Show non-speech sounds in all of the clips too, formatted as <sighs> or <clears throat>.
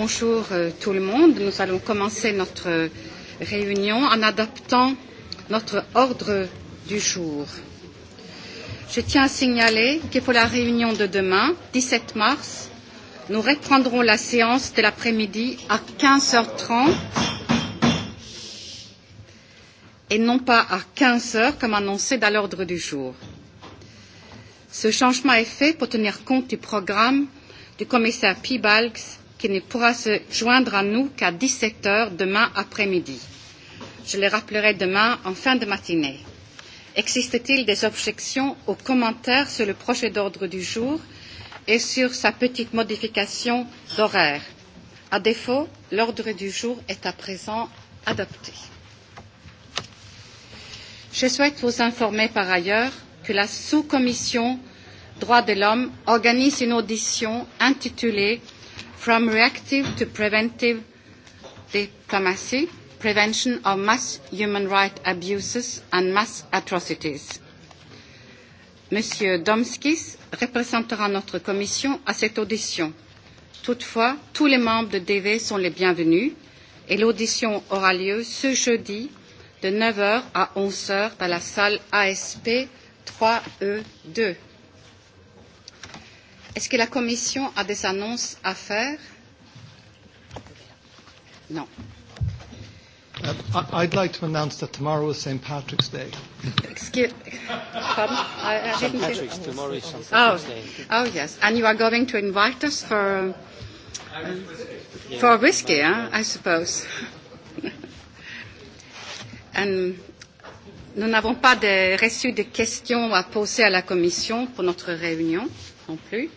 Bonjour euh, tout le monde. Nous allons commencer notre euh, réunion en adaptant notre ordre du jour. Je tiens à signaler que pour la réunion de demain, 17 mars, nous reprendrons la séance de l'après-midi à 15h30 et non pas à 15h comme annoncé dans l'ordre du jour. Ce changement est fait pour tenir compte du programme du commissaire Pibalgs qui ne pourra se joindre à nous qu'à 17 heures demain après-midi. Je le rappellerai demain en fin de matinée. Existe-t-il des objections aux commentaires sur le projet d'ordre du jour et sur sa petite modification d'horaire À défaut, l'ordre du jour est à présent adopté. Je souhaite vous informer par ailleurs que la sous-commission droits de l'homme organise une audition intitulée from reactive to preventive diplomacy, prevention of mass human rights abuses and mass atrocities. Monsieur Domskis représentera notre commission à cette audition. Toutefois, tous les membres de DV sont les bienvenus et l'audition aura lieu ce jeudi de 9h à 11h dans la salle ASP 3E2. Est-ce que la Commission a des annonces à faire Non. Uh, I'd like to announce that tomorrow is St. Patrick's Day. Excuse, pardon? I, I didn't St. Patrick's, tomorrow is St. Oh. Patrick's oh, Day. Oh, yes. And you are going to invite us for, uh, for whiskey, huh, I suppose. and nous n'avons pas de, reçu de questions à poser à la Commission pour notre réunion non plus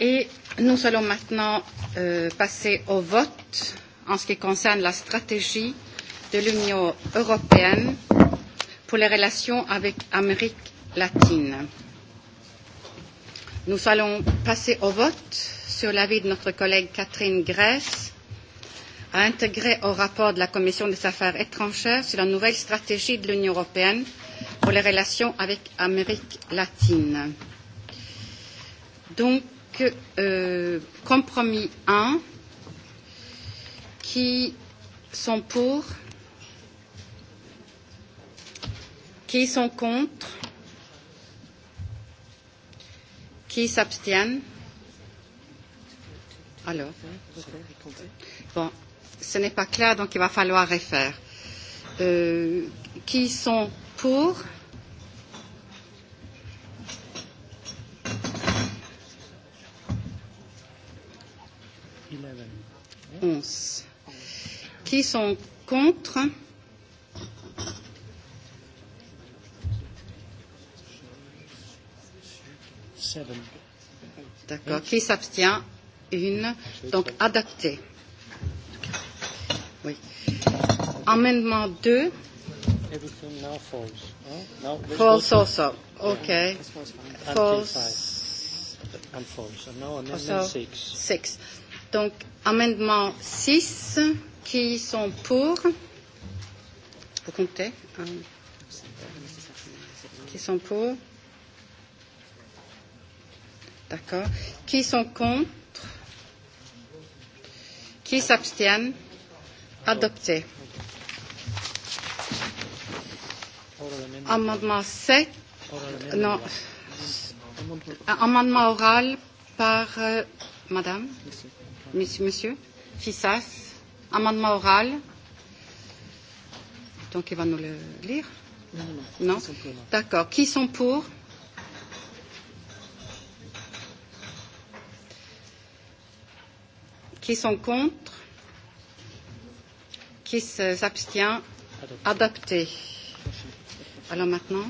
et nous allons maintenant euh, passer au vote en ce qui concerne la stratégie de l'Union européenne pour les relations avec Amérique latine. Nous allons passer au vote sur l'avis de notre collègue Catherine Grèce à intégrer au rapport de la Commission des affaires étrangères sur la nouvelle stratégie de l'Union européenne pour les relations avec Amérique latine. Donc, euh, compromis 1 qui sont pour, qui sont contre, qui s'abstiennent. Alors, bon, ce n'est pas clair, donc il va falloir refaire. Euh, qui sont pour? 11. Qui sont contre D'accord. Qui s'abstient Une. Donc adapté. Oui. Amendement 2. Everything now falls. No, Now, false also. also. Okay. Yeah, false. And false. And now amendment so, six. Six. Donc, amendement 6, qui sont pour Vous comptez hein Qui sont pour D'accord. Qui sont contre Qui s'abstiennent Adopté. Amendement 7. Non. Amendement oral par euh, Madame. Merci. Monsieur, Fissas, amendement oral. Donc il va nous le lire. Non, non. non. D'accord. Qui sont pour Qui sont contre Qui s'abstient Adopté. Alors maintenant,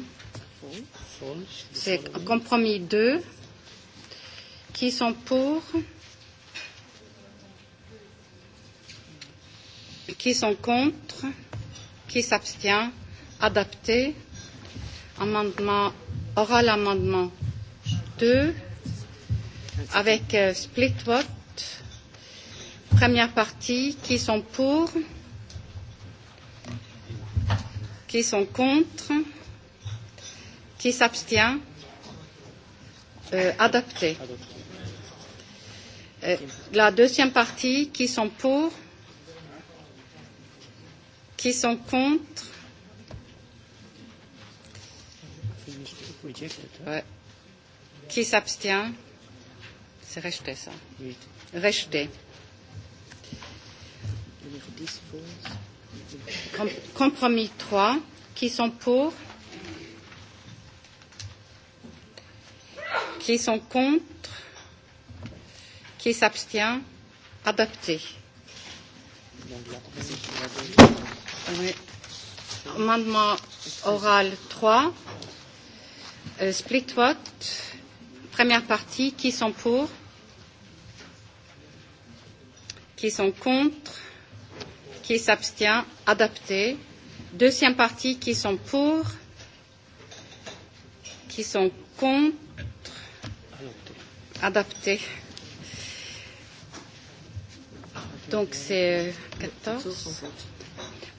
c'est compromis 2. Qui sont pour Qui sont contre Qui s'abstient Adapté. Amendement oral amendement 2 avec euh, split vote. Première partie, qui sont pour Qui sont contre Qui s'abstient euh, Adopté. Euh, la deuxième partie, qui sont pour qui sont contre. Ouais. Qui s'abstient C'est rejeté ça. Rejeté. Compromis 3. Qui sont pour Qui sont contre Qui s'abstient Adopté. Donc, Amendement oral 3. Euh, split vote. Première partie. Qui sont pour Qui sont contre Qui s'abstient Adapté. Deuxième partie. Qui sont pour Qui sont contre Adapté. Donc c'est 14. Euh,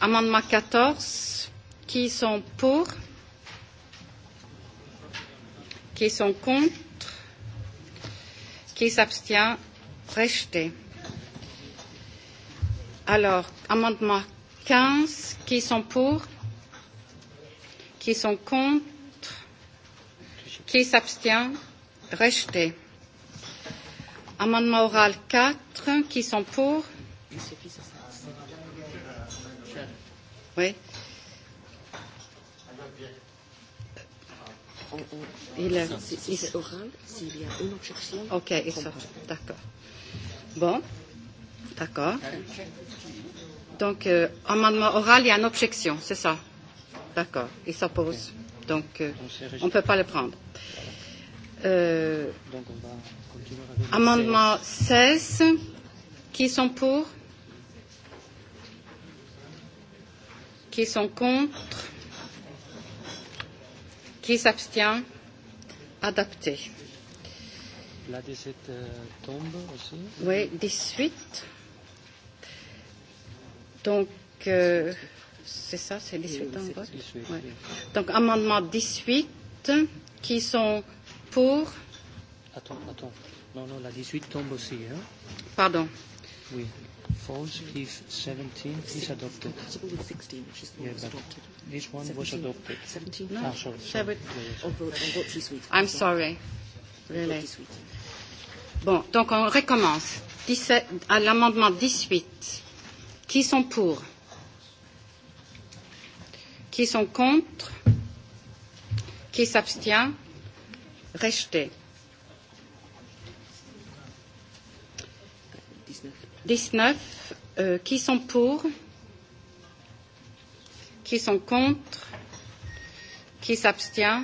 Amendement 14. Qui sont pour Qui sont contre Qui s'abstient Rejeté. Alors, amendement 15. Qui sont pour Qui sont contre Qui s'abstient Rejeté. Amendement oral 4. Qui sont pour Oui. Il est, c'est oral, s'il y a une objection. Ok, il sort. D'accord. Bon, d'accord. Donc, euh, amendement oral, il y a une objection, c'est ça D'accord, il s'oppose. Donc, euh, on ne peut pas le prendre. Euh, amendement 16, qui sont pour Qui sont contre Qui s'abstient Adapté. La 17 euh, tombe aussi Oui, 18. Donc, euh, c'est ça, c'est 18 en vote. 18, ouais. Donc, amendement 18, qui sont pour Attends, attends. Non, non, la 18 tombe aussi. Hein. Pardon. Oui, falls, his 17 is adopted. With 16, which is the yeah, one that's adopted. This one 17. was adopted. 17? Ah, no. Ah, sorry. sorry. On vote, on vote this week. I'm sorry. Really. Bon, donc on recommence. 17, à l'amendement 18. Qui sont pour Qui sont contre Qui s'abstient Rejeté. 19, euh, qui sont pour Qui sont contre Qui s'abstient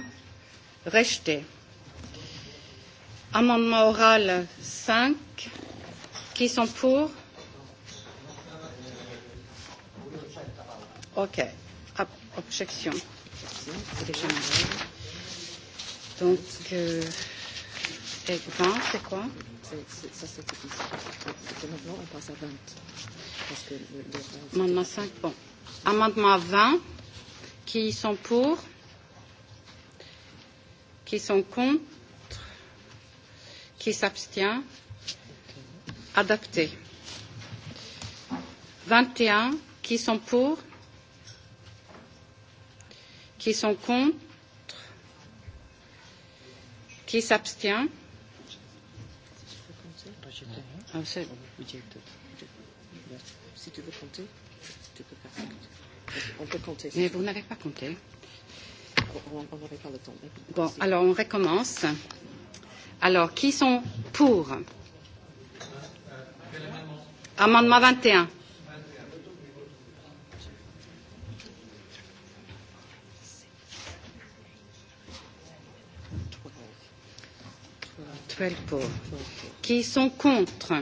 Rejeté. Amendement oral 5. Qui sont pour OK. Objection. Donc, euh, 20, c'est quoi Amendement 5, bon. Amendement 20, qui sont pour Qui sont contre Qui s'abstient Adopté. 21, qui sont pour Qui sont contre Qui s'abstient Ah, c'est rejected. Si tu veux compter, tu peux faire On peut compter. Mais vous n'avez pas compté. On n'aurait pas le temps. Bon, alors on recommence. Alors, qui sont pour Amendement 21. Twelve pour qui sont contre.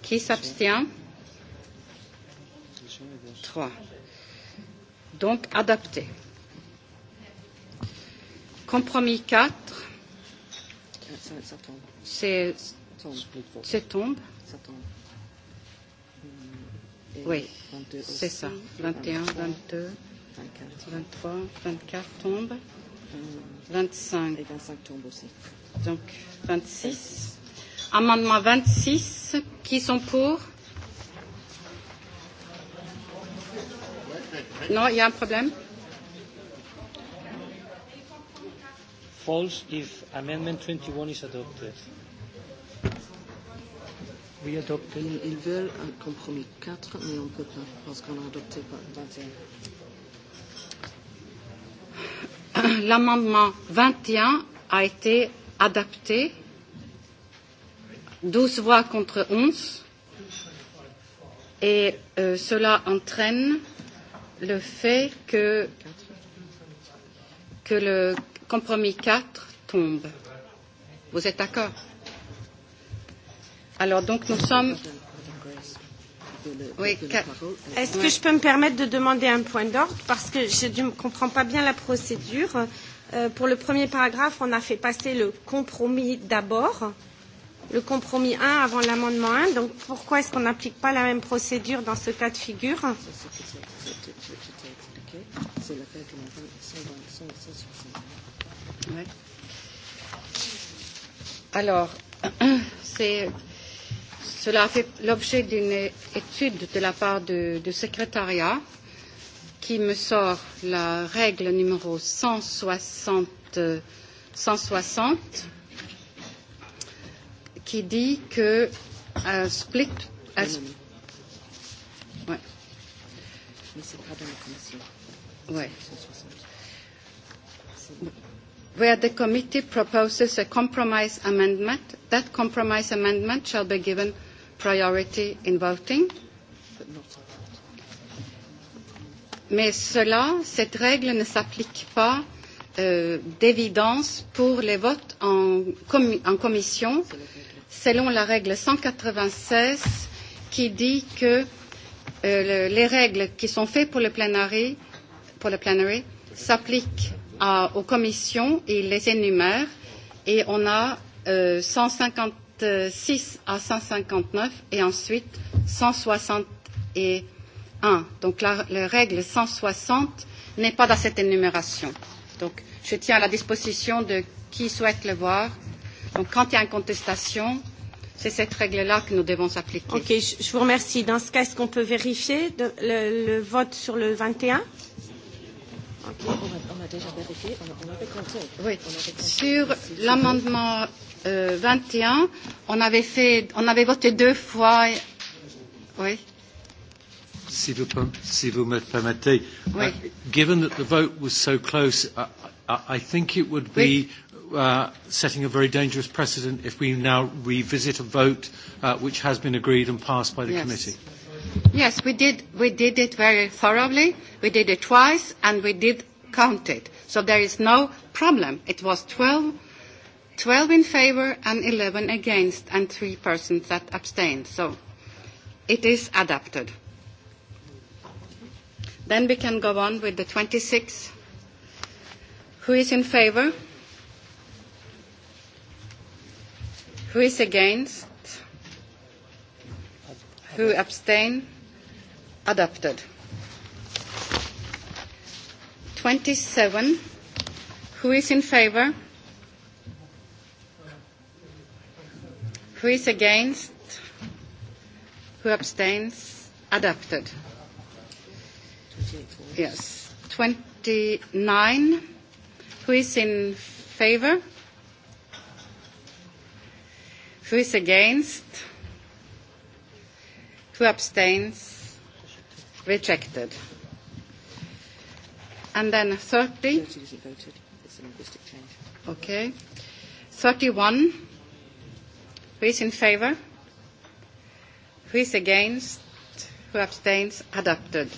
Qui s'abstient Trois. Donc adapté. Compromis 4. C'est tombe. C'est tombe. Oui, c'est ça. 21, 22, 23, 24 tombent. 25. Et 25 tombent euh, aussi. Donc 26. Amendement 26. Qui sont pour Non, il y a un problème False if amendment 21 is adopted we adopt Ils, il veulent un compromis 4, mais on peut pas, parce qu'on a adopté pas 21. L'amendement 21 a été adapté. 12 voix contre 11. Et euh, cela entraîne le fait que, que le compromis 4 tombe. Vous êtes d'accord Alors donc nous sommes. Oui, Est-ce que je peux me permettre de demander un point d'ordre parce que je ne comprends pas bien la procédure. Euh, pour le premier paragraphe, on a fait passer le compromis d'abord, le compromis 1 avant l'amendement 1. Donc pourquoi est-ce qu'on n'applique pas la même procédure dans ce cas de figure Alors, <clears throat> c'est Cela a fait l'objet d'une étude de la part du, du secrétariat qui me sort la règle numéro 160, 160 qui dit que un split. Un sp ouais. Mais c'est pas dans la commission. Ouais. Where the committee proposes a compromise amendment, that compromise amendment shall be given priority in voting. Mais cela, cette règle ne s'applique pas euh, d'évidence pour les votes en, com en commission, selon la règle 196 qui dit que euh, le, les règles qui sont faites pour le plenary, pour le plenary s'appliquent aux commissions et les énumèrent. Et on a euh, 150 156 à 159 et ensuite 161. Donc la, la règle 160 n'est pas dans cette énumération. Donc je tiens à la disposition de qui souhaite le voir. Donc quand il y a une contestation, c'est cette règle-là que nous devons appliquer. Ok, je, je vous remercie. Dans ce cas, est-ce qu'on peut vérifier de, le, le vote sur le 21 Okay. On, a, on a déjà vérifié, on a, on a, compté. Oui. On avait compté. Sur l'amendement euh, 21, on avait, fait, on avait voté deux fois. Oui. Si vous, si vous me permettez, oui. uh, given that the vote was so close, uh, I think it would be uh, setting a very dangerous precedent if we now revisit a vote uh, which has been agreed and passed by the yes. committee. Yes, we did, we did it very thoroughly. We did it twice and we did count it. So there is no problem. It was 12 12 in favor and 11 against, and three persons that abstained. So it is adopted. Then we can go on with the 26. Who is in favor? Who is against? Who abstain? Adopted. 27. Who is in favor? Who is against? Who abstains? Adopted. Yes. 29. Who is in favor? Who is against? Who abstains? Rejected. And then 30. Okay. 31. Who is in favor? Who is against? Who abstains? Adopted.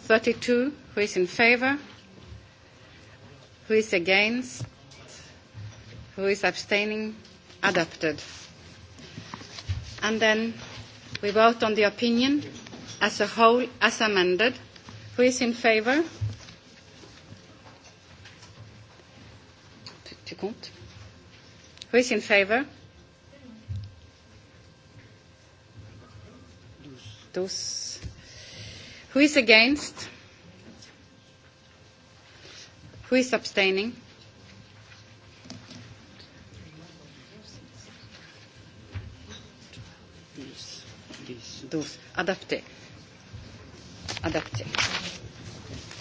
32. Who is in favor? Who is against? Who is abstaining? Adopted. And then we vote on the opinion as a whole, as amended. Who is in favor? Tu Who is in favor? tous. Who is against? Who is abstaining? Those, Douze. Adapté. Adapté.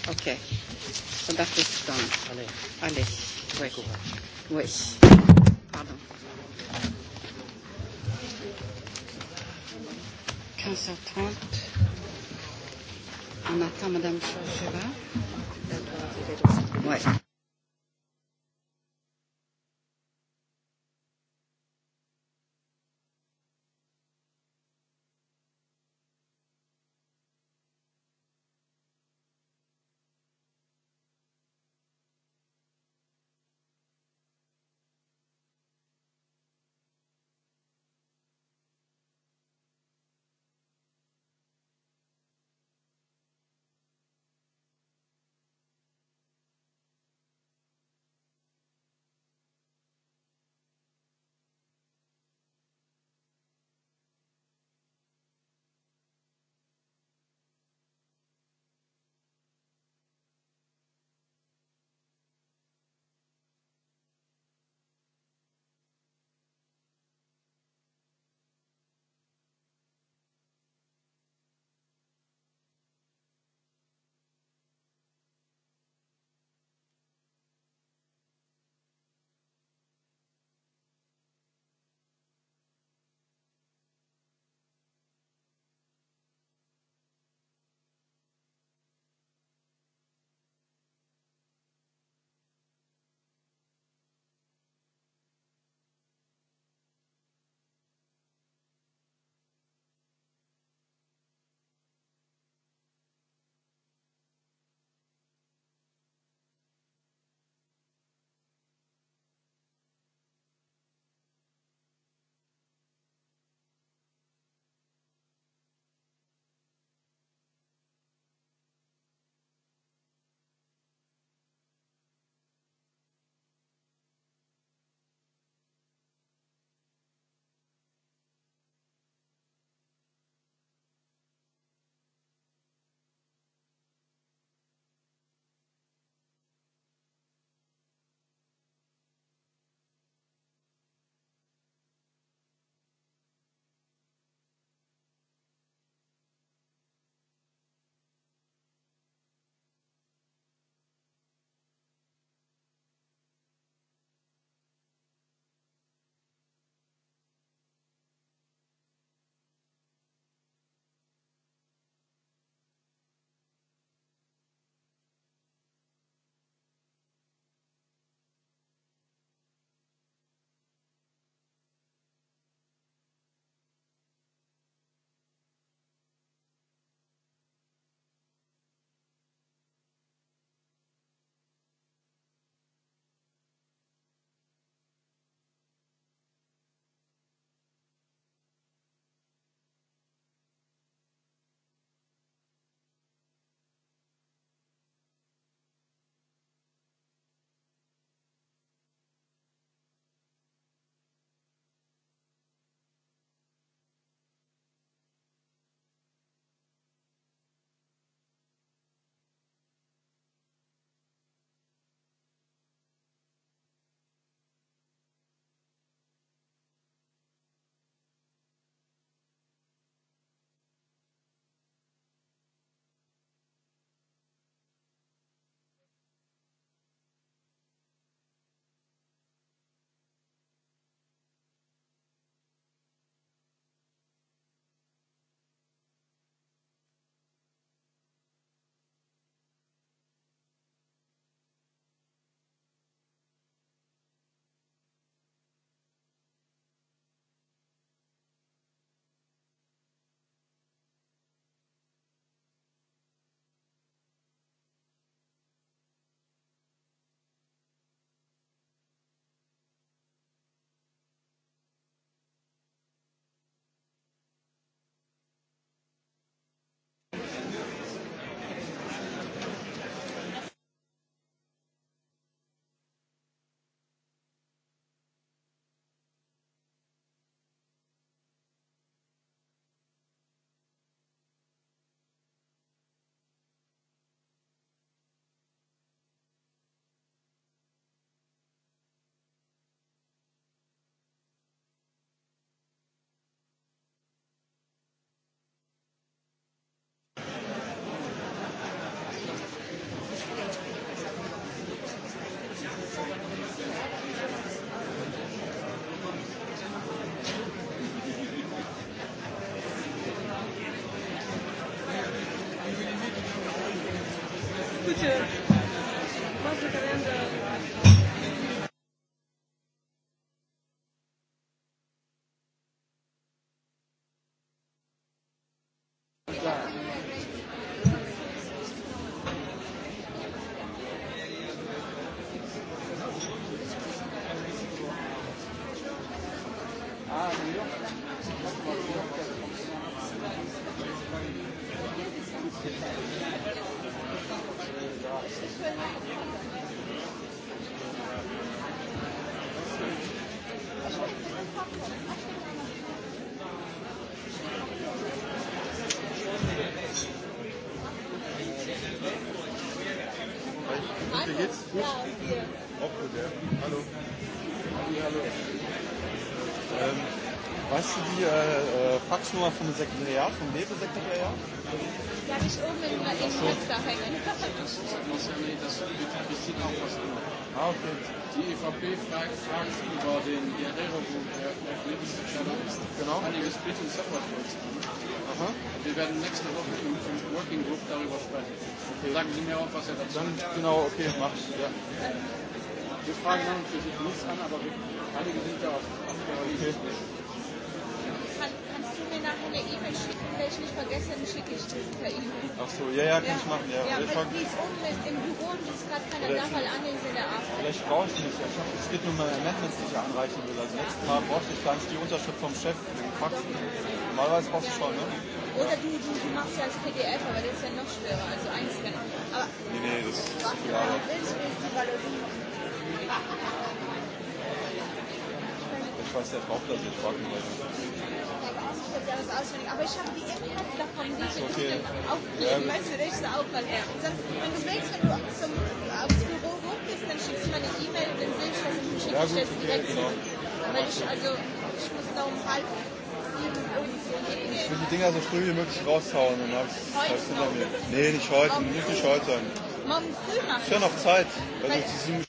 OK. Adapté. Allez. Allez. Oui. Oui. Pardon. 15h30. On attend Madame Chachera. Ouais. hast du die äh, äh, Faxnummer vom Sekretariat, vom Lebesekretariat? Die habe ich oben in der so. da hängen. Das Christine auch was Ah, okay. Die EVP fragt, fragt über den Guerrero-Buch, der auf Genau. An dem Split und Support Aha. Wir werden nächste Woche im, Working Group darüber sprechen. Okay. Sagen Sie mir auch, was er dazu Dann, genau, okay, mach ich. Ja. Wir fragen an für sich nichts an, aber wir, einige sind ja da auch. auf Okay. ich nicht schicke ich das per E-Mail. Ach so, ja, ja, kann ja. ich machen. Ja, ja ich weil die ist unten im Büro und ist gerade keiner da, weil Anne ist in der Arbeit. Vielleicht brauche ich nicht. Ich hab, es geht nur mal um Amendments, die ich anreichen will. Also ja. letztes Mal brauchte ich gar nicht die Unterschrift vom Chef wegen Fax. Normalerweise brauchst du schon, ne? Oder du, du machst ja als PDF, aber das ist ja noch schwerer, also einscannen. Aber nee, nee, das ist zu viel Arbeit. Willst du die Valerie Ich weiß, der braucht das, ich frage ihn auswendig. Aber ich habe die davon aufgegeben. Weißt du, der wenn du zum, aufs Büro hochgehst, dann schickst du eine E-Mail, dann sehe ich das und schicke ja, ich das direkt genau. Weil ich, also, ich muss da um ich will die Dinger so früh wie möglich raushauen und hab's, hab's noch? Nee, nicht heute, muss nicht heute Morgen früh machen. Ich habe noch Zeit. Also,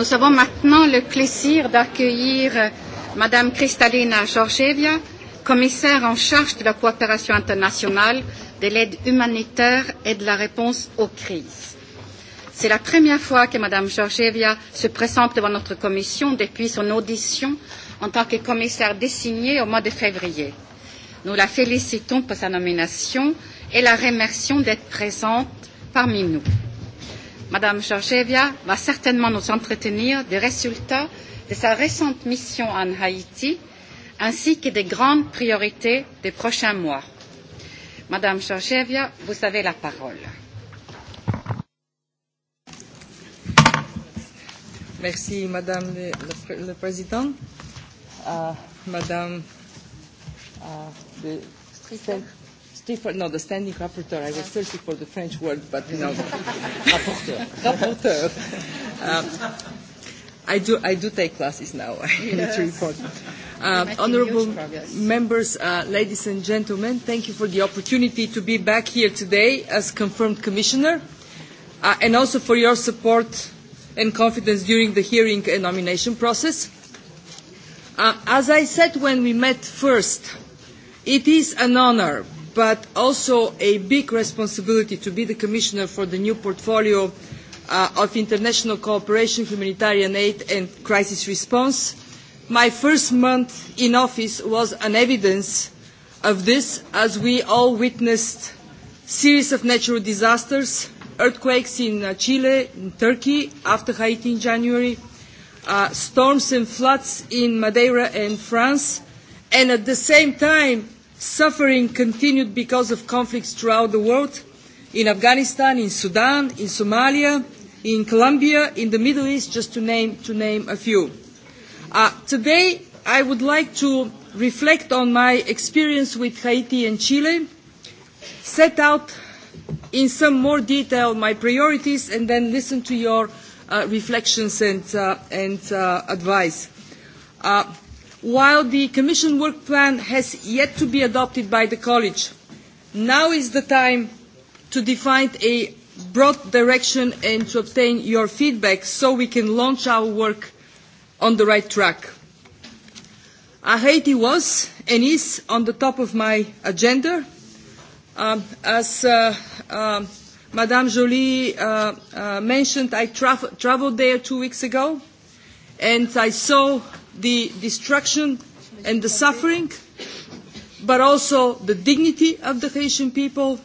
Nous avons maintenant le plaisir d'accueillir euh, Madame Kristalina Georgieva, commissaire en charge de la coopération internationale, de l'aide humanitaire et de la réponse aux crises. C'est la première fois que Madame Georgieva se présente devant notre commission depuis son audition en tant que commissaire désignée au mois de février. Nous la félicitons pour sa nomination et la remercions d'être présente parmi nous. Madame Georgieva va certainement nous entretenir des résultats de sa récente mission en Haïti ainsi que des grandes priorités des prochains mois. Madame Georgieva, vous avez la parole. Merci, Madame le, le, le Président, euh, Madame euh, de Stricel different, no, the standing rapporteur, I was searching for the French word, but you know, <laughs> rapporteur, rapporteur. Um, I do, I do take classes now. <laughs> I need to report. Uh, <laughs> honorable members, uh, ladies and gentlemen, thank you for the opportunity to be back here today as confirmed commissioner, uh, and also for your support and confidence during the hearing and nomination process. Uh, as I said when we met first, it is an honor but also a big responsibility to be the commissioner for the new portfolio uh, of international cooperation, humanitarian aid and crisis response. My first month in office was an evidence of this as we all witnessed series of natural disasters, earthquakes in uh, Chile, in Turkey after Haiti in January, uh, storms and floods in Madeira and France, and at the same time Suffering continued because of conflicts throughout the world, in Afghanistan, in Sudan, in Somalia, in Colombia, in the Middle East, just to name, to name a few. Uh, today, I would like to reflect on my experience with Haiti and Chile, set out in some more detail my priorities, and then listen to your uh, reflections and, uh, and uh, advice. Uh, While the Commission work plan has yet to be adopted by the College, now is the time to define a broad direction and to obtain your feedback so we can launch our work on the right track. Haiti was and is on the top of my agenda. Um, as uh, uh, Madame Jolie uh, uh mentioned, I travelled there two weeks ago and I saw the destruction and the suffering, but also the dignity of the Haitian people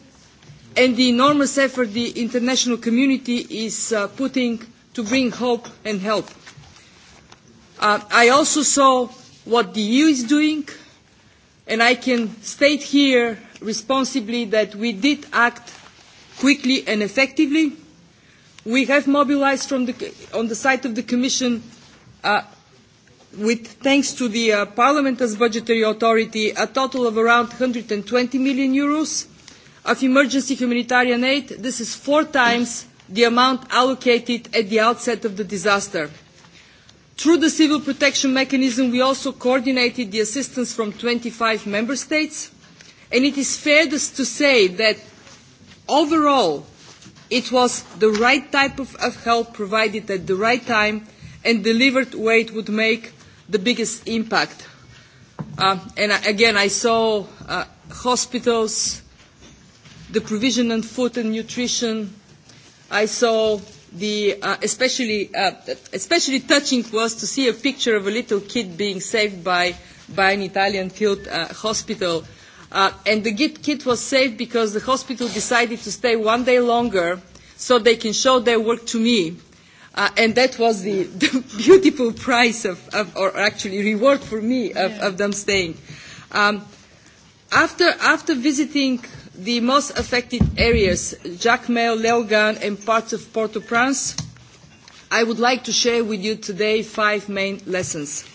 and the enormous effort the international community is uh, putting to bring hope and help. Uh, I also saw what the EU is doing, and I can state here responsibly that we did act quickly and effectively. We have mobilized from the, on the side of the Commission uh, with thanks to the uh, Parliament as budgetary authority, a total of around 120 million euros of emergency humanitarian aid. This is four times the amount allocated at the outset of the disaster. Through the civil protection mechanism, we also coordinated the assistance from 25 member states, and it is fair to say that overall, it was the right type of, of help provided at the right time and delivered where it would make the biggest impact. Uh, and again, I saw uh, hospitals, the provision and food and nutrition. I saw the uh, especially uh, especially touching was to see a picture of a little kid being saved by by an Italian field uh, hospital. Uh, and the kid was saved because the hospital decided to stay one day longer so they can show their work to me Uh, and that was the, <laughs> the beautiful price of, of, or actually reward for me of, yeah. of them staying. Um, after, after visiting the most affected areas, Jacmel, Leogan, and parts of Port-au-Prince, I would like to share with you today five main lessons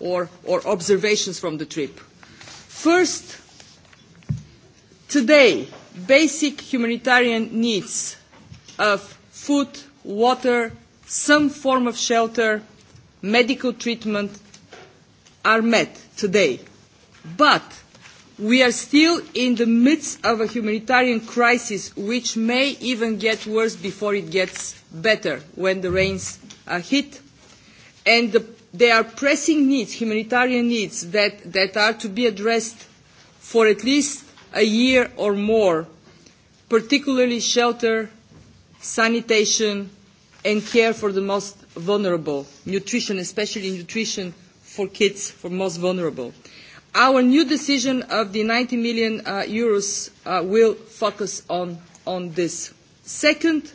or, or observations from the trip. First, today, basic humanitarian needs of food, water, some form of shelter, medical treatment are met today. But we are still in the midst of a humanitarian crisis which may even get worse before it gets better when the rains are hit. And the, there are pressing needs, humanitarian needs, that, that are to be addressed for at least a year or more, particularly shelter, sanitation, and care for the most vulnerable, nutrition, especially nutrition for kids, for most vulnerable. Our new decision of the 90 million uh, euros uh, will focus on, on this. Second,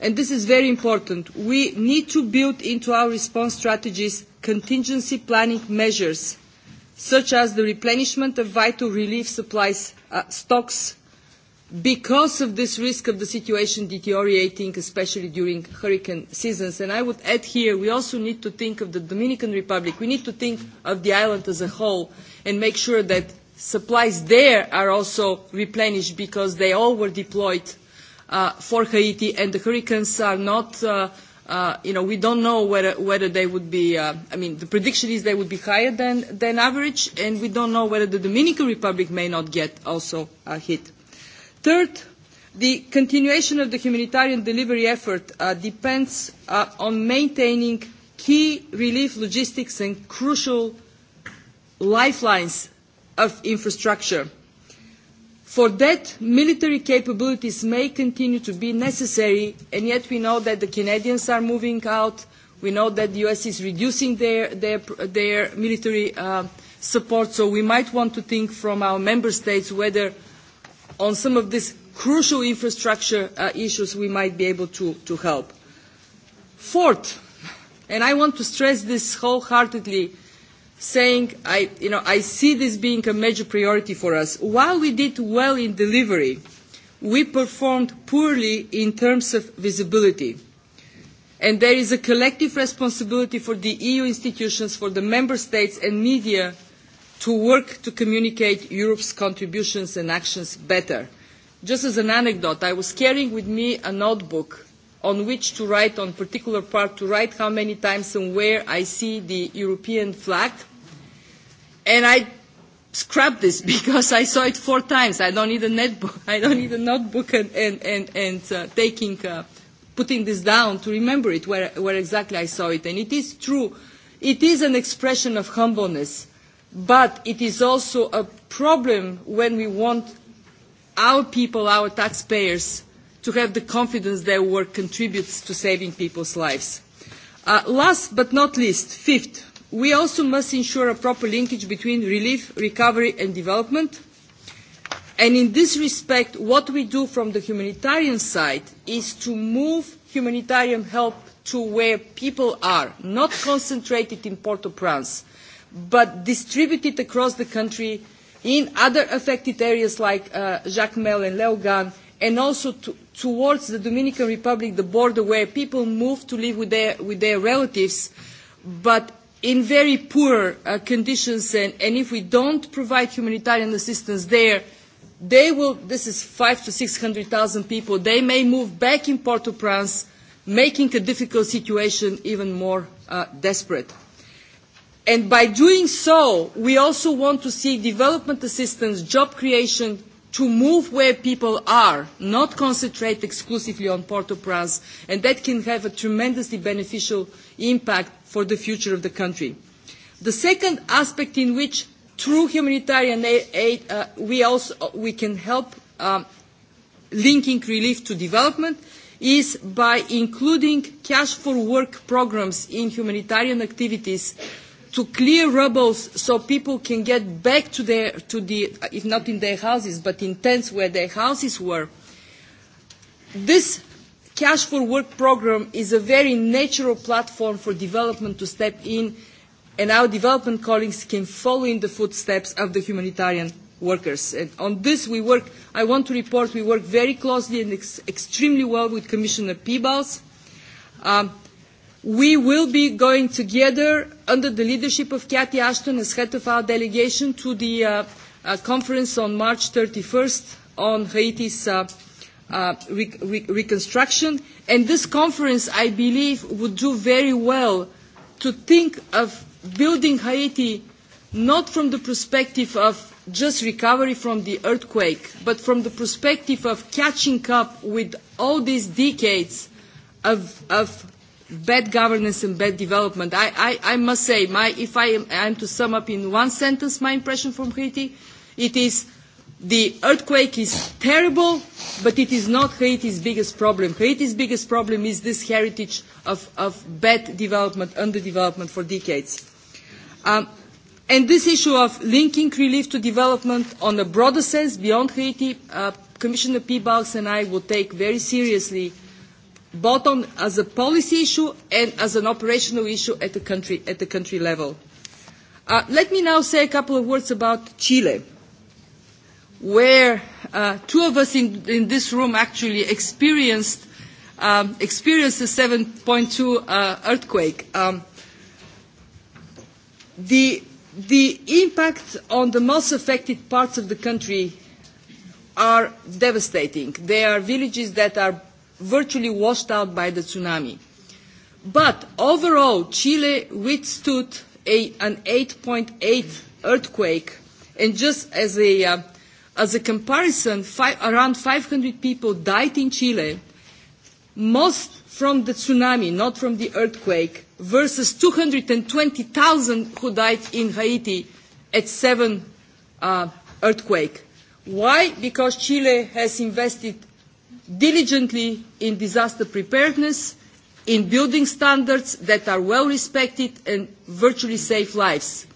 and this is very important, we need to build into our response strategies contingency planning measures, such as the replenishment of vital relief supplies uh, stocks because of this risk of the situation deteriorating, especially during hurricane seasons. And I would add here, we also need to think of the Dominican Republic. We need to think of the island as a whole and make sure that supplies there are also replenished because they all were deployed uh, for Haiti and the hurricanes are not, uh, uh, you know, we don't know whether, whether they would be, uh, I mean, the prediction is they would be higher than, than average and we don't know whether the Dominican Republic may not get also uh, hit. Third, the continuation of the humanitarian delivery effort uh, depends uh, on maintaining key relief logistics and crucial lifelines of infrastructure. For that, military capabilities may continue to be necessary, and yet we know that the Canadians are moving out. We know that the US is reducing their, their, their military uh, support, so we might want to think from our member states whether – on some of these crucial infrastructure uh, issues we might be able to, to help. Fourth, and I want to stress this wholeheartedly, saying I, you know, I see this being a major priority for us. While we did well in delivery, we performed poorly in terms of visibility. And there is a collective responsibility for the EU institutions, for the member states and media to work to communicate Europe's contributions and actions better. Just as an anecdote, I was carrying with me a notebook on which to write, on particular part, to write how many times and where I see the European flag. And I scrapped this <laughs> because I saw it four times. I don't need a netbook. <laughs> I don't need a notebook and, and, and, and uh, taking, uh, putting this down to remember it, where, where exactly I saw it. And it is true. It is an expression of humbleness But it is also a problem when we want our people, our taxpayers, to have the confidence their work contributes to saving people's lives. Uh, last but not least, fifth, we also must ensure a proper linkage between relief, recovery and development. And in this respect, what we do from the humanitarian side is to move humanitarian help to where people are, not concentrated in Port-au-Prince, but distributed across the country in other affected areas like uh, Jacmel and Leogan, and also to, towards the Dominican Republic, the border where people move to live with their, with their relatives, but in very poor uh, conditions, and, and if we don't provide humanitarian assistance there, they will, this is five to 600,000 people, they may move back in Port-au-Prince, making a difficult situation even more uh, desperate. And by doing so, we also want to see development assistance, job creation, to move where people are, not concentrate exclusively on Port-au-Prince, and that can have a tremendously beneficial impact for the future of the country. The second aspect in which through humanitarian aid uh, we, also, we can help um, linking relief to development is by including cash for work programs in humanitarian activities to clear rubbles so people can get back to their, to the, if not in their houses, but in tents where their houses were. This Cash for Work program is a very natural platform for development to step in, and our development colleagues can follow in the footsteps of the humanitarian workers. And on this we work, I want to report, we work very closely and ex extremely well with Commissioner Peebles. Um, we will be going together under the leadership of Cathy Ashton as head of our delegation to the uh, uh, conference on March 31st on Haiti's uh, uh, re re reconstruction. And this conference, I believe, would do very well to think of building Haiti not from the perspective of just recovery from the earthquake, but from the perspective of catching up with all these decades of, of bad governance and bad development. I, I, I must say, my, if I am I'm to sum up in one sentence my impression from Haiti, it is the earthquake is terrible, but it is not Haiti's biggest problem. Haiti's biggest problem is this heritage of, of bad development, underdevelopment for decades. Um, and this issue of linking relief to development on a broader sense beyond Haiti, uh, Commissioner Peebles and I will take very seriously uh, both on, as a policy issue and as an operational issue at the country, at the country level. Uh, let me now say a couple of words about Chile, where uh, two of us in, in this room actually experienced, um, experienced the 7.2 uh, earthquake. Um, the, the impact on the most affected parts of the country are devastating. There are villages that are virtually washed out by the tsunami. But overall, Chile withstood a, an 8.8 earthquake, and just as a, uh, as a comparison, five, around 500 people died in Chile, most from the tsunami, not from the earthquake, versus 220,000 who died in Haiti at seven uh, earthquake. Why? Because Chile has invested diligently in disaster preparedness, in building standards that are well respected and virtually save lives.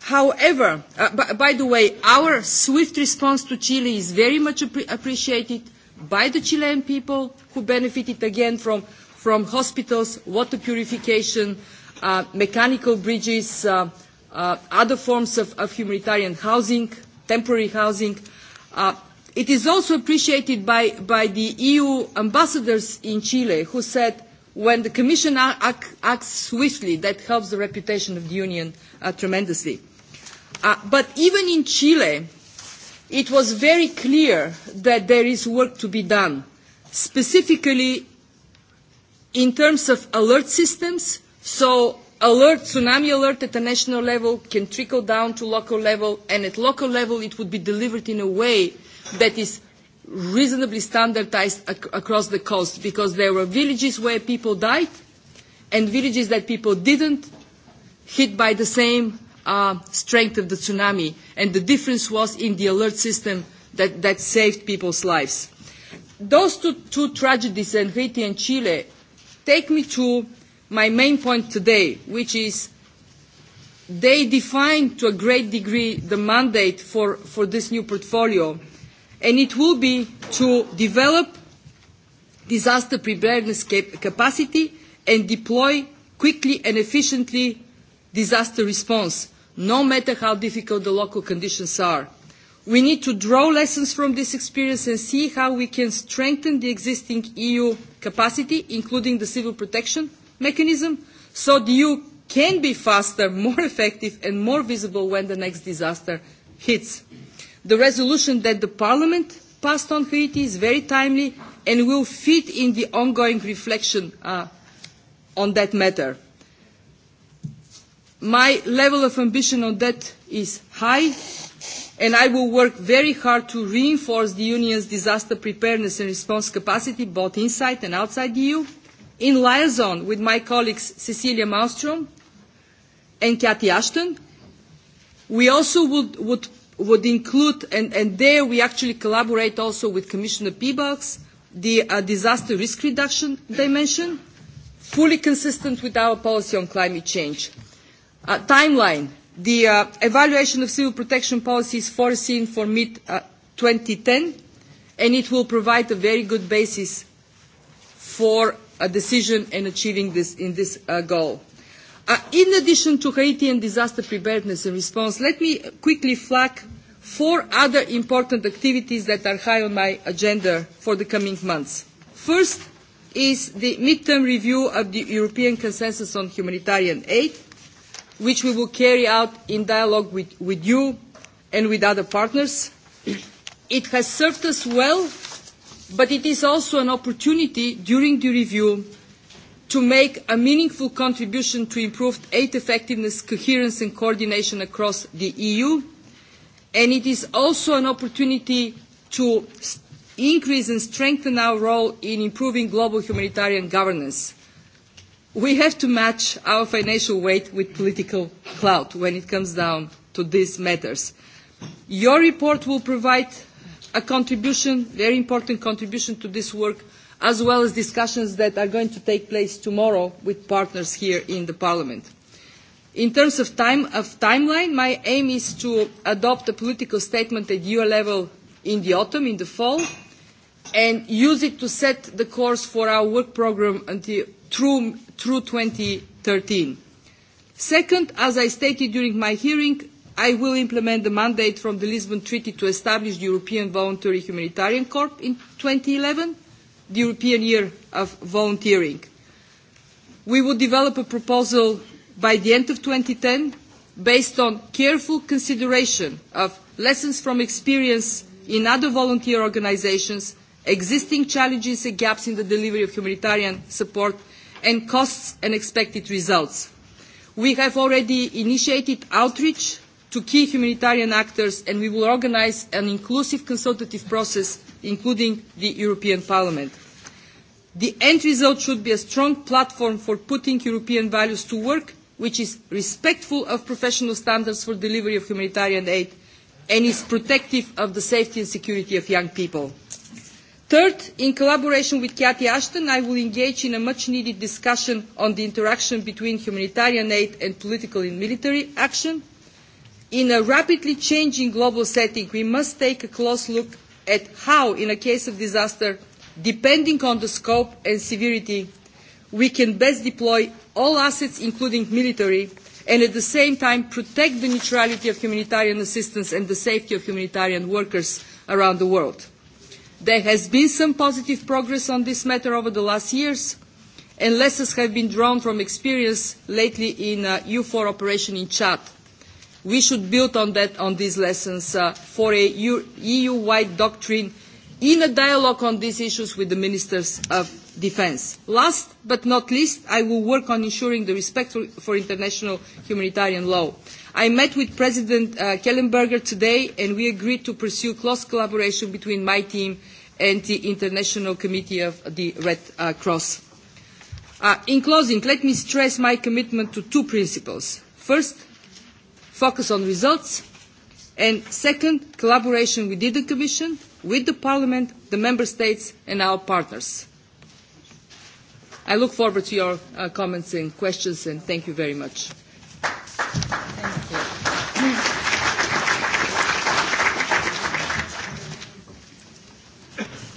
However, uh, by the way, our swift response to Chile is very much ap appreciated by the Chilean people who benefited again from, from hospitals, water purification, uh, mechanical bridges, uh, uh other forms of, of, humanitarian housing, temporary housing, uh, It is also appreciated by, by the EU ambassadors in Chile who said when the Commission act, acts swiftly, that helps the reputation of the Union uh, tremendously. Uh, but even in Chile, it was very clear that there is work to be done, specifically in terms of alert systems. So alert, tsunami alert at the national level can trickle down to local level, and at local level it would be delivered in a way that is reasonably standardized ac across the coast because there were villages where people died and villages that people didn't hit by the same uh, strength of the tsunami. And the difference was in the alert system that, that saved people's lives. Those two, two tragedies in Haiti and Chile take me to my main point today, which is they define to a great degree the mandate for, for this new portfolio and it will be to develop disaster preparedness cap capacity and deploy quickly and efficiently disaster response, no matter how difficult the local conditions are. We need to draw lessons from this experience and see how we can strengthen the existing EU capacity, including the civil protection mechanism, so the EU can be faster, <laughs> more effective and more visible when the next disaster hits. The resolution that the Parliament passed on Haiti is very timely and will fit in the ongoing reflection uh, on that matter. My level of ambition on that is high, and I will work very hard to reinforce the Union's disaster preparedness and response capacity, both inside and outside the EU, in liaison with my colleagues Cecilia Malmström and Cathy Ashton. We also would, would would include, and, and there we actually collaborate also with Commissioner Peebles, the uh, disaster risk reduction dimension, fully consistent with our policy on climate change. Uh, timeline. The uh, evaluation of civil protection policy is foreseen for mid-2010, uh, and it will provide a very good basis for a decision in achieving this, in this uh, goal. Uh, in addition to Haiti and disaster preparedness and response, let me quickly flag four other important activities that are high on my agenda for the coming months. First is the midterm review of the European Consensus on Humanitarian Aid, which we will carry out in dialogue with, with you and with other partners. It has served us well, but it is also an opportunity during the review to make a meaningful contribution to improved aid effectiveness, coherence and coordination across the EU. And it is also an opportunity to increase and strengthen our role in improving global humanitarian governance. We have to match our financial weight with political clout when it comes down to these matters. Your report will provide a contribution, very important contribution to this work as well as discussions that are going to take place tomorrow with partners here in the Parliament. In terms of, time, of timeline, my aim is to adopt a political statement at EU level in the autumn, in the fall, and use it to set the course for our work programme until, through, through 2013. Second, as I stated during my hearing, I will implement the mandate from the Lisbon Treaty to establish the European Voluntary Humanitarian Corps in 2011 the European Year of Volunteering. We will develop a proposal by the end of 2010 based on careful consideration of lessons from experience in other volunteer organizations, existing challenges and gaps in the delivery of humanitarian support, and costs and expected results. We have already initiated outreach to key humanitarian actors and we will organise an inclusive consultative process including the European Parliament. The end result should be a strong platform for putting European values to work, which is respectful of professional standards for delivery of humanitarian aid and is protective of the safety and security of young people. Third, in collaboration with Cathy Ashton, I will engage in a much-needed discussion on the interaction between humanitarian aid and political and military action. In a rapidly changing global setting, we must take a close look at how, in a case of disaster, depending on the scope and severity, we can best deploy all assets, including military, and at the same time protect the neutrality of humanitarian assistance and the safety of humanitarian workers around the world. There has been some positive progress on this matter over the last years, and lessons have been drawn from experience lately in uh, U4 operation in Chad – We should build on, that, on these lessons uh, for a EU-wide doctrine in a dialogue on these issues with the ministers of defence. Last but not least, I will work on ensuring the respect for international humanitarian law. I met with President uh, Kellenberger today and we agreed to pursue close collaboration between my team and the International Committee of the Red uh, Cross. Uh, in closing, let me stress my commitment to two principles. First, focus on results, and second, collaboration within the Commission, with the Parliament, the Member States and our partners. I look forward to your uh, comments and questions and thank you very much.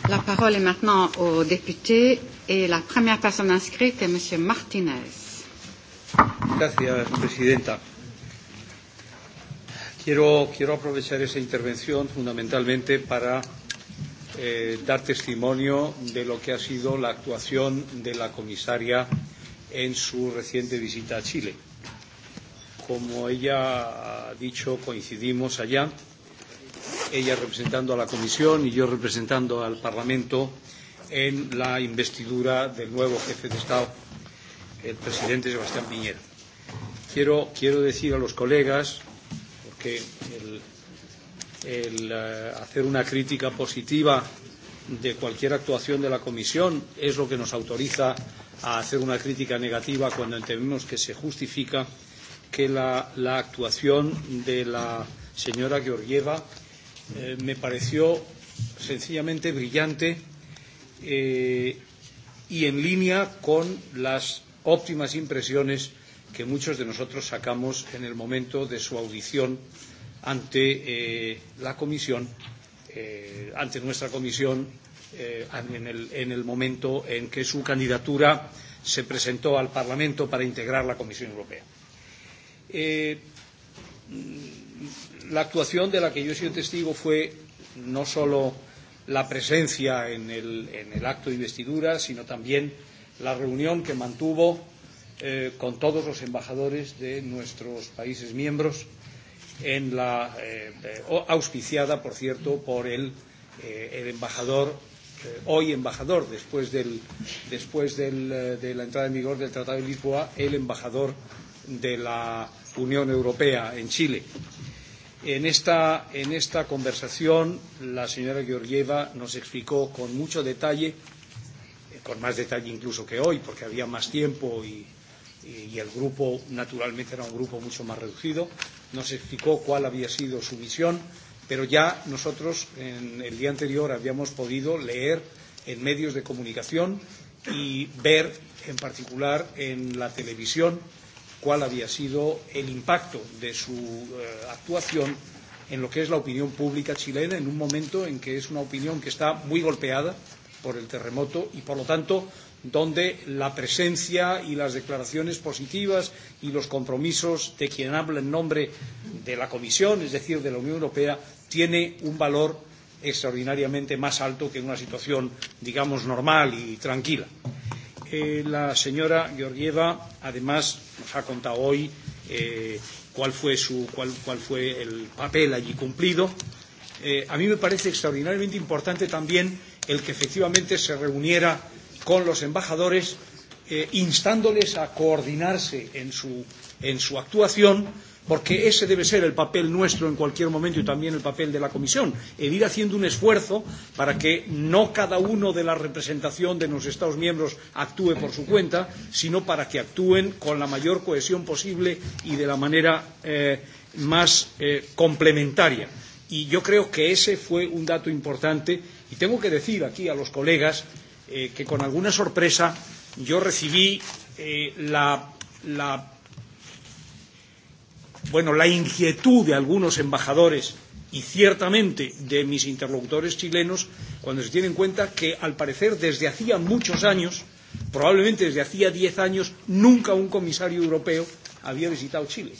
La parole est maintenant aux députés et la première personne inscrite est Monsieur Martinez. Gracias, Presidenta. Quiero, quiero aprovechar esa intervención fundamentalmente para eh, dar testimonio de lo que ha sido la actuación de la comisaria en su reciente visita a Chile. Como ella ha dicho, coincidimos allá, ella representando a la Comisión y yo representando al Parlamento en la investidura del nuevo jefe de Estado, el presidente Sebastián Piñera. Quiero, quiero decir a los colegas que el, el eh, hacer una crítica positiva de cualquier actuación de la Comisión es lo que nos autoriza a hacer una crítica negativa cuando entendemos que se justifica que la, la actuación de la señora Georgieva eh, me pareció sencillamente brillante eh, y en línea con las óptimas impresiones que muchos de nosotros sacamos en el momento de su audición ante eh, la comisión, eh, ante nuestra comisión, eh, en, el, en el momento en que su candidatura se presentó al Parlamento para integrar la Comisión Europea. Eh, la actuación de la que yo he sido testigo fue no solo la presencia en el, en el acto de investidura, sino también la reunión que mantuvo eh, con todos los embajadores de nuestros países miembros, en la, eh, eh auspiciada, por cierto, por el, eh, el embajador, eh, hoy embajador, después, del, después del, eh, de la entrada en vigor del Tratado de Lisboa, el embajador de la Unión Europea en Chile. En esta, en esta conversación, la señora Georgieva nos explicó con mucho detalle, con más detalle incluso que hoy, porque había más tiempo y y el grupo naturalmente era un grupo mucho más reducido. Nos explicó cuál había sido su visión, pero ya nosotros en el día anterior habíamos podido leer en medios de comunicación y ver en particular en la televisión cuál había sido el impacto de su eh, actuación en lo que es la opinión pública chilena en un momento en que es una opinión que está muy golpeada por el terremoto y por lo tanto donde la presencia y las declaraciones positivas y los compromisos de quien habla en nombre de la Comisión, es decir, de la Unión Europea, tiene un valor extraordinariamente más alto que en una situación, digamos, normal y tranquila. Eh, la señora Georgieva, además, nos ha contado hoy eh, cuál, fue su, cuál, cuál fue el papel allí cumplido. Eh, a mí me parece extraordinariamente importante también el que efectivamente se reuniera con los embajadores, eh, instándoles a coordinarse en su, en su actuación, porque ese debe ser el papel nuestro en cualquier momento y también el papel de la Comisión, el ir haciendo un esfuerzo para que no cada uno de la representación de los Estados miembros actúe por su cuenta, sino para que actúen con la mayor cohesión posible y de la manera eh, más eh, complementaria. Y yo creo que ese fue un dato importante y tengo que decir aquí a los colegas eh, que con alguna sorpresa yo recibí eh, la, la, bueno, la inquietud de algunos embajadores y ciertamente de mis interlocutores chilenos cuando se tiene en cuenta que, al parecer, desde hacía muchos años, probablemente desde hacía diez años, nunca un comisario europeo había visitado Chile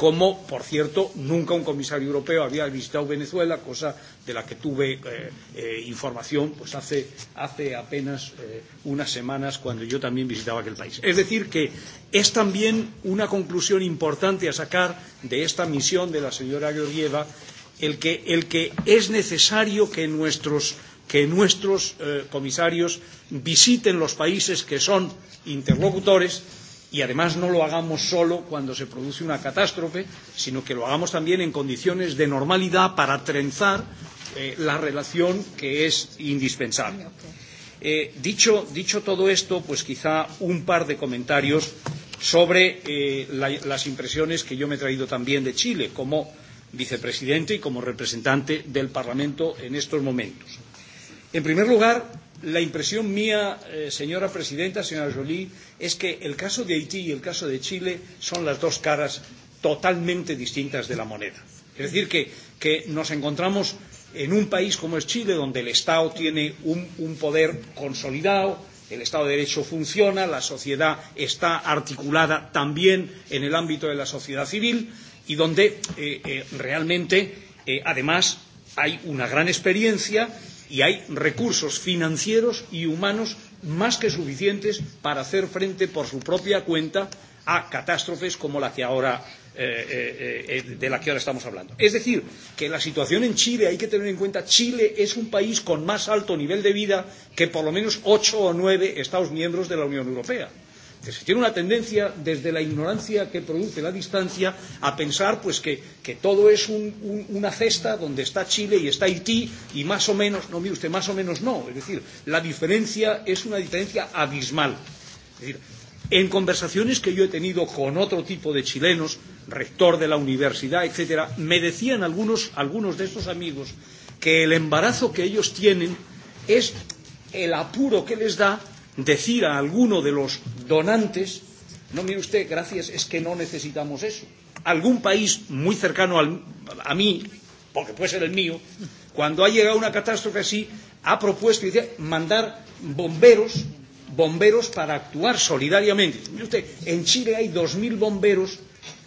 como, por cierto, nunca un comisario europeo había visitado Venezuela, cosa de la que tuve eh, eh, información pues hace, hace apenas eh, unas semanas cuando yo también visitaba aquel país. Es decir, que es también una conclusión importante a sacar de esta misión de la señora Georgieva el que, el que es necesario que nuestros que nuestros eh, comisarios visiten los países que son interlocutores y además no lo hagamos solo cuando se produce una catástrofe, sino que lo hagamos también en condiciones de normalidad para trenzar eh, la relación que es indispensable. Eh, dicho, dicho todo esto, pues quizá un par de comentarios sobre eh, la, las impresiones que yo me he traído también de Chile como vicepresidente y como representante del Parlamento en estos momentos. En primer lugar, la impresión mía, eh, señora presidenta, señora Jolie, es que el caso de Haití y el caso de Chile son las dos caras totalmente distintas de la moneda. Es decir, que, que nos encontramos en un país como es Chile, donde el Estado tiene un, un poder consolidado, el Estado de Derecho funciona, la sociedad está articulada también en el ámbito de la sociedad civil y donde eh, eh, realmente, eh, además, hay una gran experiencia y hay recursos financieros y humanos más que suficientes para hacer frente por su propia cuenta a catástrofes como la que ahora, eh, eh, eh, de la que ahora estamos hablando. Es decir, que la situación en Chile hay que tener en cuenta, Chile es un país con más alto nivel de vida que por lo menos ocho o nueve Estados miembros de la Unión Europea se tiene una tendencia desde la ignorancia que produce la distancia a pensar pues que, que todo es un, un, una cesta donde está Chile y está Haití y más o menos, no mire usted, más o menos no, es decir, la diferencia es una diferencia abismal. Es decir, en conversaciones que yo he tenido con otro tipo de chilenos, rector de la universidad, etcétera, me decían algunos, algunos de estos amigos que el embarazo que ellos tienen es el apuro que les da decir a alguno de los donantes, no mire usted, gracias, es que no necesitamos eso. Algún país muy cercano al, a mí, porque puede ser el mío, cuando ha llegado una catástrofe así, ha propuesto dice, mandar bomberos, bomberos para actuar solidariamente. Mire usted, en Chile hay 2.000 bomberos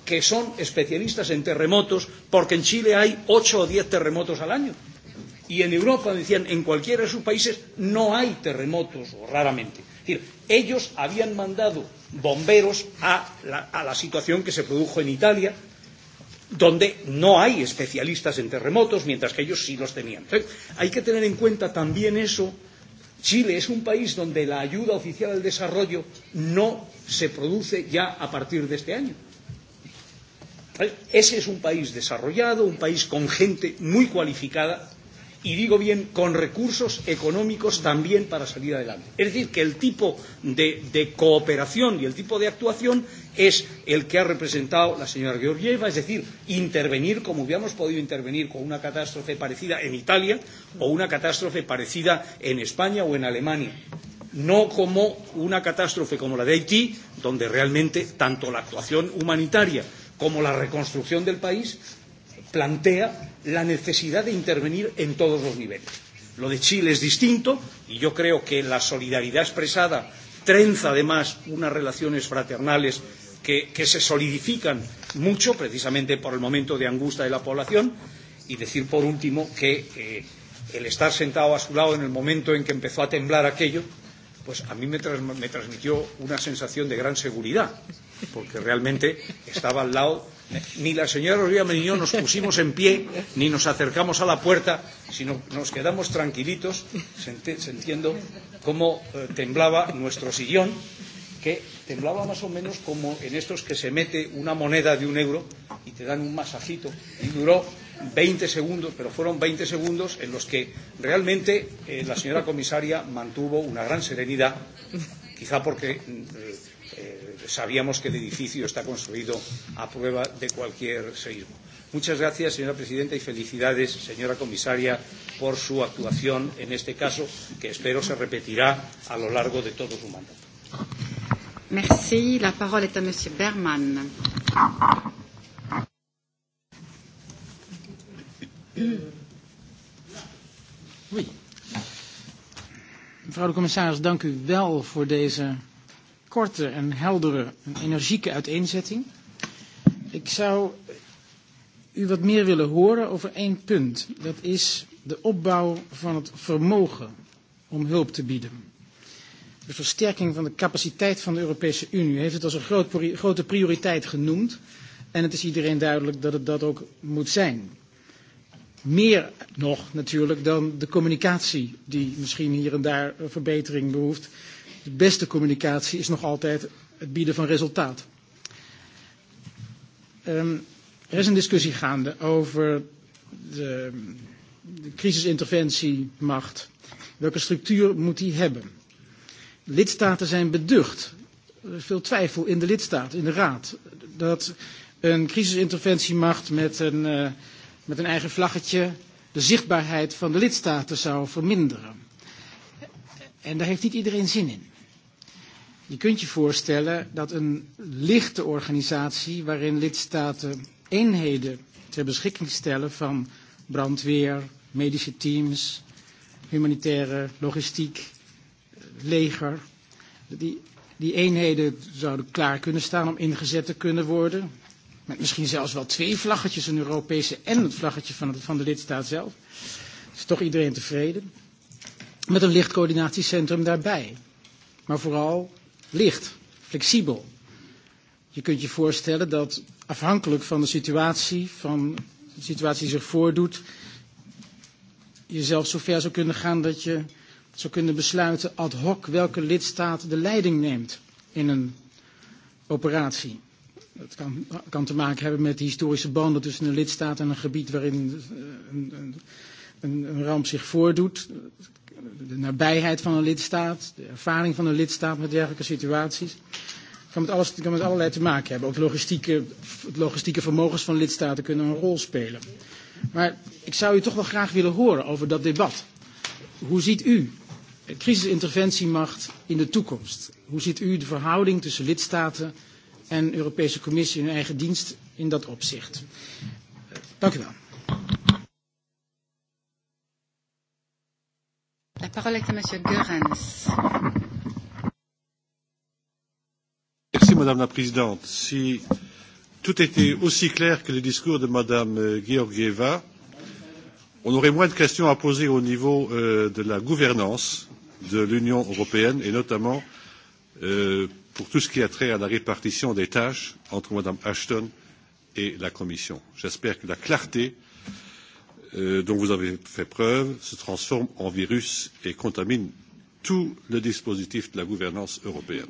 que son especialistas en terremotos, porque en Chile hay 8 o 10 terremotos al año y en Europa decían en cualquiera de sus países no hay terremotos o raramente. Es decir, ellos habían mandado bomberos a la, a la situación que se produjo en Italia, donde no hay especialistas en terremotos, mientras que ellos sí los tenían. Entonces, hay que tener en cuenta también eso. Chile es un país donde la ayuda oficial al desarrollo no se produce ya a partir de este año. ¿Vale? Ese es un país desarrollado, un país con gente muy cualificada y digo bien, con recursos económicos también para salir adelante. Es decir, que el tipo de, de cooperación y el tipo de actuación es el que ha representado la señora Georgieva, es decir, intervenir como hubiéramos podido intervenir con una catástrofe parecida en Italia o una catástrofe parecida en España o en Alemania. No como una catástrofe como la de Haití, donde realmente tanto la actuación humanitaria como la reconstrucción del país plantea la necesidad de intervenir en todos los niveles. Lo de Chile es distinto y yo creo que la solidaridad expresada trenza además unas relaciones fraternales que, que se solidifican mucho precisamente por el momento de angustia de la población y decir por último que eh, el estar sentado a su lado en el momento en que empezó a temblar aquello pues a mí me, trans me transmitió una sensación de gran seguridad porque realmente estaba al lado ni la señora Oriana ni yo nos pusimos en pie, ni nos acercamos a la puerta, sino nos quedamos tranquilitos, sintiendo cómo eh, temblaba nuestro sillón, que temblaba más o menos como en estos que se mete una moneda de un euro y te dan un masajito. Y duró 20 segundos, pero fueron 20 segundos en los que realmente eh, la señora comisaria mantuvo una gran serenidad, quizá porque. Mm, eh, eh, sabíamos que el edificio está construido a prueba de cualquier seísmo. Muchas gracias, señora presidenta, y felicidades, señora comisaria, por su actuación en este caso, que espero se repetirá a lo largo de todo su mandato. Merci. La parole est à Monsieur Berman. Oui. Mevrouw de commissaris, dank u wel voor deze korte en heldere en energieke uiteenzetting. Ik zou u wat meer willen horen over één punt. Dat is de opbouw van het vermogen om hulp te bieden. De versterking van de capaciteit van de Europese Unie heeft het als een groot, grote prioriteit genoemd. En het is iedereen duidelijk dat het dat ook moet zijn. Meer nog natuurlijk dan de communicatie die misschien hier en daar verbetering behoeft de beste communicatie is nog altijd het bieden van resultaat. Um, er is een discussie gaande over de, de crisisinterventiemacht. Welke structuur moet die hebben? Lidstaten zijn beducht. Er is veel twijfel in de lidstaat, in de raad, dat een crisisinterventiemacht met een, uh, met een eigen vlaggetje de zichtbaarheid van de lidstaten zou verminderen. En daar heeft niet iedereen zin in. Je kunt je voorstellen dat een lichte organisatie waarin lidstaten eenheden ter beschikking stellen van brandweer, medische teams, humanitaire logistiek, eh, leger, die, die eenheden zouden klaar kunnen staan om ingezet te kunnen worden. Met misschien zelfs wel twee vlaggetjes, een Europese en het vlaggetje van, het, van de lidstaat zelf. Is toch iedereen tevreden? Met een lichtcoördinatiecentrum daarbij. Maar vooral licht, flexibel. Je kunt je voorstellen dat afhankelijk van de situatie, van de situatie die zich voordoet, je zelfs zover zou kunnen gaan dat je zou kunnen besluiten ad hoc welke lidstaat de leiding neemt in een operatie. Dat kan, kan te maken hebben met de historische banden tussen een lidstaat en een gebied waarin een, een, een ramp zich voordoet. Het de nabijheid van een lidstaat, de ervaring van een lidstaat met dergelijke situaties. Het Kan met, alles, kan met allerlei te maken hebben. Ook logistieke, het logistieke vermogens van lidstaten kunnen een rol spelen. Maar ik zou u toch wel graag willen horen over dat debat. Hoe ziet u crisisinterventiemacht in de toekomst? Hoe ziet u de verhouding tussen lidstaten en Europese Commissie in hun eigen dienst in dat opzicht? Dank u wel. parole est à Monsieur Goerens. Merci Madame la Présidente. Si tout était aussi clair que le discours de Madame euh, Georgieva, on aurait moins de questions à poser au niveau euh, de la gouvernance de l'Union européenne et notamment euh, pour tout ce qui a trait à la répartition des tâches entre Madame Ashton et la Commission. J'espère que la clarté euh, Euh, dont vous avez fait preuve se transforme en virus et contamine tout le dispositif de la gouvernance européenne.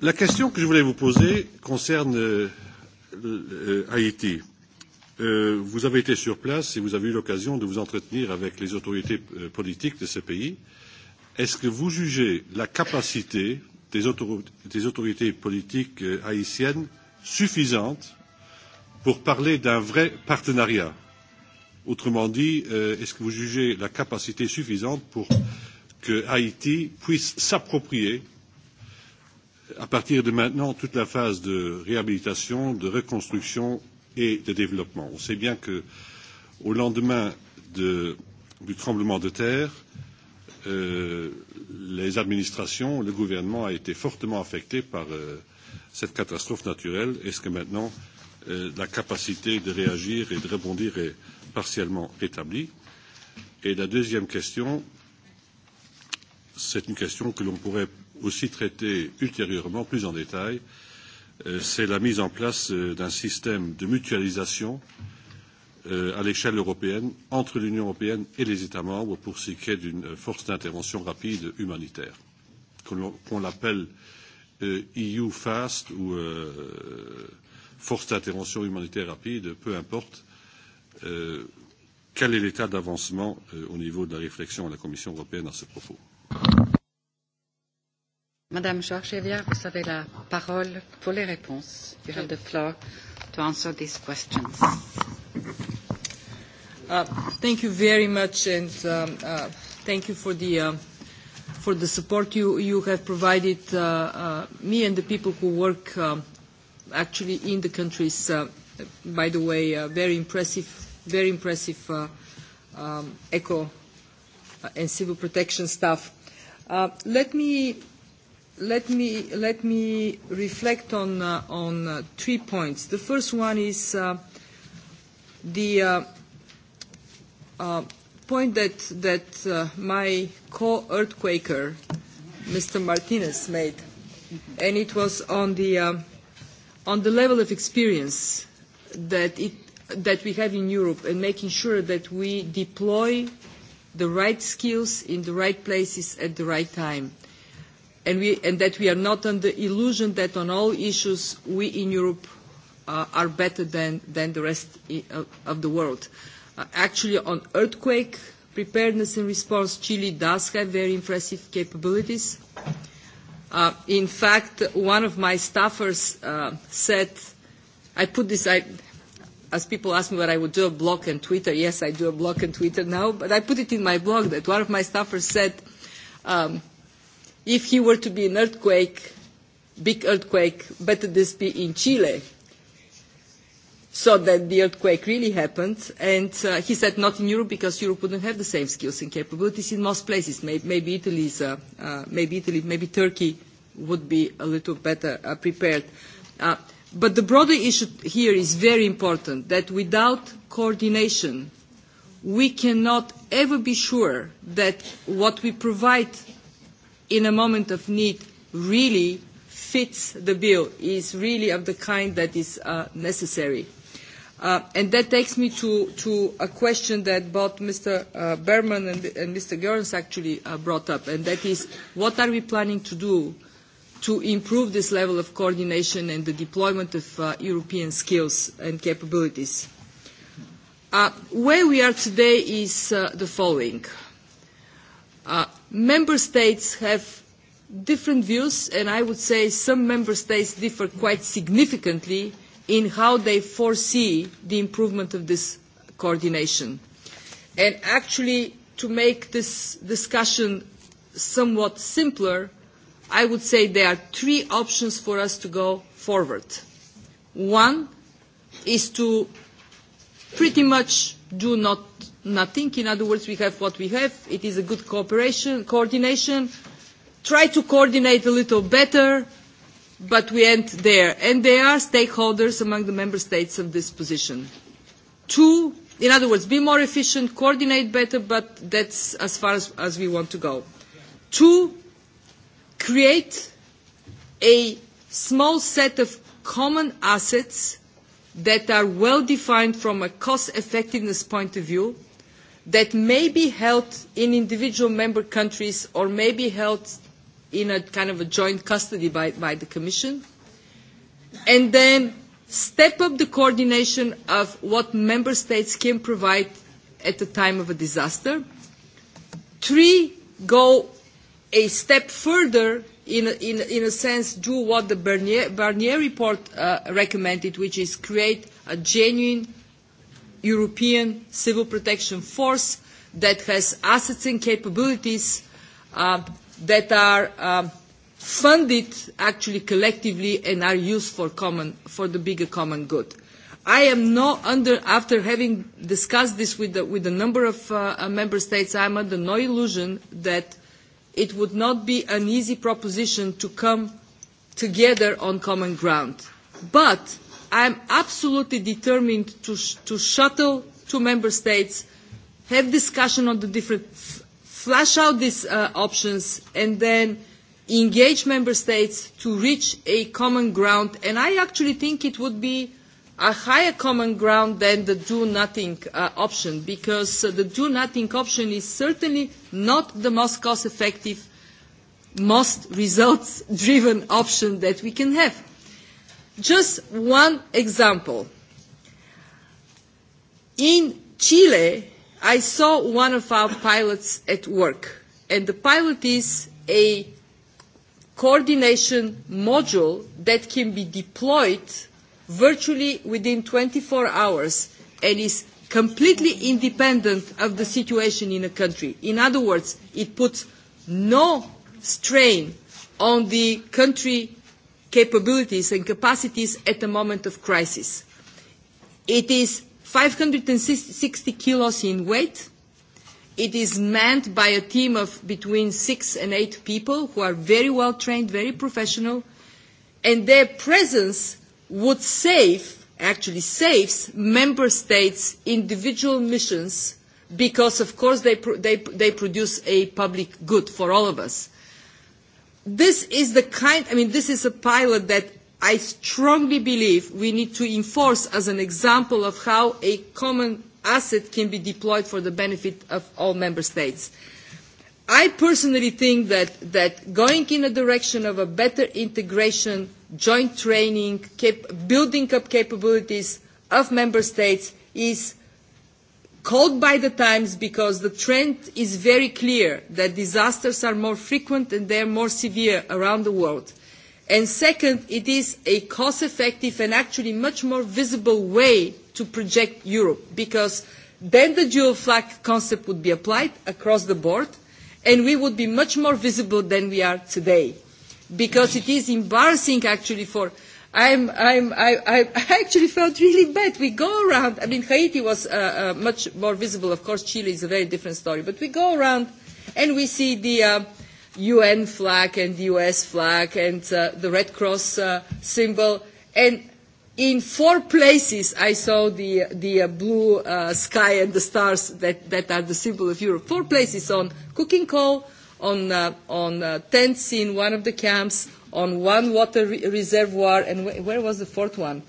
La question que je voulais vous poser concerne euh, euh Haïti. Euh, vous avez été sur place et vous avez eu l'occasion de vous entretenir avec les autorités euh, politiques de ce pays. Est-ce que vous jugez la capacité des, autor des autorités politiques haïtiennes suffisante pour parler d'un vrai partenariat. Autrement dit, euh, est-ce que vous jugez la capacité suffisante pour que Haïti puisse s'approprier à partir de maintenant toute la phase de réhabilitation, de reconstruction et de développement. On sait bien que au lendemain de, du tremblement de terre, euh, les administrations, le gouvernement a été fortement affecté par euh, cette catastrophe naturelle. Est-ce que maintenant euh, Euh, la capacité de réagir et de rebondir est partiellement rétablie. Et la deuxième question, c'est une question que l'on pourrait aussi traiter ultérieurement, plus en détail, euh, c'est la mise en place euh, d'un système de mutualisation à l'échelle européenne entre l'Union européenne et les États membres pour ce qui est d'une force d'intervention rapide humanitaire, qu'on qu l'appelle EU Fast ou euh, force d'intervention humanitaire rapide, peu importe euh, quel est l'état d'avancement euh, au niveau de la réflexion à la Commission européenne à ce propos. Madame Georgieva, vous avez la parole pour les réponses. You have the floor to answer these questions. Uh, thank you very much, and um, uh, thank you for the uh, for the support you you have provided uh, uh, me and the people who work. Um, actually in the countries, uh, by the way, uh, very impressive, very impressive uh, um, eco uh, and civil protection staff. Uh, let me let me let me reflect on uh, on uh, three points. The first one is uh, the uh, uh, point that that uh, my co-earthquaker, Mr. Martinez, made, and it was on the. Uh, on the level of experience that, it, that we have in Europe and making sure that we deploy the right skills in the right places at the right time. And, we, and that we are not under illusion that on all issues we in Europe uh, are better than, than the rest uh, of the world. Uh, actually, on earthquake preparedness and response, Chile does have very impressive capabilities. Uh, Uh, in fact, one of my staffers uh, said, I put this, I, as people ask me whether I would do a blog and Twitter, yes, I do a blog and Twitter now, but I put it in my blog that one of my staffers said, um, if he were to be an earthquake, big earthquake, better this be in Chile so that the earthquake really happened. And uh, he said not in Europe because Europe wouldn't have the same skills and capabilities in most places. Maybe, maybe, Italy's, uh, uh, maybe Italy, maybe Turkey would be a little better uh, prepared. Uh, but the broader issue here is very important, that without coordination, we cannot ever be sure that what we provide in a moment of need really fits the bill, is really of the kind that is uh, necessary. Uh, and that takes me to, to a question that both Mr. Uh, Berman and, and Mr. Gerns actually uh, brought up, and that is what are we planning to do to improve this level of coordination and the deployment of uh, European skills and capabilities? Uh, where we are today is uh, the following. Uh, member states have different views, and I would say some member states differ quite significantly in how they foresee the improvement of this coordination. And actually, to make this discussion somewhat simpler, I would say there are three options for us to go forward. One is to pretty much do not nothing. In other words, we have what we have. It is a good cooperation, coordination. Try to coordinate a little better, but we end there. And there are stakeholders among the member states of this position. Two, in other words, be more efficient, coordinate better, but that's as far as, as we want to go. Two, create a small set of common assets that are well defined from a cost effectiveness point of view that may be held in individual member countries or may be held in a kind of a joint custody by, by the Commission, and then step up the coordination of what member states can provide at the time of a disaster. Three, go a step further in a, in, in a sense do what the Barnier, Barnier report uh, recommended, which is create a genuine European civil protection force that has assets and capabilities uh, that are um, funded actually collectively and are used for, common, for the bigger common good. I am no under, after having discussed this with, the, with a number of uh, uh member states, I am under no illusion that it would not be an easy proposition to come together on common ground. But I am absolutely determined to, sh to shuttle to member states, have discussion on the different flush out these uh, options and then engage member states to reach a common ground. And I actually think it would be a higher common ground than the do-nothing uh, option, because uh, the do-nothing option is certainly not the most cost-effective, most results-driven <laughs> option that we can have. Just one example. In Chile, I saw one of our pilots at work, and the pilot is a coordination module that can be deployed virtually within 24 hours and is completely independent of the situation in a country. In other words, it puts no strain on the country capabilities and capacities at the moment of crisis. It is 560 kilos in weight. It is manned by a team of between six and eight people who are very well trained, very professional, and their presence would save, actually saves, member states' individual missions because, of course, they, pro they, they produce a public good for all of us. This is the kind, I mean, this is a pilot that I strongly believe we need to enforce as an example of how a common asset can be deployed for the benefit of all member states. I personally think that, that going in a direction of a better integration, joint training, building up capabilities of member states is called by the times because the trend is very clear that disasters are more frequent and they are more severe around the world. And second, it is a cost-effective and actually much more visible way to project Europe because then the dual flag concept would be applied across the board and we would be much more visible than we are today because it is embarrassing actually for I'm, I'm, I, I <laughs> actually felt really bad. We go around, I mean, Haiti was uh, uh, much more visible. Of course, Chile is a very different story. But we go around and we see the, uh, UN flag and the US flag and uh, the Red Cross uh, symbol. And in four places I saw the, the uh, blue uh, sky and the stars that, that are the symbol of Europe. Four places on cooking coal, on, uh, on uh, tents in one of the camps, on one water re reservoir, and wh where was the fourth one?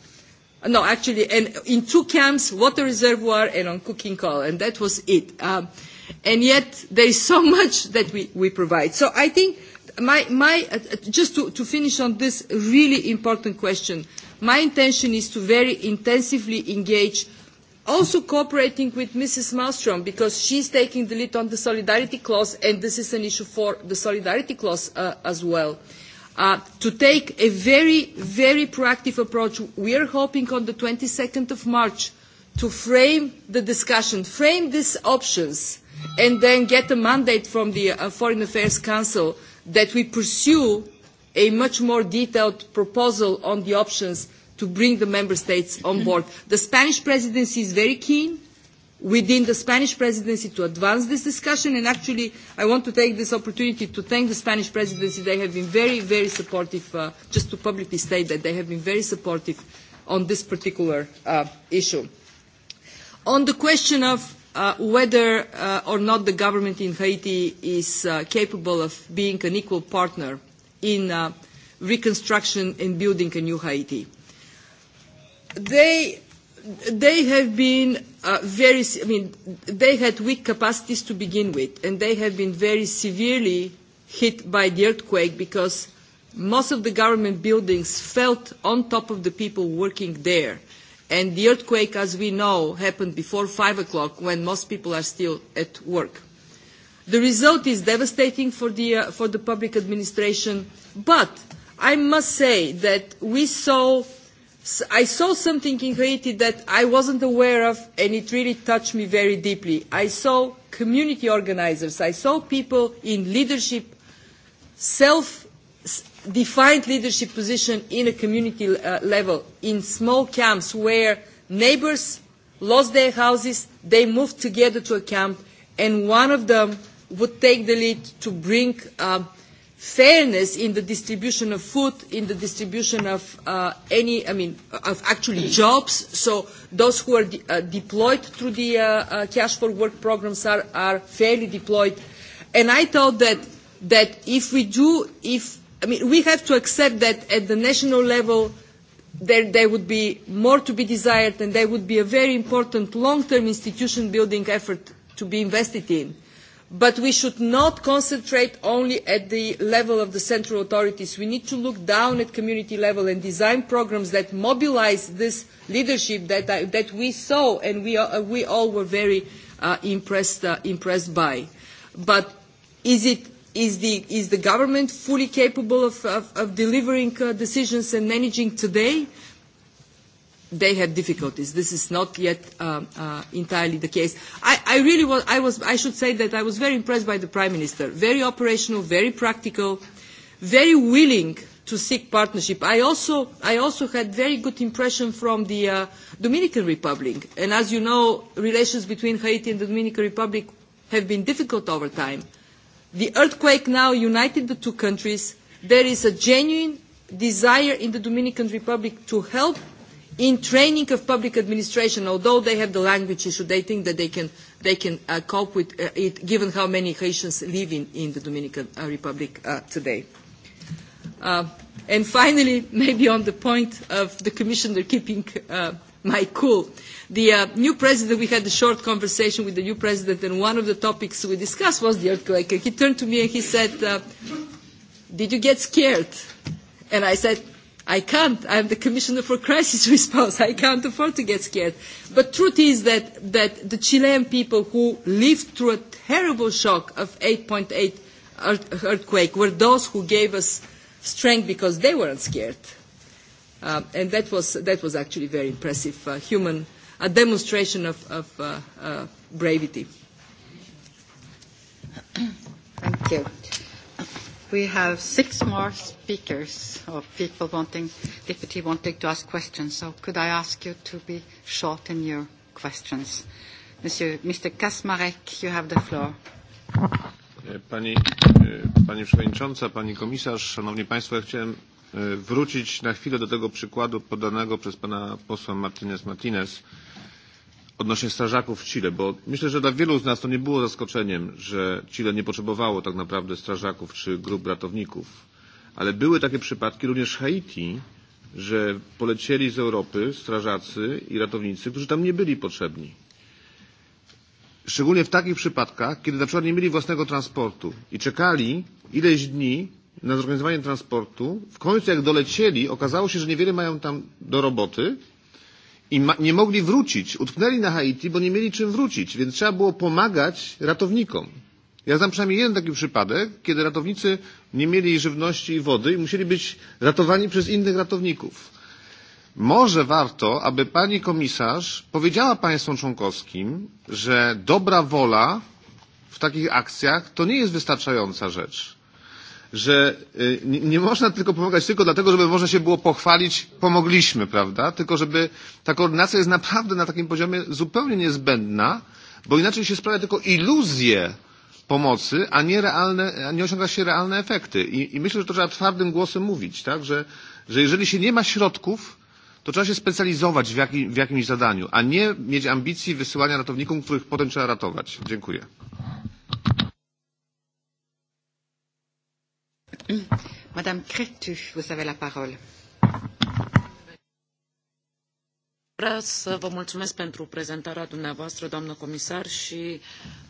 Uh, no, actually, and in two camps, water reservoir and on cooking coal, and that was it. Um, and yet there is so <laughs> much that we, we provide. So I think my, my uh, just to, to finish on this really important question, my intention is to very intensively engage also cooperating with Mrs. Malmström because she's taking the lead on the solidarity clause and this is an issue for the solidarity clause uh, as well. Uh, to take a very, very proactive approach. We are hoping on the 22nd of March to frame the discussion, frame these options, and then get a mandate from the uh, Foreign Affairs Council that we pursue a much more detailed proposal on the options to bring the member states on mm-hmm. board. The Spanish presidency is very keen within the Spanish presidency to advance this discussion and actually I want to take this opportunity to thank the Spanish presidency. They have been very, very supportive, uh, just to publicly state that they have been very supportive on this particular uh, issue. On the question of uh, whether uh, or not the government in Haiti is uh, capable of being an equal partner in uh, reconstruction and building a new Haiti. They, they have been uh, very, I mean, they had weak capacities to begin with, and they have been very severely hit by the earthquake because most of the government buildings fell on top of the people working there. And the earthquake, as we know, happened before 5 o'clock when most people are still at work. The result is devastating for the, uh, for the public administration, but I must say that we saw, I saw something in Haiti that I wasn't aware of and it really touched me very deeply. I saw community organizers, I saw people in leadership self defined leadership position in a community uh, level in small camps where neighbors lost their houses, they moved together to a camp, and one of them would take the lead to bring um, fairness in the distribution of food, in the distribution of uh, any, I mean, of actually jobs. So those who are de uh, deployed through the uh, uh, cash for work programs are, are fairly deployed. And I thought that, that if we do, if I mean, we have to accept that at the national level, there, there would be more to be desired and there would be a very important long-term institution building effort to be invested in. But we should not concentrate only at the level of the central authorities. We need to look down at community level and design programs that mobilize this leadership that, I, that we saw and we, uh, we all were very uh, impressed, uh, impressed by. But is it Is the, is the government fully capable of, of, of delivering uh, decisions and managing today? They have difficulties. This is not yet uh, uh, entirely the case. I, I really was I, was, I should say that I was very impressed by the Prime Minister. Very operational, very practical, very willing to seek partnership. I also, I also had very good impression from the uh, Dominican Republic. And as you know, relations between Haiti and the Dominican Republic have been difficult over time. The earthquake now united the two countries. There is a genuine desire in the Dominican Republic to help in training of public administration, although they have the language issue, they think that they can, they can uh, cope with uh, it, given how many Haitians live in, in the Dominican uh, Republic uh, today. Uh, and finally, <laughs> maybe on the point of the Commissioner keeping uh, my cool. The uh, new president, we had a short conversation with the new president, and one of the topics we discussed was the earthquake. And he turned to me and he said, uh, did you get scared? And I said, I can't. I'm the commissioner for crisis <laughs> response. I can't afford to get scared. But truth is that, that the Chilean people who lived through a terrible shock of 8.8 earthquake were those who gave us strength because they weren't scared Uh, and that was, that was actually very impressive, uh, human, a demonstration of, of uh, uh, bravery. Thank you. We have six more speakers or people wanting, deputy wanting to ask questions. So could I ask you to be short in your questions? Monsieur, Mr. Kasmarek, you have the floor. Pani, Pani Przewodnicząca, Pani Komisarz, Szanowni Państwo, ja chciałem wrócić na chwilę do tego przykładu podanego przez pana posła Martinez Martinez odnośnie strażaków w Chile, bo myślę, że dla wielu z nas to nie było zaskoczeniem, że Chile nie potrzebowało tak naprawdę strażaków czy grup ratowników, ale były takie przypadki również Haiti, że polecieli z Europy strażacy i ratownicy, którzy tam nie byli potrzebni. Szczególnie w takich przypadkach, kiedy na przykład nie mieli własnego transportu i czekali ileś dni na zorganizowanie transportu. W końcu jak dolecieli, okazało się, że niewiele mają tam do roboty i nie mogli wrócić. Utknęli na Haiti, bo nie mieli czym wrócić, więc trzeba było pomagać ratownikom. Ja znam przynajmniej jeden taki przypadek, kiedy ratownicy nie mieli żywności i wody i musieli być ratowani przez innych ratowników. Może warto, aby pani komisarz powiedziała państwom członkowskim, że dobra wola w takich akcjach to nie jest wystarczająca rzecz że nie, nie można tylko pomagać tylko dlatego, żeby można się było pochwalić, pomogliśmy, prawda? Tylko żeby ta koordynacja jest naprawdę na takim poziomie zupełnie niezbędna, bo inaczej się sprawia tylko iluzję pomocy, a nie, realne, a nie osiąga się realne efekty. I, I myślę, że to trzeba twardym głosem mówić, tak? że, że jeżeli się nie ma środków, to trzeba się specjalizować w, jakim, w jakimś zadaniu, a nie mieć ambicji wysyłania ratowników, których potem trzeba ratować. Dziękuję. Mm. Madame Cretu, vous avez la parole. Vreau să vă mulțumesc pentru prezentarea dumneavoastră, doamnă comisar, și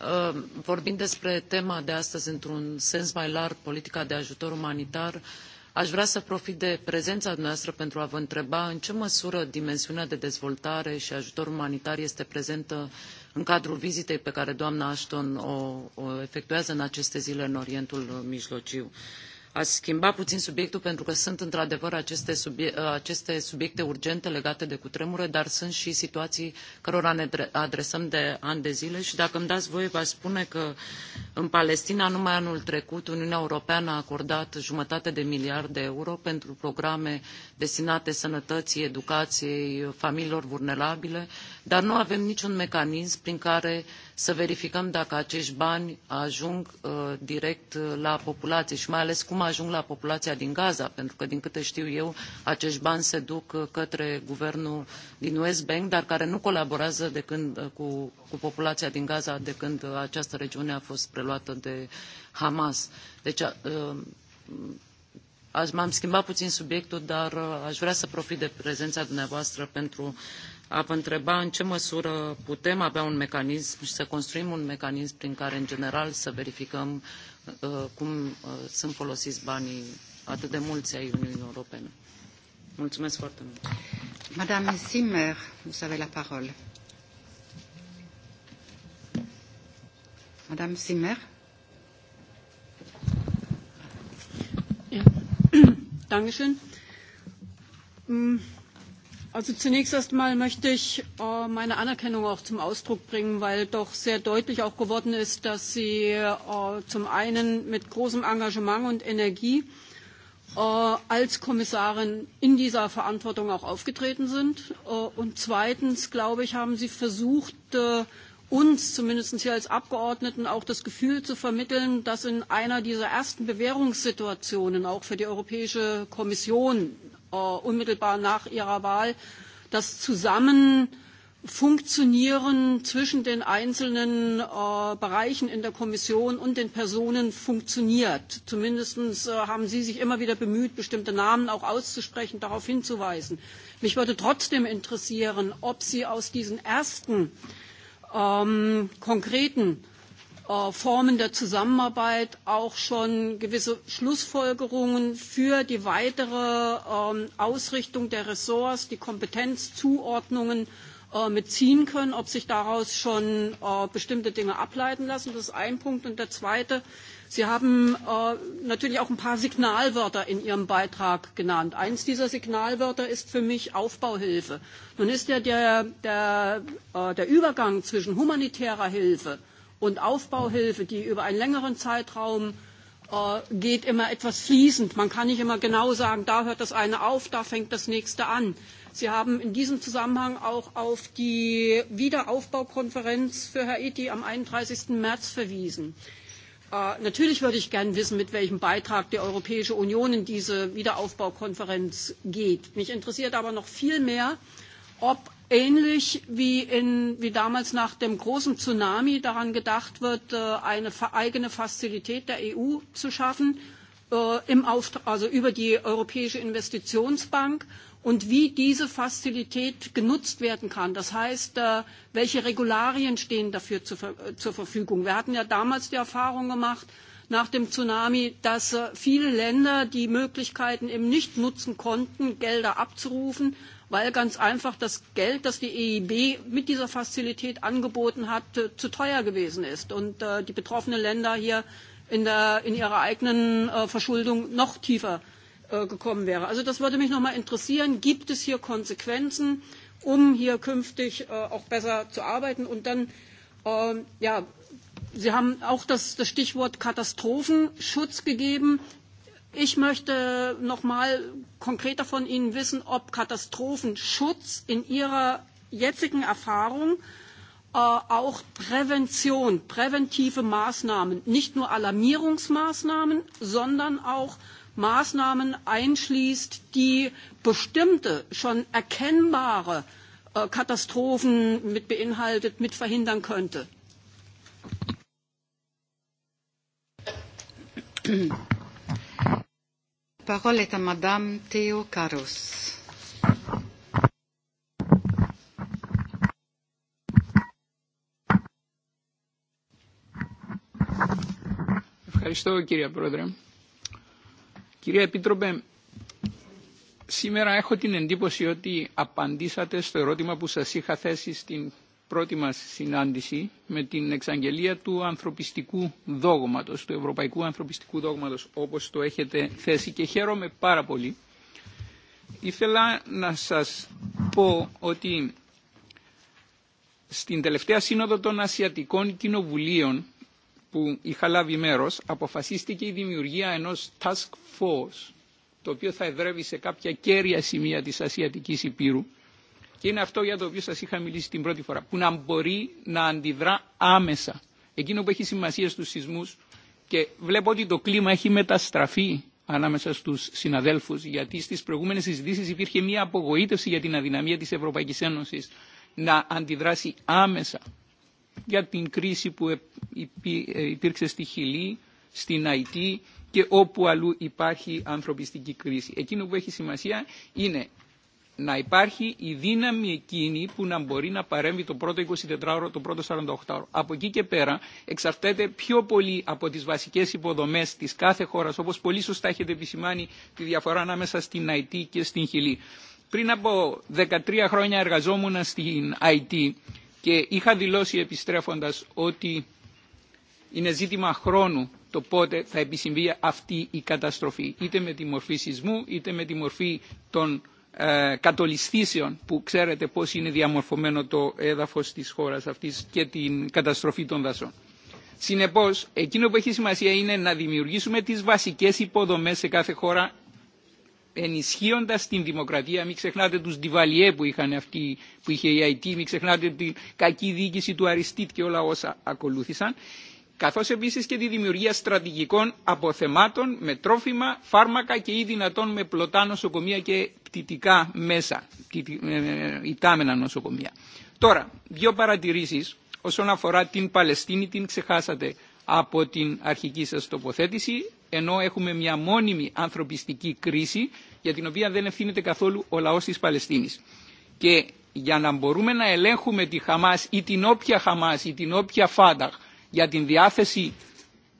uh, vorbind despre tema de astăzi într-un sens mai larg, politica de ajutor umanitar, aș vrea să profit de prezența dumneavoastră pentru a vă întreba în ce măsură dimensiunea de dezvoltare și ajutor umanitar este prezentă în cadrul vizitei pe care doamna Ashton o, o efectuează în aceste zile în Orientul Mijlociu. Uh, ați schimba puțin subiectul, pentru că sunt într-adevăr aceste, subiecte, aceste subiecte urgente legate de cutremure, dar sunt și situații cărora ne adresăm de ani de zile și dacă îmi dați voie, vă spune că în Palestina, numai anul trecut, Uniunea Europeană a acordat jumătate de miliard de euro pentru programe destinate sănătății, educației, familiilor vulnerabile, dar nu avem niciun mecanism prin care să verificăm dacă acești bani ajung uh, direct uh, la populație și mai ales cum ajung la populația din Gaza, pentru că, din câte știu eu, acești bani se duc uh, către guvernul din West Bank, dar care nu colaborează de când, cu, cu populația din Gaza de când această regiune a fost preluată de Hamas. Deci, m-am schimbat puțin subiectul, dar aș vrea să profit de prezența dumneavoastră pentru a vă întreba în ce măsură putem avea un mecanism și să construim un mecanism prin care, în general, să verificăm uh, cum uh, sunt folosiți banii atât de mulți ai Uniunii Europene. Mulțumesc foarte mult. Madame Simmer, vous avez la parole. Madame Simmer. <clears throat> Dankeschön. Mm, Also zunächst erstmal möchte ich äh, meine Anerkennung auch zum Ausdruck bringen, weil doch sehr deutlich auch geworden ist, dass Sie äh, zum einen mit großem Engagement und Energie äh, als Kommissarin in dieser Verantwortung auch aufgetreten sind. Äh, und zweitens, glaube ich, haben Sie versucht, äh, uns zumindest hier als Abgeordneten auch das Gefühl zu vermitteln, dass in einer dieser ersten Bewährungssituationen auch für die Europäische Kommission Äh, unmittelbar nach ihrer Wahl, das Zusammenfunktionieren zwischen den einzelnen äh, Bereichen in der Kommission und den Personen funktioniert. Zumindest äh, haben Sie sich immer wieder bemüht, bestimmte Namen auch auszusprechen, darauf hinzuweisen. Mich würde trotzdem interessieren, ob Sie aus diesen ersten ähm, konkreten Äh, formen der Zusammenarbeit auch schon gewisse Schlussfolgerungen für die weitere ähm, Ausrichtung der Ressorts, die Kompetenzzuordnungen äh, mitziehen können, ob sich daraus schon äh, bestimmte Dinge ableiten lassen. Das ist ein Punkt. Und der zweite, Sie haben natürlich auch ein paar Signalwörter in Ihrem Beitrag genannt. Eins dieser Signalwörter ist für mich Aufbauhilfe. Nun ist ja der, der, der Übergang zwischen humanitärer Hilfe und Aufbauhilfe, die über einen längeren Zeitraum äh, geht, immer etwas fließend. Man kann nicht immer genau sagen, da hört das eine auf, da fängt das nächste an. Sie haben in diesem Zusammenhang auch auf die Wiederaufbaukonferenz für Haiti am 31. März verwiesen. Äh, natürlich würde ich gerne wissen, mit welchem Beitrag die Europäische Union in diese Wiederaufbaukonferenz geht. Mich interessiert aber noch viel mehr, ob ähnlich wie, in, wie damals nach dem großen Tsunami daran gedacht wird, äh, eine eigene Fazilität der EU zu schaffen, äh, im Auftrag, also über die Europäische Investitionsbank und wie diese Fazilität genutzt werden kann. Das heißt, äh, welche Regularien stehen dafür zur Verfügung. Wir hatten ja damals die Erfahrung gemacht, nach dem Tsunami, dass viele Länder die Möglichkeiten eben nicht nutzen konnten, Gelder abzurufen, weil ganz einfach das Geld, das die EIB mit dieser Fazilität angeboten hat, äh, zu teuer gewesen ist und äh, die betroffenen Länder hier in, der, in ihrer eigenen äh, Verschuldung noch tiefer gekommen wäre. Also das würde mich noch mal interessieren. Gibt es hier Konsequenzen, um hier künftig auch besser zu arbeiten? Und dann, ähm, ja, Sie haben auch das, das Stichwort Katastrophenschutz gegeben. Ich möchte noch mal konkreter von Ihnen wissen, ob Katastrophenschutz in Ihrer jetzigen Erfahrung äh, auch Prävention, präventive Maßnahmen, nicht nur Alarmierungsmaßnahmen, sondern auch Maßnahmen einschließt, die bestimmte, schon erkennbare äh, Katastrophen mit beinhaltet, mit verhindern könnte. <clears throat> Parole est à Madame Théo Carus. Ευχαριστώ κύριε Πρόεδρε. Κυρία Επίτροπε, σήμερα έχω την εντύπωση ότι απαντήσατε στο ερώτημα που σας είχα θέσει στην πρώτη μας συνάντηση με την εξαγγελία του ανθρωπιστικού δόγματος, του ευρωπαϊκού ανθρωπιστικού δόγματος, όπως το έχετε θέσει και χαίρομαι πάρα πολύ. Ήθελα να σας πω ότι στην τελευταία σύνοδο των Ασιατικών Κοινοβουλίων που είχα λάβει μέρος, αποφασίστηκε η δημιουργία ενός task force, το οποίο θα εδρεύει σε κάποια κέρια σημεία της Ασιατικής Υπήρου, Και είναι αυτό για το οποίο σα είχα μιλήσει την πρώτη φορά. Που να μπορεί να αντιδρά άμεσα. Εκείνο που έχει σημασία στου σεισμού και βλέπω ότι το κλίμα έχει μεταστραφεί ανάμεσα στους συναδέλφους γιατί στις προηγούμενες συζητήσεις υπήρχε μια απογοήτευση για την αδυναμία της Ευρωπαϊκής Ένωσης να αντιδράσει άμεσα για την κρίση που υπήρξε στη Χιλή, στην Αϊτή και όπου αλλού υπάρχει ανθρωπιστική κρίση. Εκείνο που έχει σημασία είναι να υπάρχει η δύναμη εκείνη που να μπορεί να παρέμβει το πρώτο 24ωρο, το πρώτο 48ωρο. Από εκεί και πέρα εξαρτάται πιο πολύ από τις βασικές υποδομές της κάθε χώρας, όπως πολύ σωστά έχετε επισημάνει τη διαφορά ανάμεσα στην IT και στην Χιλή. Πριν από 13 χρόνια εργαζόμουν στην IT και είχα δηλώσει επιστρέφοντας ότι είναι ζήτημα χρόνου το πότε θα επισυμβεί αυτή η καταστροφή, είτε με τη μορφή σεισμού, είτε με τη μορφή των κατολιστήσεων που ξέρετε πώς είναι διαμορφωμένο το έδαφος της χώρας αυτής και την καταστροφή των δασών. Συνεπώς, εκείνο που έχει σημασία είναι να δημιουργήσουμε τις βασικές υποδομές σε κάθε χώρα ενισχύοντας την δημοκρατία. Μην ξεχνάτε τους διβαλιέ που, είχαν αυτοί, που είχε η IT, μην ξεχνάτε την κακή διοίκηση του Αριστίτ και όλα όσα ακολούθησαν καθώς επίσης και τη δημιουργία στρατηγικών αποθεμάτων με τρόφιμα, φάρμακα και ή δυνατόν με πλωτά νοσοκομεία και πτυτικά μέσα, ιτάμενα νοσοκομεία. Τώρα, δύο παρατηρήσεις όσον αφορά την Παλαιστίνη, την ξεχάσατε από την αρχική σας τοποθέτηση, ενώ έχουμε μια μόνιμη ανθρωπιστική κρίση για την οποία δεν ευθύνεται καθόλου ο λαός της Παλαιστίνης. Και για να μπορούμε να ελέγχουμε τη Χαμάς ή την όποια Χαμάς ή την όποια Φάνταχ για την διάθεση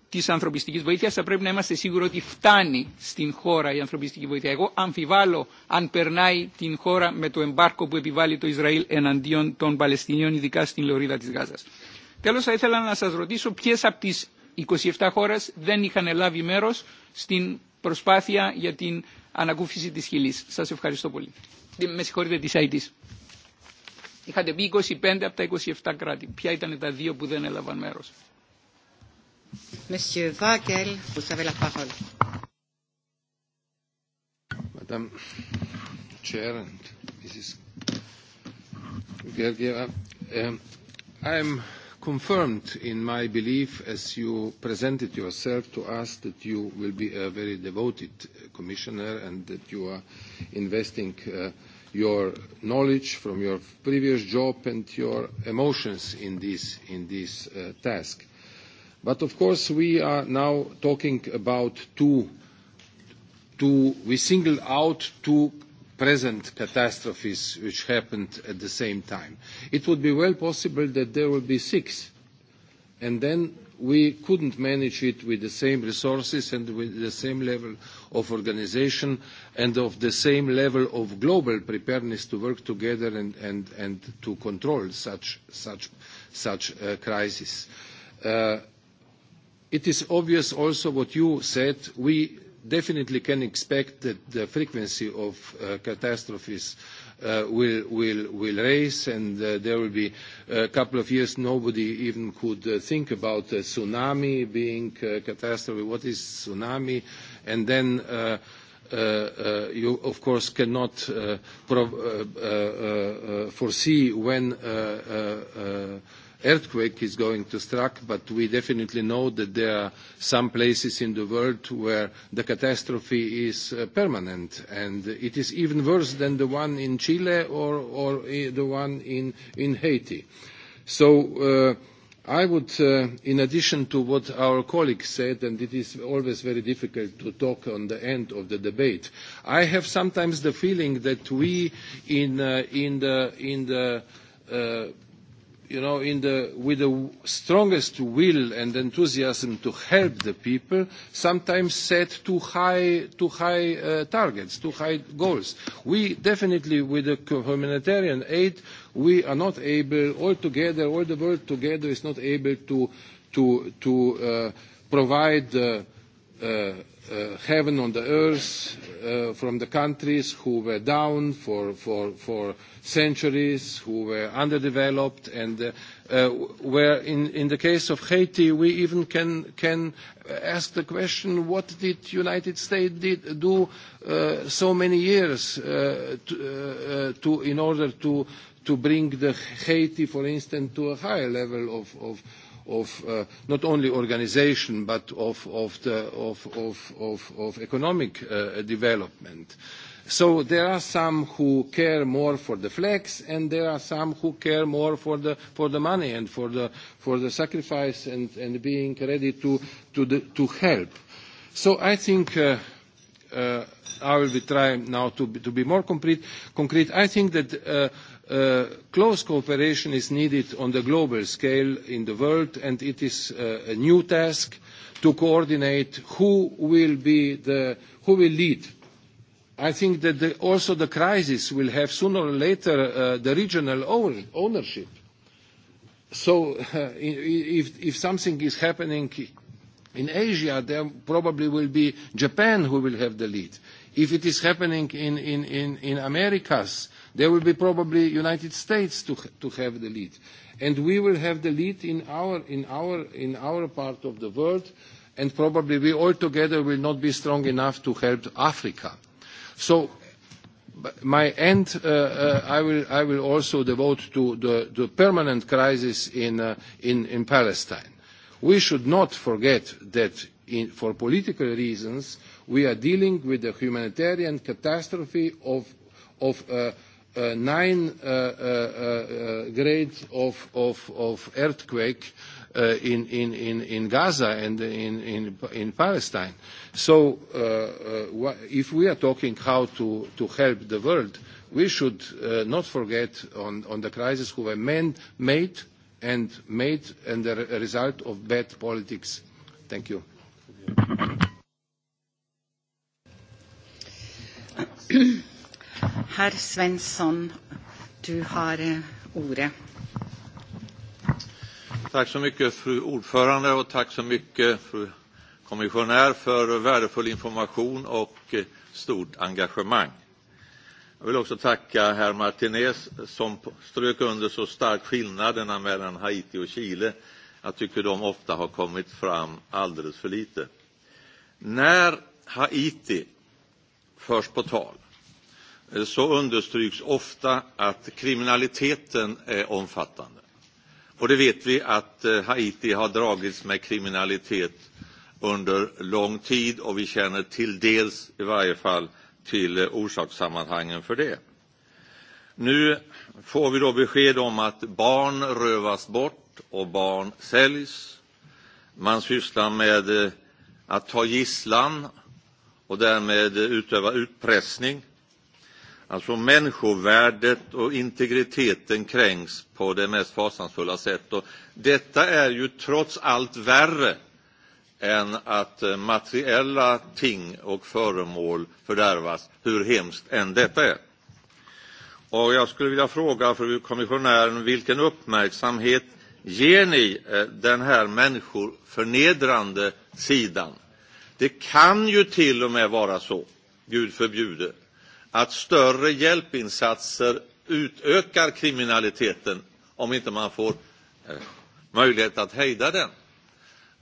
της ανθρωπιστικής βοήθειας θα πρέπει να είμαστε σίγουροι ότι φτάνει στην χώρα η ανθρωπιστική βοήθεια. Εγώ αμφιβάλλω αν περνάει την χώρα με το εμπάρκο που επιβάλλει το Ισραήλ εναντίον των Παλαιστινίων, ειδικά στην λωρίδα της Γάζας. Τέλος θα ήθελα να σας ρωτήσω ποιες από τις 27 χώρες δεν είχαν λάβει μέρος στην προσπάθεια για την ανακούφιση της χιλής. Σας ευχαριστώ πολύ. Με συγχωρείτε της ΑΕΤΗΣ. Είχατε πει 25 από τα 27 κράτη. Ποια ήταν τα δύο που δεν έλαβαν μέρο. Monsieur Vagel, vous avez la parole. Madame Chair and Mrs. Um, I am confirmed in my belief as you presented yourself to us that you will be a very devoted commissioner and that you are investing uh, your knowledge, from your previous job and your emotions in this, in this uh, task. But of course we are now talking about two, two we single out two present catastrophes which happened at the same time. It would be well possible that there will be six and then we couldn't manage it with the same resources and with the same level of organization and of the same level of global preparedness to work together and, to control such, a uh, crisis. Uh, it is obvious also what you said. We definitely can expect that the frequency of uh, catastrophes Uh, will, will, will raise, and uh, there will be a couple of years nobody even could uh, think about a tsunami being a uh, catastrophe. What is tsunami? And then uh, uh, uh, you, of course, cannot uh, prov- uh, uh, uh, uh foresee when uh, uh, uh, earthquake is going to strike, but we definitely know that there are some places in the world where the catastrophe is uh, permanent, and it is even worse than the one in Chile or, or eh, the one in, in Haiti. So uh, I would, uh, in addition to what our colleague said, and it is always very difficult to talk on the end of the debate, I have sometimes the feeling that we in, uh, in the, in the uh, you know, in the, with the strongest will and enthusiasm to help the people, sometimes set too high, too high uh, targets, too high goals. We definitely, with the humanitarian aid, we are not able, all together, all the world together is not able to, to, to uh, provide uh, uh uh, heaven on the earth uh, from the countries who were down for, for, for centuries, who were underdeveloped, and uh, uh, where in, in the case of Haiti, we even can, can ask the question, what did United States did, do uh, so many years uh, to, uh, uh to, in order to, to bring the Haiti, for instance, to a higher level of, of of uh, not only organization but of, of, the, of, of, of, of economic uh, development. So there are some who care more for the flags, and there are some who care more for the for the money and for the for the sacrifice and, and being ready to to the, to help. So I think. Uh, uh, I will be trying now to be, to be more concrete. Concrete, I think that uh, Uh, close cooperation is needed on the global scale in the world, and it is uh, a new task to coordinate who will be the who will lead. I think that the, also the crisis will have sooner or later uh, the regional own, ownership. So <laughs> if, if something is happening in Asia, there probably will be Japan who will have the lead. If it is happening in, in, in, in Americas, There will be probably United States to, to have the lead. And we will have the lead in our, in, our, in our part of the world, and probably we all together will not be strong enough to help Africa. So my end, uh, uh, I, will, I will also devote to the, the permanent crisis in, uh, in, in Palestine. We should not forget that in, for political reasons, we are dealing with a humanitarian catastrophe of, of uh, uh, nine uh, uh, uh, grades of, of, of earthquake uh, in, in, in Gaza and in, in Palestine. So uh, if we are talking how to, to help the world, we should not forget on, on the crisis who were men made and made and the result of bad politics. Thank you. <coughs> Herr Svensson, du har eh, ordet. Tack så mycket, fru ordförande, och tack så mycket, fru kommissionär, för värdefull information och eh, stort engagemang. Jag vill också tacka herr Martinez som strök under så starkt skillnaderna mellan Haiti och Chile. Jag tycker de ofta har kommit fram alldeles för lite. När Haiti förs på tal Eh, så understryks ofta att kriminaliteten är omfattande. Och det vet vi att eh, Haiti har dragits med kriminalitet under lång tid och vi känner till dels i varje fall till eh, orsakssammanhangen för det. Nu får vi då besked om att barn rövas bort och barn säljs. Man sysslar med att ta gisslan och därmed utöva utpressning. Alltså människovärdet och integriteten kränks på det mest fasansfulla sätt. Och detta är ju trots allt värre än att eh, materiella ting och föremål fördärvas, hur hemskt än detta är. Och jag skulle vilja fråga för kommissionären, vilken uppmärksamhet ger ni eh, den här människoförnedrande sidan? Det kan ju till och med vara så, Gud förbjuder, att större hjälpinsatser utökar kriminaliteten om inte man får eh, möjlighet att hejda den.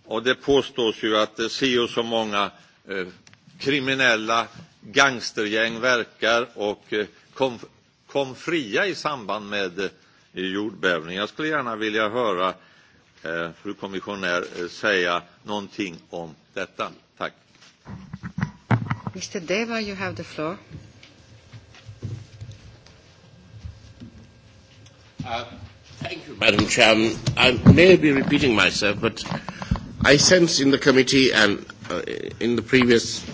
Och det påstås ju att det eh, ser och så många eh, kriminella gangstergäng verkar och eh, kom, kom fria i samband med eh, jordbävningen. Jag skulle gärna vilja höra eh, fru kommissionär säga någonting om detta. Tack. Mr. Deva, you have the floor. Uh, thank you, Madam Chairman. I may be repeating myself, but I sense in the committee and uh, in the previous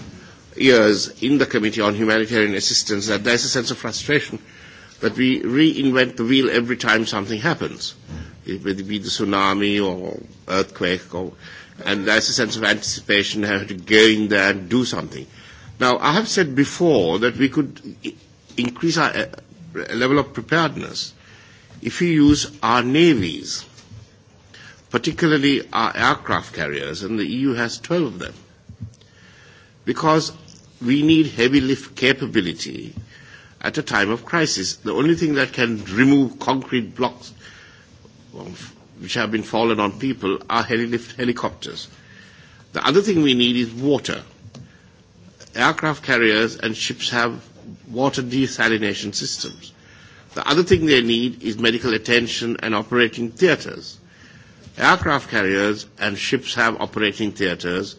years in the Committee on Humanitarian Assistance that there's a sense of frustration that we reinvent the wheel every time something happens, whether it be the tsunami or earthquake, or, and there's a sense of anticipation having to go in there and do something. Now, I have said before that we could increase our uh, level of preparedness if you use our navies, particularly our aircraft carriers, and the EU has 12 of them, because we need heavy lift capability at a time of crisis. The only thing that can remove concrete blocks which have been fallen on people are heavy lift helicopters. The other thing we need is water. Aircraft carriers and ships have water desalination systems. The other thing they need is medical attention and operating theatres. Aircraft carriers and ships have operating theatres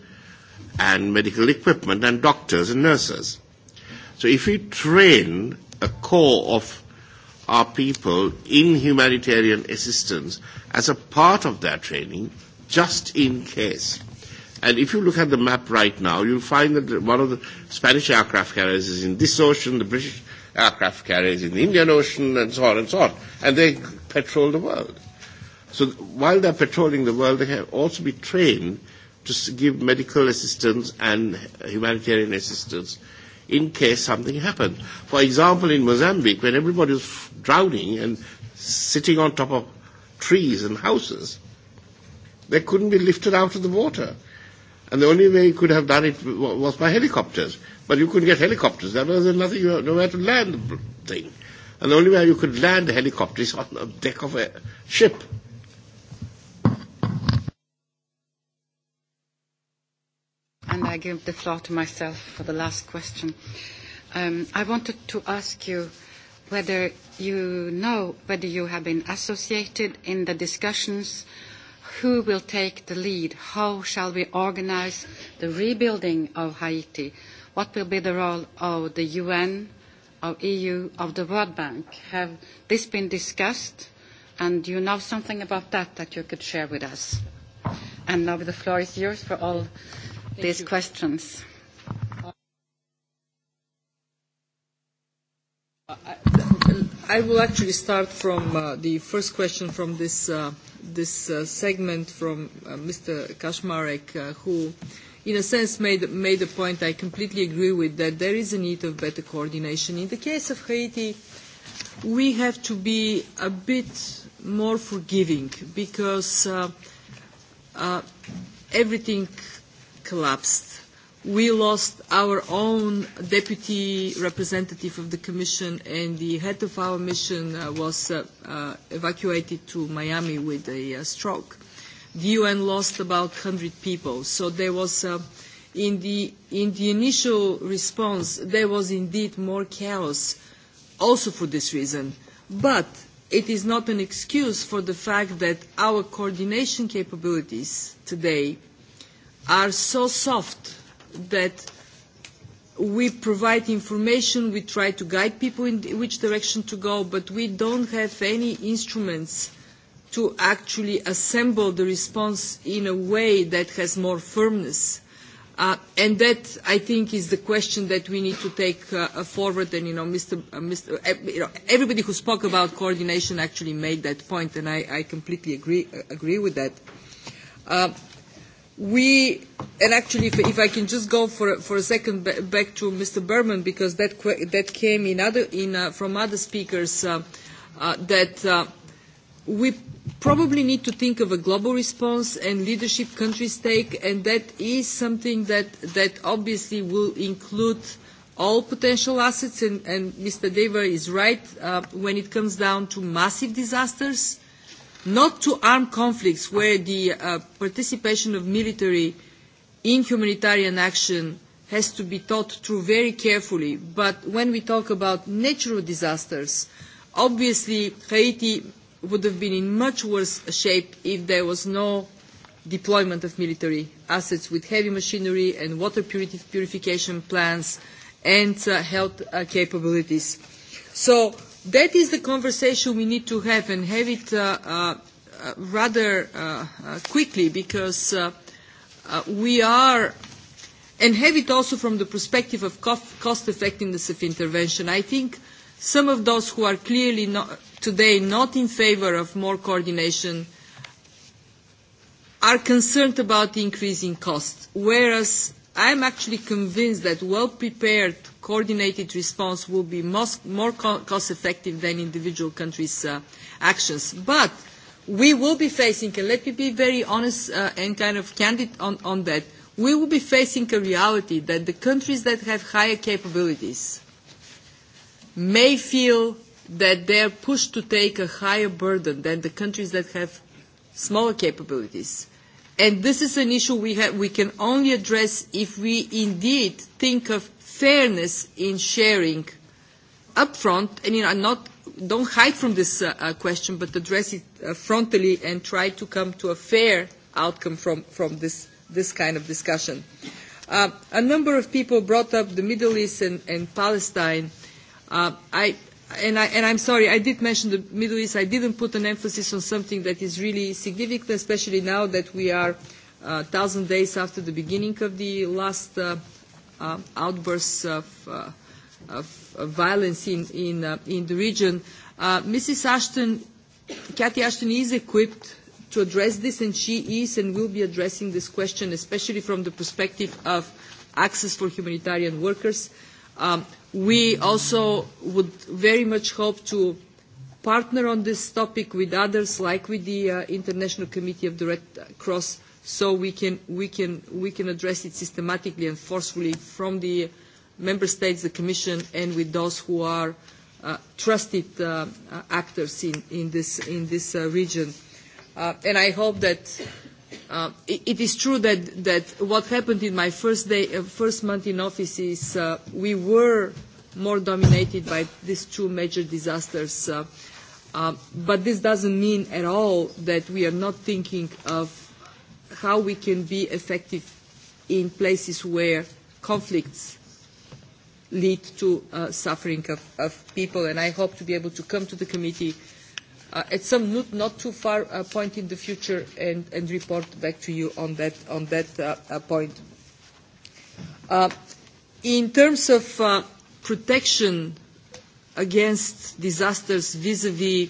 and medical equipment and doctors and nurses. So if we train a core of our people in humanitarian assistance as a part of their training, just in case. And if you look at the map right now, you'll find that one of the Spanish aircraft carriers is in this ocean, the British aircraft carriers in the Indian Ocean and so on and so on. And they patrol the world. So while they're patrolling the world, they have also be trained to give medical assistance and humanitarian assistance in case something happened. For example, in Mozambique, when everybody was drowning and sitting on top of trees and houses, they couldn't be lifted out of the water. And the only way you could have done it was by helicopters. But you couldn't get helicopters. There was nothing, nowhere to land the thing. And the only way you could land a helicopter is on the deck of a ship. And I give the floor to myself for the last question. Um, I wanted to ask you whether you know whether you have been associated in the discussions who will take the lead? How shall we organize the rebuilding of Haiti? what will be the role of the UN, of EU, of the World Bank? Have this been discussed? And do you know something about that that you could share with us? And now the floor is yours for all Thank these you. questions. I will actually start from uh, the first question from this, uh, this uh, segment from uh, Mr. Kaczmarek, uh, who in a sense made, made a point I completely agree with, that there is a need of better coordination. In the case of Haiti, we have to be a bit more forgiving because uh, uh, everything collapsed. We lost our own deputy representative of the Commission and the head of our mission uh, was uh, uh, evacuated to Miami with a uh, stroke the UN lost about 100 people. So there was, uh, in, the, in the initial response, there was indeed more chaos also for this reason. But it is not an excuse for the fact that our coordination capabilities today are so soft that we provide information, we try to guide people in which direction to go, but we don't have any instruments to actually assemble the response in a way that has more firmness. Uh, and that, I think, is the question that we need to take uh, forward. And, you know, Mr. Uh, Mr. Uh, you know, everybody who spoke about coordination actually made that point, and I, I completely agree, uh, agree with that. Uh, we, and actually, if, if I can just go for, for a second back to Mr. Berman, because that, that came in other, in, uh, from other speakers, uh, uh, that... Uh, we probably need to think of a global response and leadership countries take, and that is something that, that obviously will include all potential assets, and, and Mr. Deva is right uh, when it comes down to massive disasters, not to armed conflicts where the uh, participation of military in humanitarian action has to be thought through very carefully. But when we talk about natural disasters, obviously Haiti would have been in much worse shape if there was no deployment of military assets with heavy machinery and water purification plants and uh, health uh, capabilities. So that is the conversation we need to have and have it uh, uh, uh rather uh, uh, quickly because uh, uh, we are and have it also from the perspective of cost, cost effectiveness of intervention. I think some of those who are clearly not, today not in favor of more coordination are concerned about the increasing costs. whereas I'm actually convinced that well-prepared, coordinated response will be most, more co cost-effective than individual countries' uh, actions. But we will be facing, and let me be very honest uh, and kind of candid on, on that, we will be facing a reality that the countries that have higher capabilities may feel that they are pushed to take a higher burden than the countries that have smaller capabilities. And this is an issue we, have, we can only address if we indeed think of fairness in sharing upfront, and you know, not, don't hide from this uh, uh, question, but address it uh, frontally and try to come to a fair outcome from, from this, this kind of discussion. Uh, a number of people brought up the Middle East and, and Palestine. Uh, I, and, I, and I'm sorry, I did mention the Middle East. I didn't put an emphasis on something that is really significant, especially now that we are uh, thousand days after the beginning of the last uh, uh, outbursts of, uh, of, of violence in, in, uh, in the region. Uh, Mrs. Ashton, Cathy Ashton is equipped to address this, and she is and will be addressing this question, especially from the perspective of access for humanitarian workers. Um, We also would very much hope to partner on this topic with others, like with the uh, International Committee of the Red uh, Cross, so we can, we, can, we can address it systematically and forcefully from the Member States, the Commission, and with those who are uh, trusted uh, uh actors in, in this, in this uh, region. and I hope that Uh, it, it is true that, that what happened in my first, day, uh, first month in office is uh, we were more dominated by these two major disasters. Uh, uh, but this doesn't mean at all that we are not thinking of how we can be effective in places where conflicts lead to uh, suffering of, of people. And I hope to be able to come to the committee uh, Uh, at some not, not too far uh, point in the future and, and report back to you on that, on that uh, uh, point. Uh, in terms of uh, protection against disasters vis-à-vis -vis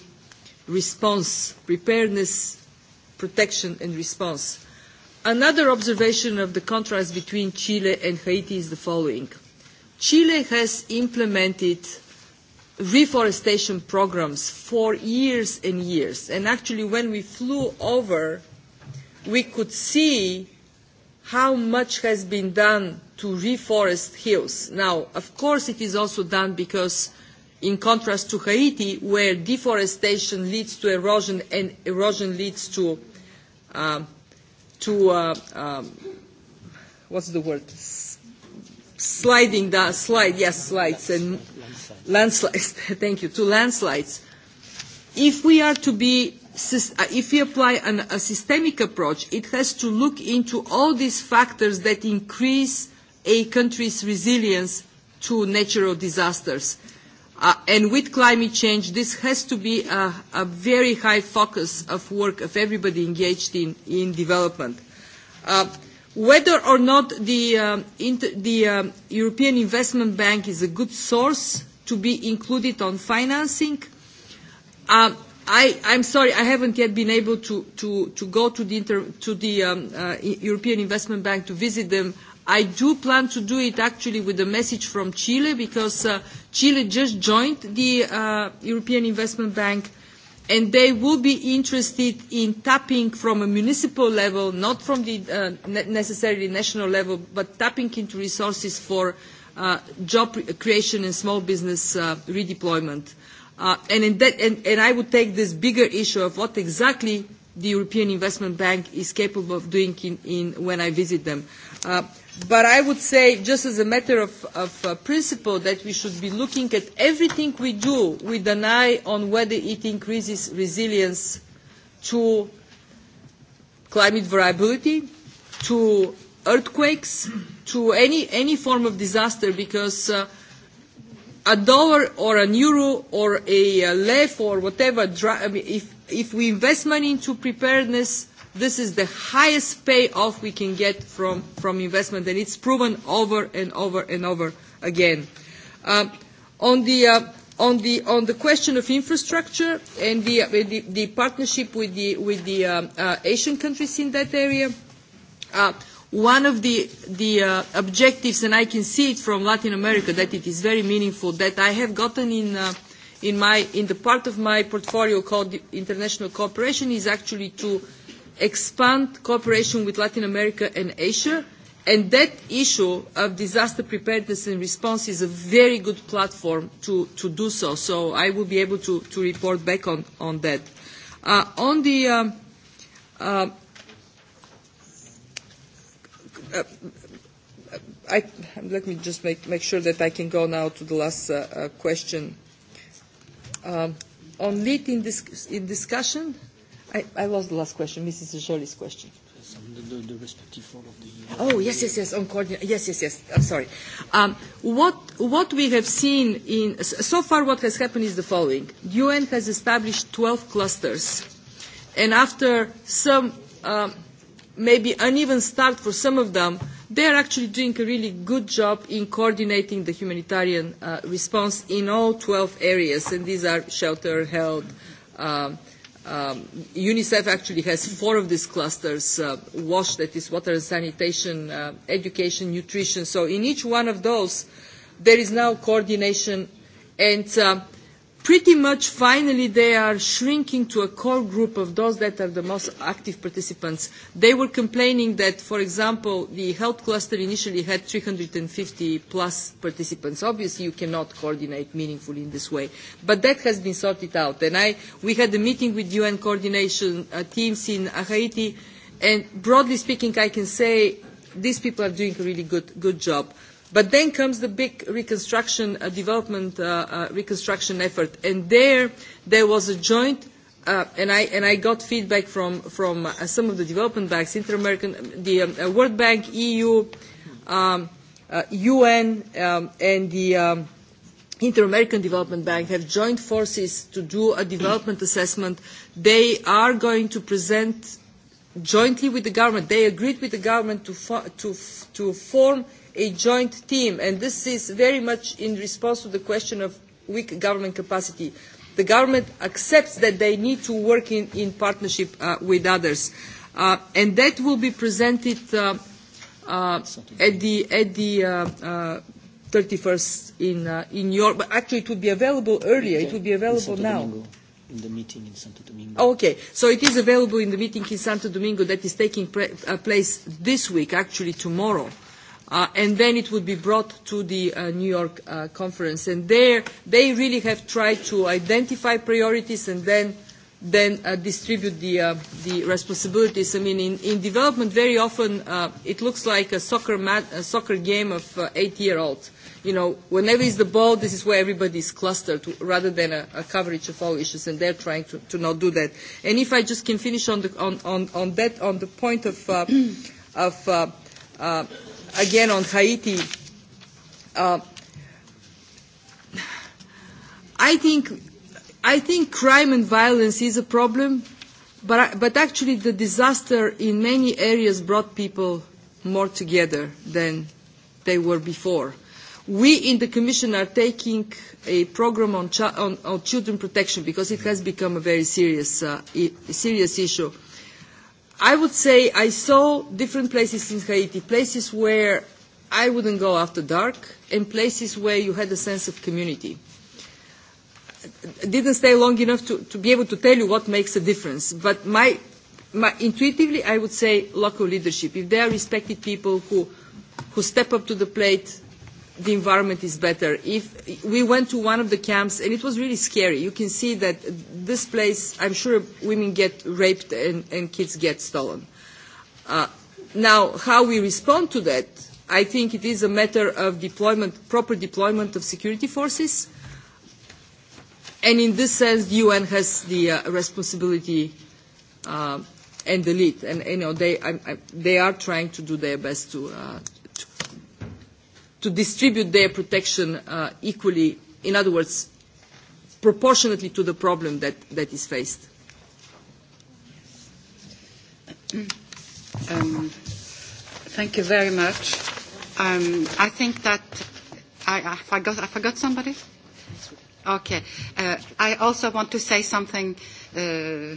response, preparedness, protection and response, another observation of the contrast between Chile and Haiti is the following. Chile has implemented reforestation programs for years and years. And actually, when we flew over, we could see how much has been done to reforest hills. Now, of course, it is also done because, in contrast to Haiti, where deforestation leads to erosion and erosion leads to, uh, to uh, um, what's the word? S sliding down, da-, slide, yes, slides and landslides, <laughs> thank you, to landslides, if we are to be uh, if we apply an, a systemic approach, it has to look into all these factors that increase a country's resilience to natural disasters. Uh, and with climate change, this has to be a, a very high focus of work of everybody engaged in, in development. Uh, whether or not the, um, the um, European Investment Bank is a good source to be included on financing. Um, I, I'm sorry, I haven't yet been able to, to, to go to the, inter, to the um, uh, European Investment Bank to visit them. I do plan to do it actually with a message from Chile because uh, Chile just joined the uh, European Investment Bank and they will be interested in tapping from a municipal level, not from the uh, necessarily national level, but tapping into resources for uh, uh, job creation and small business uh, redeployment. Uh, and, in that, and, and I would take this bigger issue of what exactly the European Investment Bank is capable of doing in, in, when I visit them. Uh, but I would say, just as a matter of, of uh, principle, that we should be looking at everything we do with an eye on whether it increases resilience to climate variability, to earthquakes, to any, any form of disaster because uh, a dollar or an euro or a uh, or whatever, I mean, if, if we invest money into preparedness, this is the highest payoff we can get from, from investment, and it's proven over and over and over again. Um, on, the, uh, on, the, on the question of infrastructure and the, uh, the, the partnership with the, with the um, uh, Asian countries in that area, uh, one of the, the uh, objectives, and I can see it from Latin America, that it is very meaningful, that I have gotten in, uh, in, my, in the part of my portfolio called international cooperation is actually to expand cooperation with Latin America and Asia. And that issue of disaster preparedness and response is a very good platform to, to do so. So I will be able to, to report back on, on that. Uh, on the um, uh, I, let me just make, make sure that I can go now to the last uh, uh, question. Um, on lead in, dis in discussion, I, I lost the last question, Mrs. Jolie's question. the, the, the respective of the uh, Oh, yes, yes, yes, on coordination. Yes, yes, yes, I'm sorry. Um, what, what we have seen in, so far what has happened is the following. the UN has established 12 clusters, and after some... Um, maybe uneven start for some of them, they are actually doing a really good job in coordinating the humanitarian uh, response in all 12 areas, and these are shelter, health. Um, um, UNICEF actually has four of these clusters, uh, WASH, that is water and sanitation, uh, education, nutrition. So in each one of those, there is now coordination and uh, pretty much finally they are shrinking to a core group of those that are the most active participants. They were complaining that, for example, the health cluster initially had 350 plus participants. Obviously, you cannot coordinate meaningfully in this way. But that has been sorted out. And I, we had a meeting with UN coordination uh, teams in uh, Haiti. And broadly speaking, I can say these people are doing a really good, good job. But then comes the big reconstruction, uh, development uh, uh, reconstruction effort, and there there was a joint. Uh, and I and I got feedback from from uh, some of the development banks, Inter-American, um, the um, uh, World Bank, EU, um, uh, UN, um, and the. Um, Inter-American Development Bank have joined forces to do a development assessment. They are going to present jointly with the government. They agreed with the government to, fo to, to form a joint team, and this is very much in response to the question of weak government capacity. The government accepts that they need to work in, in partnership uh, with others. Uh, and that will be presented uh, uh, at the, at the uh, uh, 31st in, uh, in York. But actually, it would be available earlier. It would be available now. Domingo in the meeting in Santo Domingo. Oh, okay, so it is available in the meeting in Santo Domingo that is taking pre- uh, place this week, actually tomorrow. Uh, and then it would be brought to the uh, New York uh, conference. And there, they really have tried to identify priorities and then, then uh, distribute the, uh, the responsibilities. I mean, in, in development, very often uh, it looks like a soccer, mat, a soccer game of uh, eight-year-olds. You know, whenever is the ball, this is where everybody is clustered, rather than a, a coverage of all issues, and they're trying to, to not do that. And if I just can finish on, the, on, on, on that, on the point of, uh, <coughs> of uh, uh, again on Haiti, uh, I think I think crime and violence is a problem, but but actually the disaster in many areas brought people more together than they were before. We in the Commission are taking a program on, on, on children protection because it has become a very serious, uh, serious issue. I would say I saw different places in Haiti, places where I wouldn't go after dark, and places where you had a sense of community. I didn't stay long enough to, to be able to tell you what makes a difference, but my, my, intuitively I would say local leadership. If there are respected people who, who step up to the plate, the environment is better. If we went to one of the camps and it was really scary. You can see that this place, I'm sure women get raped and, and kids get stolen. Uh, now, how we respond to that, I think it is a matter of deployment, proper deployment of security forces. And in this sense, the UN has the uh, responsibility uh, and the lead. And, you know, they, I, I, they are trying to do their best to, uh, to distribute their protection uh, equally, in other words, proportionately to the problem that, that is faced. Um, thank you very much. Um, I think that I, I, forgot, I forgot somebody? Okay. Uh, I also want to say something uh,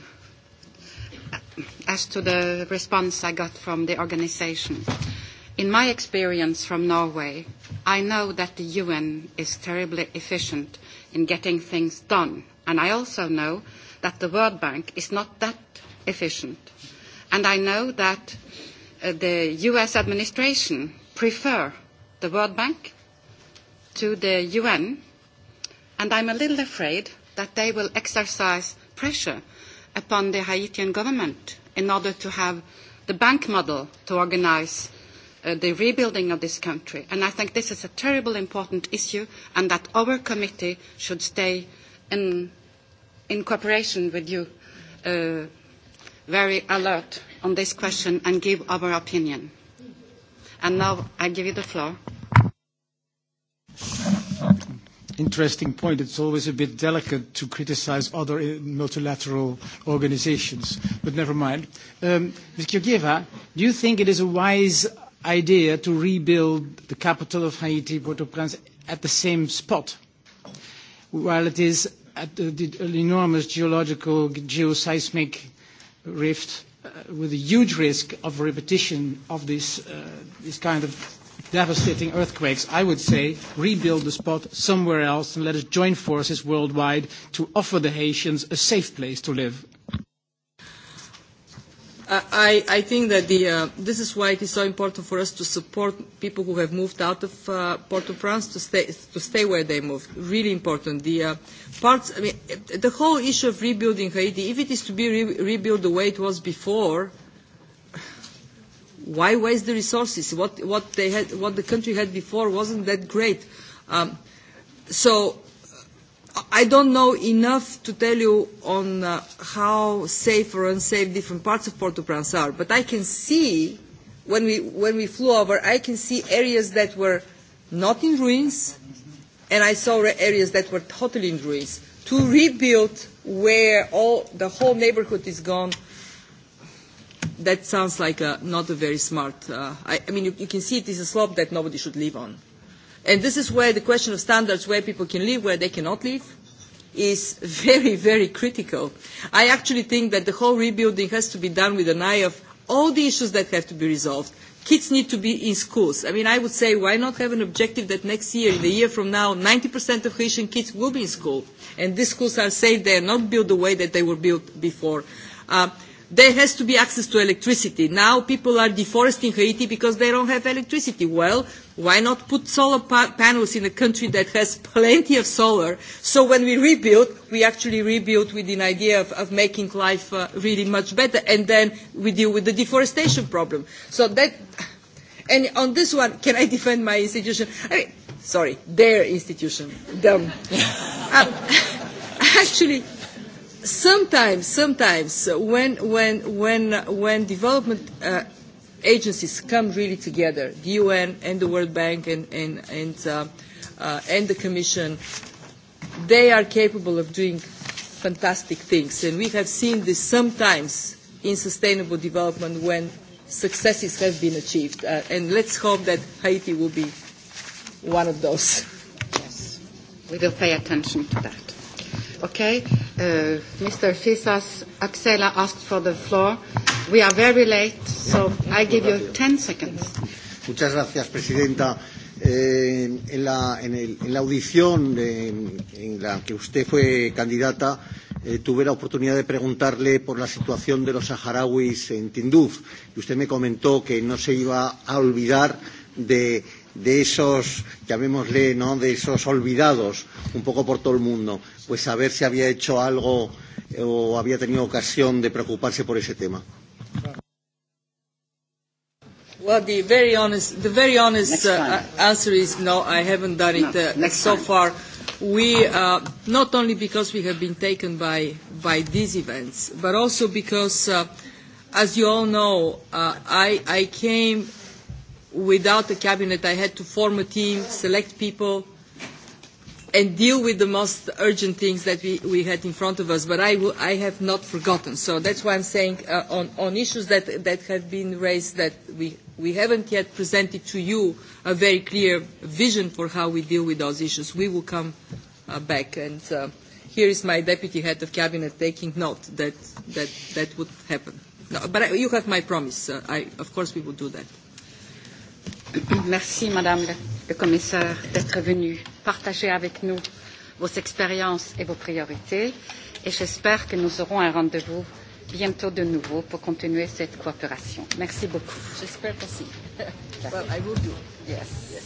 as to the response I got from the organization. Uh, In my experience from Norway, I know that the UN is terribly efficient in getting things done. And I also know that the World Bank is not that efficient. And I know that uh, the US administration prefer the World Bank to the UN. And I'm a little afraid that they will exercise pressure upon the Haitian government in order to have the bank model to organise Uh, the rebuilding of this country. And I think this is a terribly important issue and that our committee should stay in, in cooperation with you uh, very alert on this question and give our opinion. And now I give you the floor. Interesting point. It's always a bit delicate to criticize other uh, multilateral organizations, but never mind. Um, Ms. Georgieva, do you think it is a wise idea to rebuild the capital of Haiti, Port-au-Prince, at the same spot, while it is at the, the enormous geological, geoseismic rift uh, with a huge risk of repetition of this, uh, this kind of devastating earthquakes, I would say rebuild the spot somewhere else and let us join forces worldwide to offer the Haitians a safe place to live I, I think that the, uh, this is why it is so important for us to support people who have moved out of uh, Port-au-Prince to stay, to stay where they moved. Really important. The, uh, parts, I mean, the whole issue of rebuilding Haiti, if it is to be re- rebuilt the way it was before, why waste the resources? What, what, they had, what the country had before wasn't that great. Um, so I don't know enough to tell you on uh, how safe or unsafe different parts of Port-au-Prince are, but I can see, when we, when we flew over, I can see areas that were not in ruins, and I saw areas that were totally in ruins. To rebuild where all, the whole neighborhood is gone, that sounds like a, uh, not a very smart, uh, I, I mean, you, you can see it is a slope that nobody should live on. And this is where the question of standards, where people can live, where they cannot live, is very, very critical. I actually think that the whole rebuilding has to be done with an eye of all the issues that have to be resolved. Kids need to be in schools. I mean, I would say, why not have an objective that next year, in the year from now, 90% of Haitian kids will be in school. And these schools are safe. They are not built the way that they were built before. Uh, There has to be access to electricity. Now people are deforesting Haiti because they don't have electricity. Well, why not put solar pa panels in a country that has <laughs> plenty of solar? So when we rebuild, we actually rebuild with an idea of, of making life uh, really much better. And then we deal with the deforestation problem. So that, <sighs> and on this one, can I defend my institution? I mean, sorry, their institution. Them. <laughs> um, <laughs> actually, sometimes, sometimes uh, when, when, when, uh, when development uh, agencies come really together, the UN and the World Bank and, and, and, uh, uh, and the Commission, they are capable of doing fantastic things. And we have seen this sometimes in sustainable development when successes have been achieved. Uh, and let's hope that Haiti will be one of those. Yes, we will pay attention to that. Okay. Uh, Mr. Fisas Axela asked for the floor. We are very late, so I give you 10 seconds. Muchas gracias, Presidenta. Eh, en, la, en, el, en la audición de, en la que usted fue candidata, eh, tuve la oportunidad de preguntarle por la situación de los saharauis en Tinduf. Y usted me comentó que no se iba a olvidar de de esos, llamémosle, ¿no? de esos olvidados un poco por todo el mundo, pues saber si había hecho algo eh, o había tenido ocasión de preocuparse por ese tema. Well, the very honest, the very honest uh, answer is no, I haven't done it uh, so time. far. We, uh, not only because we have been taken by, by these events, but also because, uh, as you all know, uh, I, I came without a cabinet, I had to form a team, select people, and deal with the most urgent things that we, we had in front of us. But I, I have not forgotten. So that's why I'm saying uh, on, on issues that, that have been raised that we, we haven't yet presented to you a very clear vision for how we deal with those issues. We will come uh, back. And uh, here is my deputy head of cabinet taking note that that, that would happen. No, but I, you have my promise. Uh, I, of course we will do that. Merci, Madame le Commissaire, d'être venue partager avec nous vos expériences et vos priorités. Et j'espère que nous aurons un rendez-vous bientôt de nouveau pour continuer cette coopération. Merci beaucoup. J'espère aussi. <laughs> well, I will do. Yes. yes.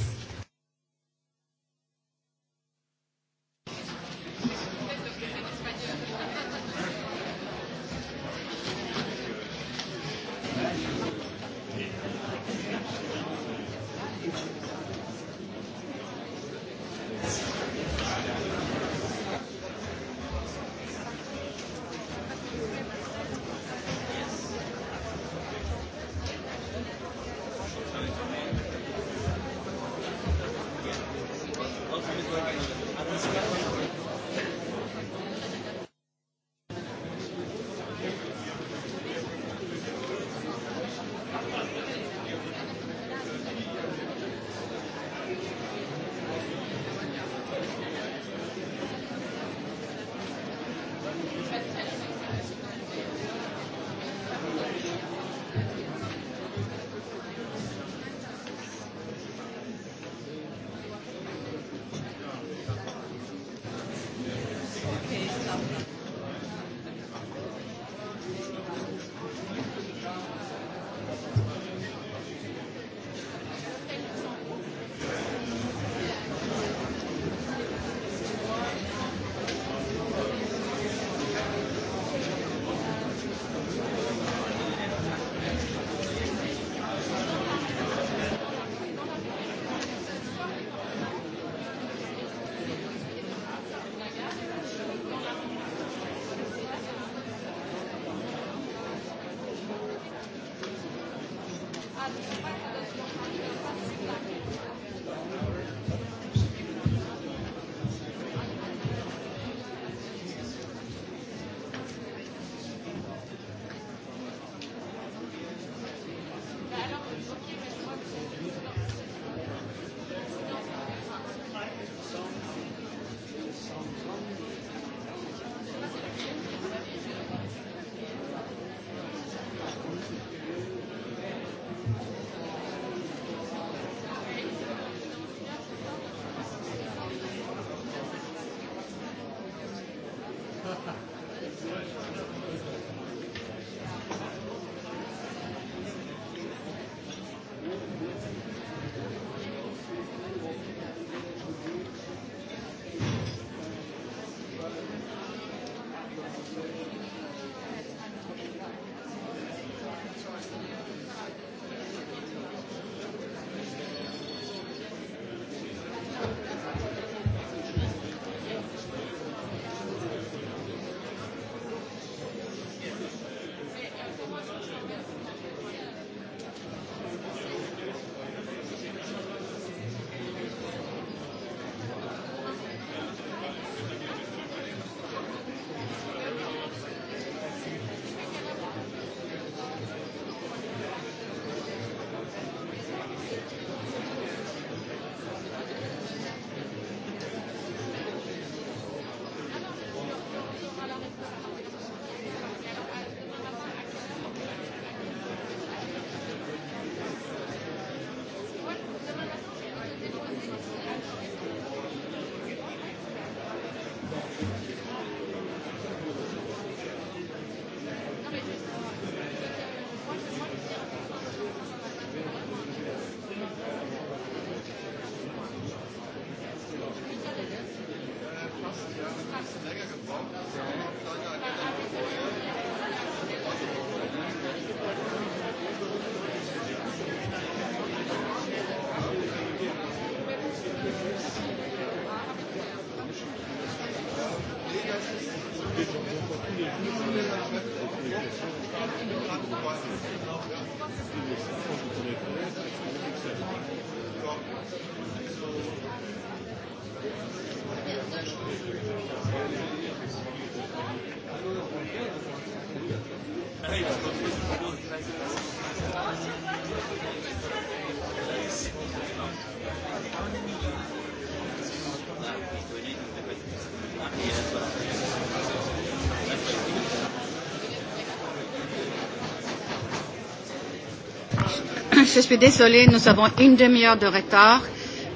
je suis désolée, nous avons une demi-heure de retard,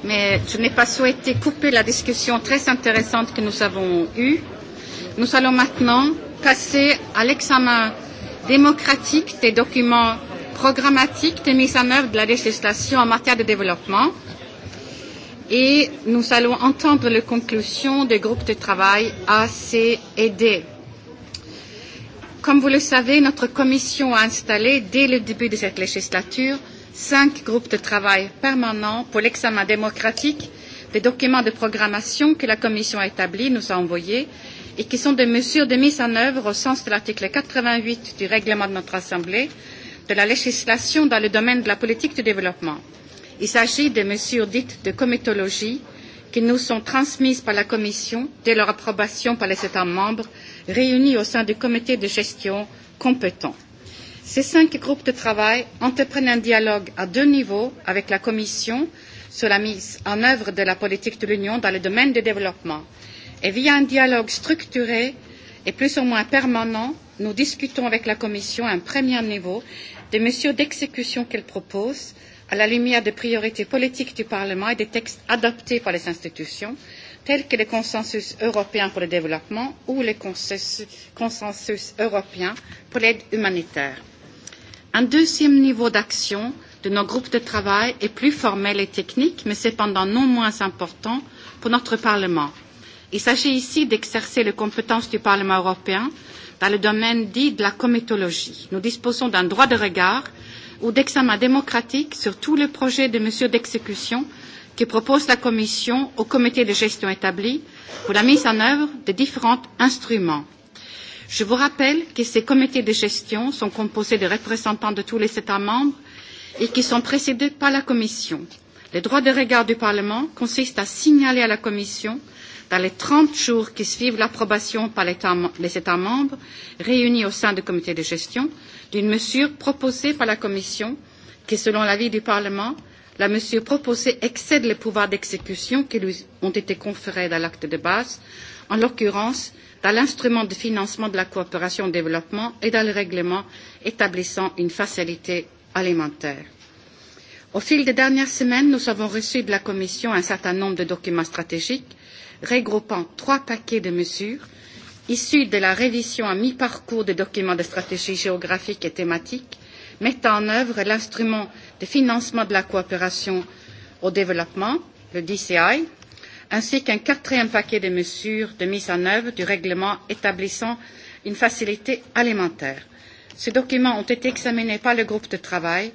mais je n'ai pas souhaité couper la discussion très intéressante que nous avons eue. Nous allons maintenant passer à l'examen démocratique des documents programmatiques de mise en œuvre de la législation en matière de développement et nous allons entendre les conclusions des groupes de travail A, C et D. Comme vous le savez, notre commission a installé dès le début de cette législature cinq groupes de travail permanents pour l'examen démocratique des documents de programmation que la Commission a établis, nous a envoyés, et qui sont des mesures de mise en œuvre au sens de l'article 88 du règlement de notre Assemblée de la législation dans le domaine de la politique de développement. Il s'agit des mesures dites de comitologie qui nous sont transmises par la Commission dès leur approbation par les États membres réunis au sein du comité de gestion compétent. Ces cinq groupes de travail entreprennent un dialogue à deux niveaux avec la Commission sur la mise en œuvre de la politique de l'Union dans le domaine du développement. Et via un dialogue structuré et plus ou moins permanent, nous discutons avec la Commission à un premier niveau des mesures d'exécution qu'elle propose à la lumière des priorités politiques du Parlement et des textes adoptés par les institutions, tels que le consensus européen pour le développement ou le consensus, européen pour l'aide humanitaire. Un deuxième niveau d'action de nos groupes de travail est plus formel et technique, mais cependant non moins important pour notre Parlement. Il s'agit ici d'exercer les compétences du Parlement européen dans le domaine dit de la comitologie. Nous disposons d'un droit de regard ou d'examen démocratique sur tous les projets de mesures d'exécution que propose la Commission au comité de gestion établi pour la mise en œuvre des différents instruments Je vous rappelle que ces comités de gestion sont composés de représentants de tous les États membres et qui sont précédés par la Commission. Le droit de regard du Parlement consiste à signaler à la Commission, dans les 30 jours qui suivent l'approbation par les États membres réunis au sein du comité de gestion, d'une mesure proposée par la Commission que, selon l'avis du Parlement, la mesure proposée excède les pouvoirs d'exécution qui lui ont été conférés dans l'acte de base, en l'occurrence dans l'instrument de financement de la coopération au développement et dans le règlement établissant une facilité alimentaire. Au fil des dernières semaines, nous avons reçu de la Commission un certain nombre de documents stratégiques regroupant trois paquets de mesures issus de la révision à mi-parcours des documents de stratégie géographique et thématique mettant en œuvre l'instrument de financement de la coopération au développement, le DCI, ainsi qu'un quatrième paquet de mesures de mise en œuvre du règlement établissant une facilité alimentaire. Ces documents ont été examinés par le groupe de travail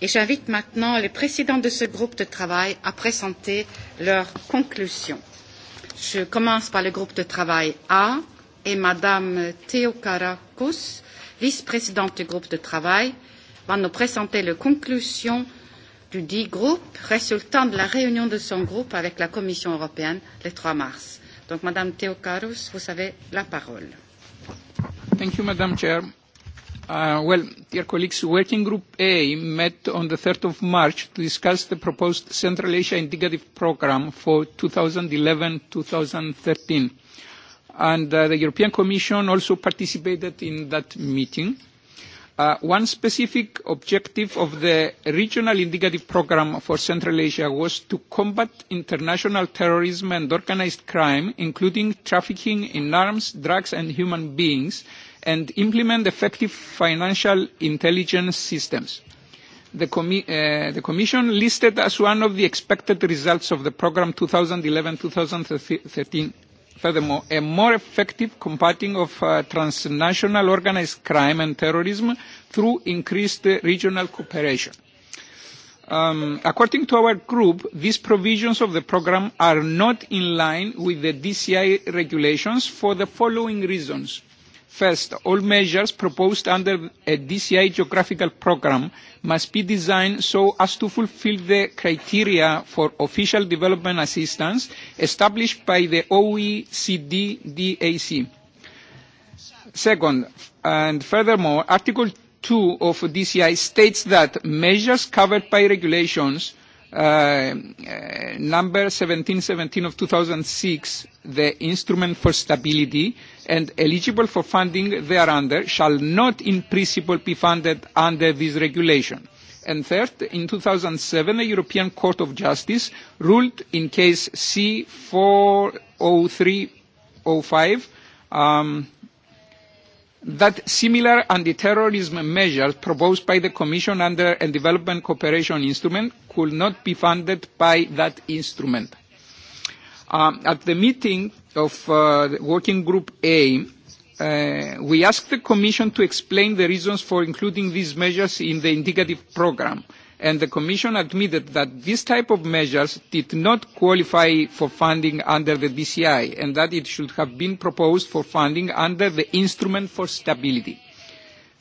et j'invite maintenant les présidents de ce groupe de travail à présenter leurs conclusions. Je commence par le groupe de travail A et Madame Theokarakous, vice-présidente du groupe de travail, va nous présenter les conclusions du dit groupe résultant de la réunion de son groupe avec la Commission européenne le 3 mars. Donc, Madame Theocarous, vous avez la parole. Thank you, Madam Chair. Uh, well, dear colleagues, Working Group A met on the 3rd of March to discuss the proposed Central Asia Indicative Programme for 2011-2013. And uh, the European Commission also participated in that meeting Uh, one specific objective of the regional indicative programme for Central Asia was to combat international terrorism and organised crime, including trafficking in arms, drugs and human beings, and implement effective financial intelligence systems. The, commi uh, the Commission listed as one of the expected results of the programme 2011-2013 Furthermore, a more effective combating of uh, transnational organised crime and terrorism through increased regional cooperation. Um, according to our group, these provisions of the programme are not in line with the DCI regulations for the following reasons. First, all measures proposed under a DCI geographical programme must be designed so as to fulfil the criteria for official development assistance established by the OECD DAC. Second, and furthermore, Article 2 of DCI states that measures covered by regulations uh, uh, number 1717 of 2006, the Instrument for Stability, and eligible for funding thereunder shall not in principle be funded under this regulation. And third, in 2007, the European Court of Justice ruled in case C40305 um, that similar anti-terrorism measures proposed by the Commission under a development cooperation instrument could not be funded by that instrument. Um, at the meeting of uh, Working Group A, uh, we asked the Commission to explain the reasons for including these measures in the indicative programme, and the Commission admitted that this type of measures did not qualify for funding under the DCI, and that it should have been proposed for funding under the Instrument for Stability.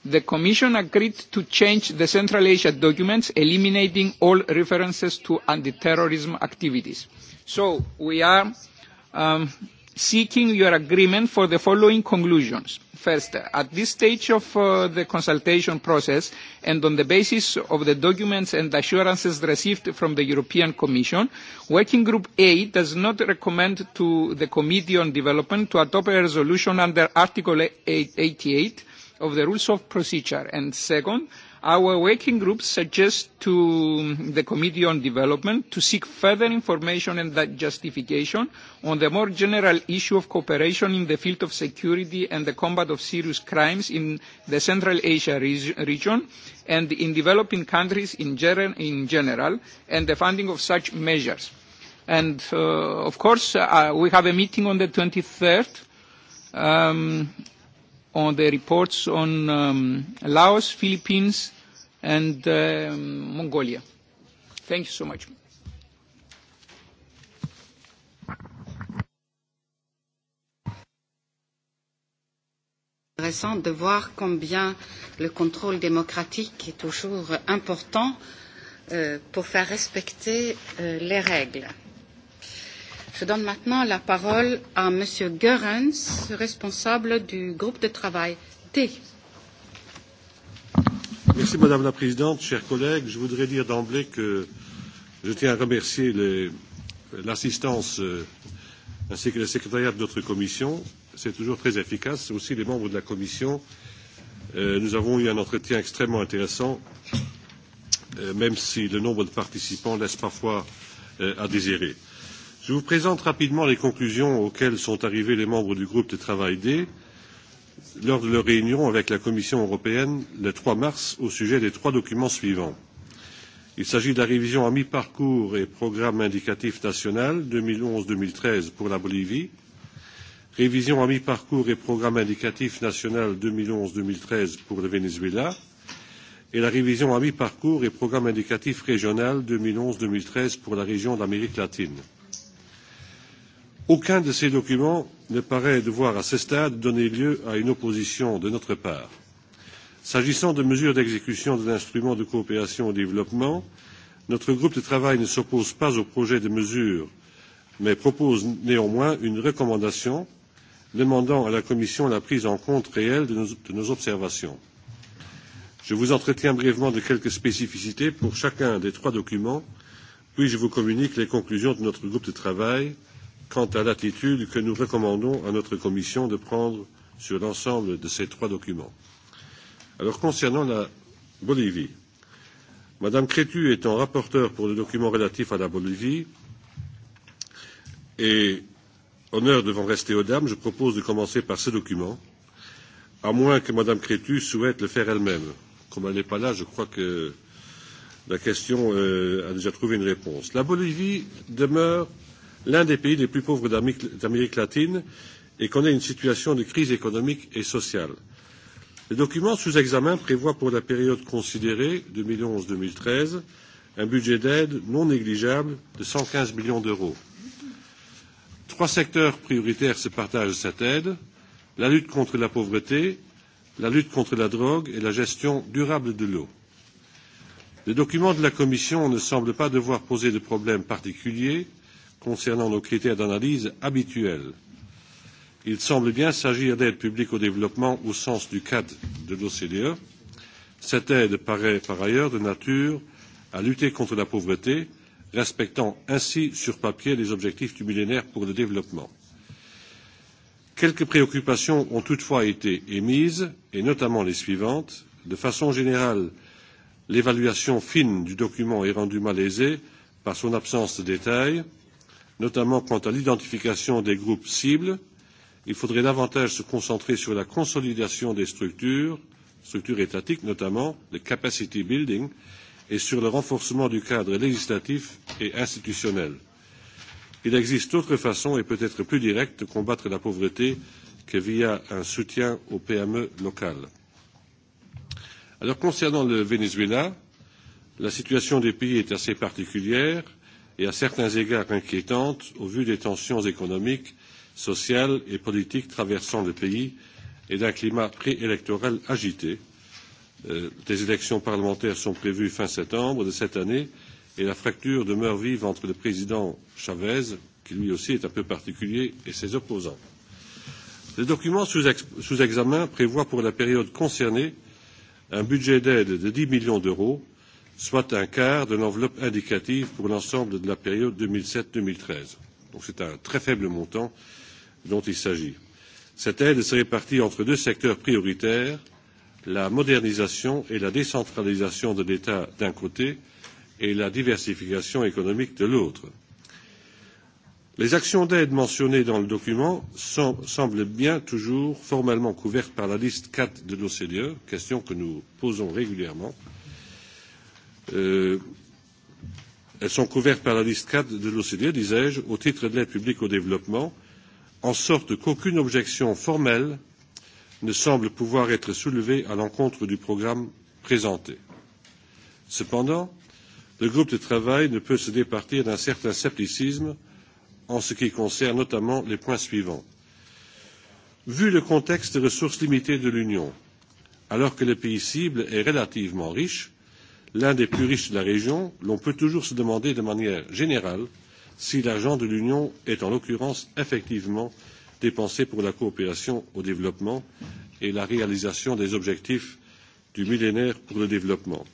The Commission agreed to change the Central Asia documents, eliminating all references to anti-terrorism activities. So we are um, seeking your agreement for the following conclusions. First, at this stage of uh, the consultation process and on the basis of the documents and assurances received from the European Commission, Working Group A does not recommend to the Committee on Development to adopt a resolution under Article 88 of the Rules of Procedure. And second, Our working group suggests to the Committee on Development to seek further information and that justification on the more general issue of cooperation in the field of security and the combat of serious crimes in the Central Asia region and in developing countries in, general and the funding of such measures. And uh, of course, uh, we have a meeting on the 23rd. Um, on the reports on um, Laos, Philippines, and uh, Mongolia. Thank you so much. intéressant de voir combien le contrôle démocratique est toujours important euh, pour faire respecter euh, les règles. Je donne maintenant la parole à Monsieur Goerens, responsable du groupe de travail T. Merci Madame la Présidente, chers collègues. Je voudrais dire d'emblée que je tiens à remercier l'assistance euh, ainsi que le secrétariat de notre commission. C'est toujours très efficace. Aussi les membres de la commission. Euh, nous avons eu un entretien extrêmement intéressant, euh, même si le nombre de participants laisse parfois euh, à désirer. Je vous présente rapidement les conclusions auxquelles sont arrivés les membres du groupe de travail D lors de leur réunion avec la Commission européenne le 3 mars au sujet des trois documents suivants. Il s'agit de la révision à mi-parcours et programme indicatif national 2011-2013 pour la Bolivie, révision à mi-parcours et programme indicatif national 2011-2013 pour le Venezuela et la révision à mi-parcours et programme indicatif régional 2011-2013 pour la région d'Amérique latine. Aucun de ces documents ne paraît devoir à ce stade donner lieu à une opposition de notre part. S'agissant de mesures d'exécution de l'instrument de coopération au développement, notre groupe de travail ne s'oppose pas au projet de mesures, mais propose néanmoins une recommandation demandant à la Commission la prise en compte réelle de nos, de nos observations. Je vous entretiens brièvement de quelques spécificités pour chacun des trois documents, puis je vous communique les conclusions de notre groupe de travail quant à l'attitude que nous recommandons à notre commission de prendre sur l'ensemble de ces trois documents. Alors concernant la Bolivie, Madame Crétu étant rapporteure pour le document relatif à la Bolivie et honneur devant rester aux dames, je propose de commencer par ce document, à moins que Madame Crétu souhaite le faire elle-même. Comme elle n'est pas là, je crois que la question euh, a déjà trouvé une réponse. La Bolivie demeure l'un des pays les plus pauvres d'Amérique latine et connaît une situation de crise économique et sociale. Le document sous examen prévoit pour la période considérée 2011-2013 un budget d'aide non négligeable de 115 millions d'euros. Trois secteurs prioritaires se partagent cette aide la lutte contre la pauvreté, la lutte contre la drogue et la gestion durable de l'eau. Le document de la Commission ne semble pas devoir poser de problème particulier concernant nos critères d'analyse habituels. Il semble bien s'agir d'aide publique au développement au sens du cadre de l'OCDE. Cette aide paraît par ailleurs de nature à lutter contre la pauvreté, respectant ainsi sur papier les objectifs du millénaire pour le développement. Quelques préoccupations ont toutefois été émises, et notamment les suivantes. De façon générale, l'évaluation fine du document est rendue malaisée par son absence de détails notamment quant à l'identification des groupes cibles. Il faudrait davantage se concentrer sur la consolidation des structures, structures étatiques notamment, le capacity building, et sur le renforcement du cadre législatif et institutionnel. Il existe d'autres façons et peut-être plus directes de combattre la pauvreté que via un soutien aux PME locales. Alors concernant le Venezuela, la situation des pays est assez particulière et à certains égards inquiétante au vu des tensions économiques, sociales et politiques traversant le pays et d'un climat préélectoral agité. Euh, des élections parlementaires sont prévues fin septembre de cette année et la fracture demeure vive entre le président Chavez, qui lui aussi est un peu particulier, et ses opposants. Le document sous, ex sous examen prévoit pour la période concernée un budget d'aide de 10 millions d'euros soit un quart de l'enveloppe indicative pour l'ensemble de la période 2007-2013. Donc c'est un très faible montant dont il s'agit. Cette aide se répartit entre deux secteurs prioritaires, la modernisation et la décentralisation de l'État d'un côté et la diversification économique de l'autre. Les actions d'aide mentionnées dans le document semblent bien toujours formellement couvertes par la liste 4 de l'OCDE, question que nous posons régulièrement euh, elles sont couvertes par la liste cadre de l'OCDE, disais-je, au titre de l'aide publique au développement, en sorte qu'aucune objection formelle ne semble pouvoir être soulevée à l'encontre du programme présenté. Cependant, le groupe de travail ne peut se départir d'un certain scepticisme en ce qui concerne notamment les points suivants. Vu le contexte des ressources limitées de l'Union, alors que le pays cible est relativement riche, l'un des plus riches de la région, l'on peut toujours se demander de manière générale si l'argent de l'Union est en l'occurrence effectivement dépensé pour la coopération au développement et la réalisation des objectifs du millénaire pour le développement.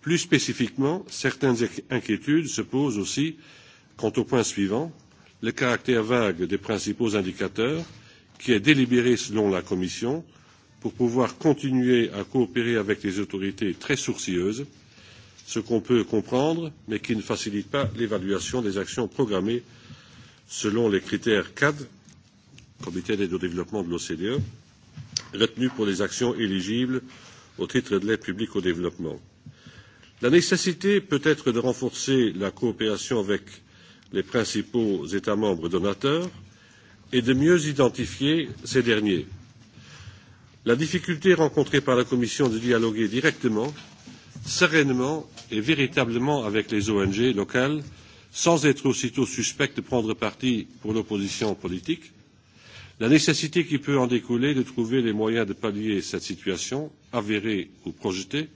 Plus spécifiquement, certaines inquiétudes se posent aussi quant au point suivant le caractère vague des principaux indicateurs qui est délibéré selon la Commission pour pouvoir continuer à coopérer avec les autorités très sourcilleuses, ce qu'on peut comprendre, mais qui ne facilite pas l'évaluation des actions programmées selon les critères CAD, Comité d'aide au développement de l'OCDE, retenus pour les actions éligibles au titre de l'aide publique au développement. La nécessité peut être de renforcer la coopération avec les principaux États membres donateurs et de mieux identifier ces derniers. La difficulté rencontrée par la Commission de dialoguer directement, sereinement et véritablement avec les ONG locales, sans être aussitôt suspect de prendre parti pour l'opposition politique, la nécessité qui peut en découler de trouver les moyens de pallier cette situation, avérée ou projetée,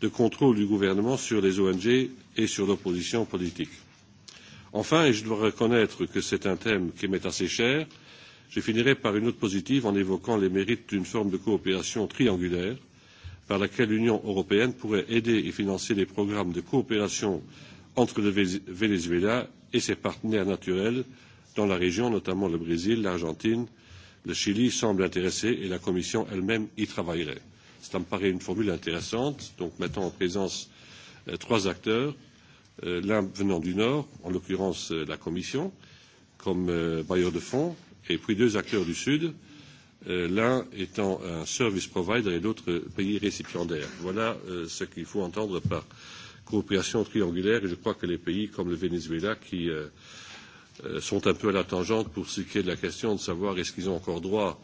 de contrôle du gouvernement sur les ONG et sur l'opposition politique. Enfin, et je dois reconnaître que c'est un thème qui m'est assez cher, Je finirai par une note positive en évoquant les mérites d'une forme de coopération triangulaire par laquelle l'Union européenne pourrait aider et financer les programmes de coopération entre le Venezuela et ses partenaires naturels dans la région, notamment le Brésil, l'Argentine, le Chili semble intéressé et la Commission elle-même y travaillerait. Cela me paraît une formule intéressante, donc mettant en présence euh, trois acteurs, euh, l'un venant du Nord, en l'occurrence euh, la Commission, comme euh, bailleur de fonds, et puis deux acteurs du Sud, euh, l'un étant un service provider et l'autre pays récipiendaire. Voilà euh, ce qu'il faut entendre par coopération triangulaire et je crois que les pays comme le Venezuela qui euh, sont un peu à la tangente pour ce qui est de la question de savoir est-ce qu'ils ont encore droit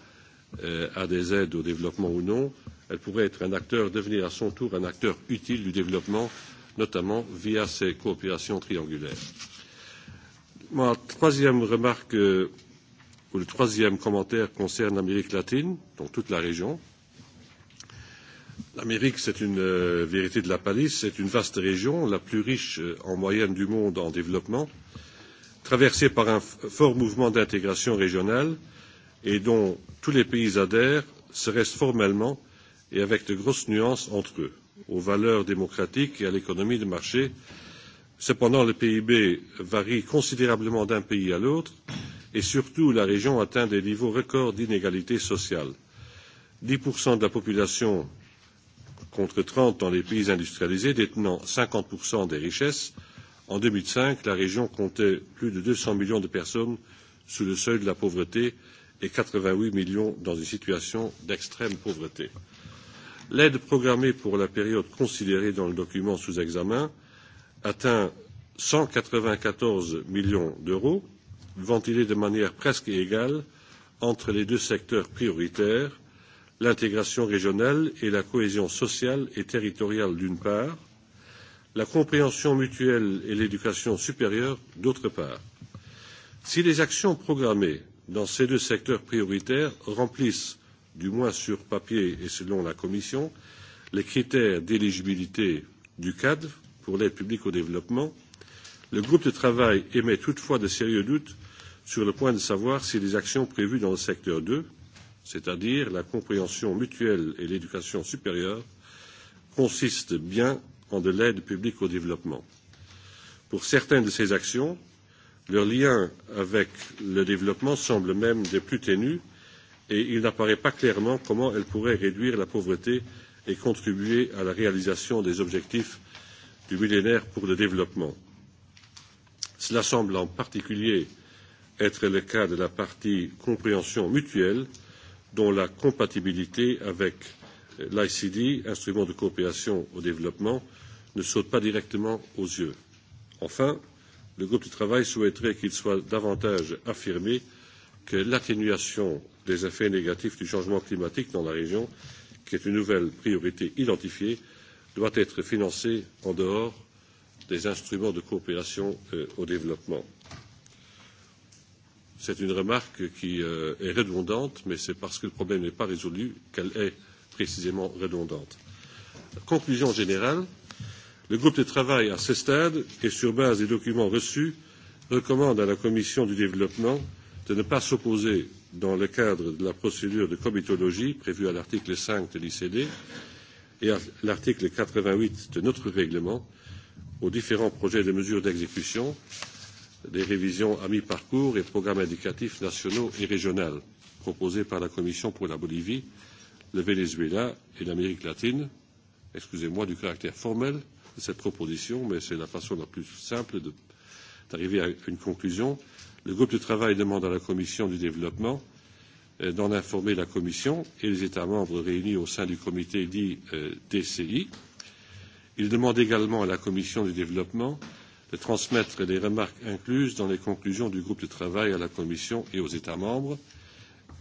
à des aides au développement ou non, elle pourrait être un acteur, devenir à son tour un acteur utile du développement, notamment via ces coopérations triangulaires. Ma troisième remarque euh, où le troisième commentaire concerne l'Amérique latine, donc toute la région. L'Amérique, c'est une euh, vérité de la palisse, c'est une vaste région, la plus riche euh, en moyenne du monde en développement, traversée par un fort mouvement d'intégration régionale et dont tous les pays adhèrent, se restent formellement et avec de grosses nuances entre eux, aux valeurs démocratiques et à l'économie de marché. Cependant, le PIB varie considérablement d'un pays à l'autre et surtout la région atteint des niveaux records d'inégalité sociale. 10% de la population contre 30 dans les pays industrialisés détenant 50% des richesses. En 2005, la région comptait plus de 200 millions de personnes sous le seuil de la pauvreté et 88 millions dans une situation d'extrême pauvreté. L'aide programmée pour la période considérée dans le document sous examen atteint 194 millions d'euros, ventilée de manière presque égale entre les deux secteurs prioritaires, l'intégration régionale et la cohésion sociale et territoriale d'une part, la compréhension mutuelle et l'éducation supérieure d'autre part. Si les actions programmées dans ces deux secteurs prioritaires remplissent, du moins sur papier et selon la Commission, les critères d'éligibilité du cadre pour l'aide publique au développement, le groupe de travail émet toutefois de sérieux doutes sur le point de savoir si les actions prévues dans le secteur 2, c'est-à-dire la compréhension mutuelle et l'éducation supérieure, consistent bien en de l'aide publique au développement. Pour certaines de ces actions, leur lien avec le développement semble même des plus ténus et il n'apparaît pas clairement comment elles pourraient réduire la pauvreté et contribuer à la réalisation des objectifs du millénaire pour le développement. Cela semble en particulier être le cas de la partie compréhension mutuelle dont la compatibilité avec l'ICD, instrument de coopération au développement, ne saute pas directement aux yeux. Enfin, le groupe de travail souhaiterait qu'il soit davantage affirmé que l'atténuation des effets négatifs du changement climatique dans la région, qui est une nouvelle priorité identifiée, doit être financée en dehors des instruments de coopération euh, au développement. C'est une remarque qui euh, est redondante, mais c'est parce que le problème n'est pas résolu qu'elle est précisément redondante. Conclusion générale, le groupe de travail à ce stade et sur base des documents reçus recommande à la Commission du développement de ne pas s'opposer dans le cadre de la procédure de comitologie prévue à l'article 5 de l'ICD et à l'article 88 de notre règlement aux différents projets de mesures d'exécution des révisions à mi-parcours et programmes indicatifs nationaux et régionaux proposés par la Commission pour la Bolivie, le Venezuela et l'Amérique latine. Excusez-moi du caractère formel de cette proposition, mais c'est la façon la plus simple d'arriver à une conclusion. Le groupe de travail demande à la Commission du développement euh, d'en informer la Commission et les États membres réunis au sein du comité dit euh, DCI. Il demande également à la Commission du développement euh, de transmettre les remarques incluses dans les conclusions du groupe de travail à la Commission et aux États membres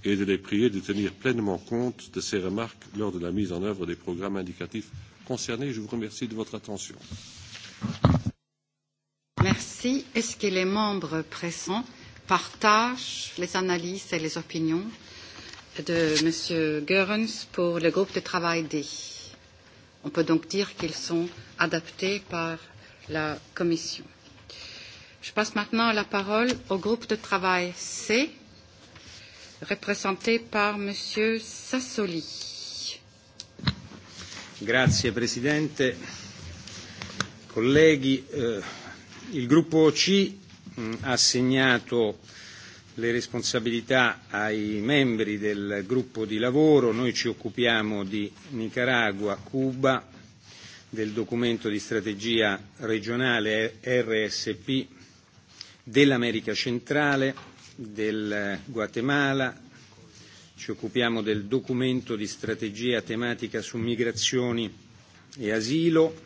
et de les prier de tenir pleinement compte de ces remarques lors de la mise en œuvre des programmes indicatifs concernés. Je vous remercie de votre attention. Merci. Est-ce que les membres présents partagent les analyses et les opinions de M. Goerens pour le groupe de travail D On peut donc dire qu'ils sont adaptés par la Commission. Je passe maintenant la parole au groupe de travail C, représenté par M. Sassoli. Grazie Presidente. Colleghi, eh, il gruppo C mh, mm, ha assegnato le responsabilità ai membri del gruppo di lavoro. Noi ci occupiamo di Nicaragua, Cuba, del documento di strategia regionale RSP dell'America centrale, del Guatemala, ci occupiamo del documento di strategia tematica su migrazioni e asilo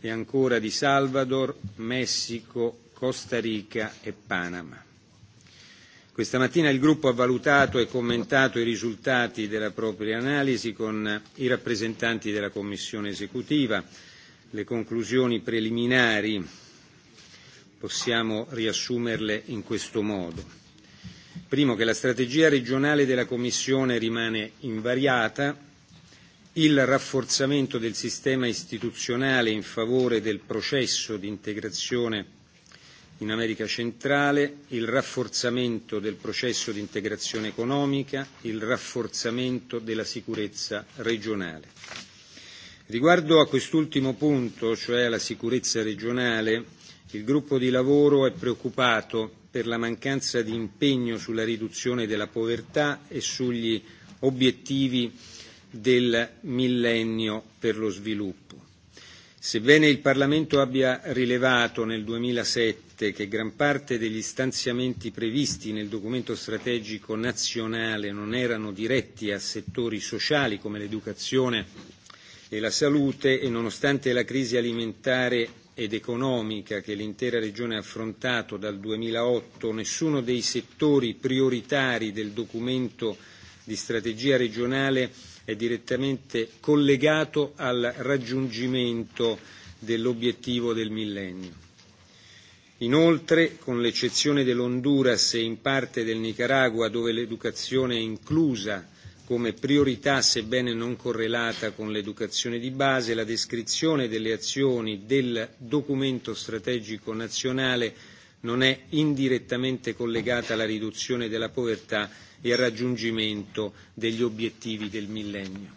e ancora di Salvador, Messico, Costa Rica e Panama. Questa mattina il gruppo ha valutato e commentato i risultati della propria analisi con i rappresentanti della Commissione esecutiva. Le conclusioni preliminari possiamo riassumerle in questo modo. Primo, che la strategia regionale della Commissione rimane invariata, il rafforzamento del sistema istituzionale in favore del processo di integrazione in America centrale, il rafforzamento del processo di integrazione economica, il rafforzamento della sicurezza regionale. Riguardo a quest'ultimo punto, cioè alla sicurezza regionale, il gruppo di lavoro è preoccupato per la mancanza di impegno sulla riduzione della povertà e sugli obiettivi del millennio per lo sviluppo. Sebbene il Parlamento abbia rilevato nel 2007 evidente che gran parte degli stanziamenti previsti nel documento strategico nazionale non erano diretti a settori sociali come l'educazione e la salute e nonostante la crisi alimentare ed economica che l'intera regione ha affrontato dal 2008, nessuno dei settori prioritari del documento di strategia regionale è direttamente collegato al raggiungimento dell'obiettivo del millennio. Inoltre, con l'eccezione dell'Honduras e in parte del Nicaragua, dove l'educazione è inclusa come priorità, sebbene non correlata con l'educazione di base, la descrizione delle azioni del documento strategico nazionale non è indirettamente collegata alla riduzione della povertà e al raggiungimento degli obiettivi del millennio.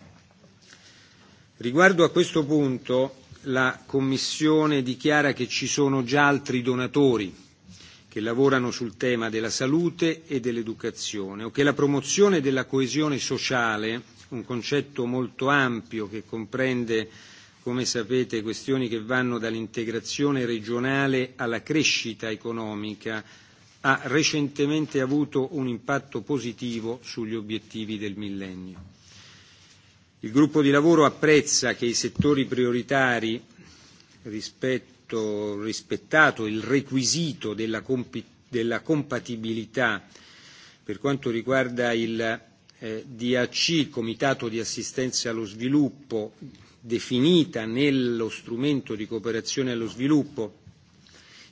Riguardo a questo punto, la Commissione dichiara che ci sono già altri donatori che lavorano sul tema della salute e dell'educazione o che la promozione della coesione sociale, un concetto molto ampio che comprende come sapete, questioni che vanno dall'integrazione regionale alla crescita economica, ha recentemente avuto un impatto positivo sugli obiettivi del millennio. Il gruppo di lavoro apprezza che i settori prioritari rispetto, rispettato il requisito della, compi, della compatibilità per quanto riguarda il eh, DAC, Comitato di assistenza allo sviluppo, definita nello strumento di cooperazione allo sviluppo.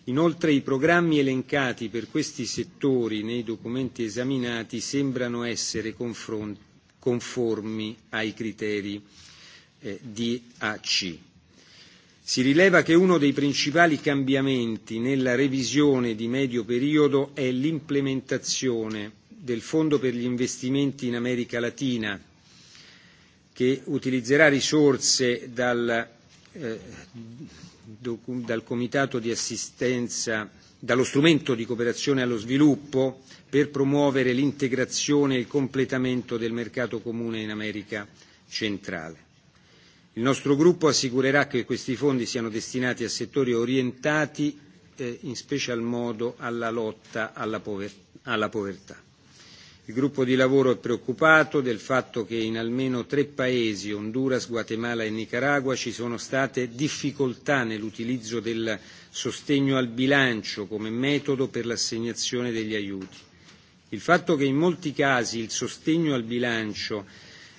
Inoltre i programmi elencati per questi settori nei documenti esaminati sembrano essere confronti conformi ai criteri eh, di AC. Si rileva che uno dei principali cambiamenti nella revisione di medio periodo è l'implementazione del Fondo per gli investimenti in America Latina, che utilizzerà risorse dal, eh, dal Comitato di assistenza dallo strumento di cooperazione allo sviluppo per promuovere l'integrazione e il completamento del mercato comune in America centrale. Il nostro gruppo assicurerà che questi fondi siano destinati a settori orientati eh, in special modo alla lotta alla, pover- alla povertà. Il gruppo di lavoro è preoccupato del fatto che in almeno tre paesi, Honduras, Guatemala e Nicaragua, ci sono state difficoltà nell'utilizzo del sostegno al bilancio come metodo per l'assegnazione degli aiuti. Il fatto che in molti casi il sostegno al bilancio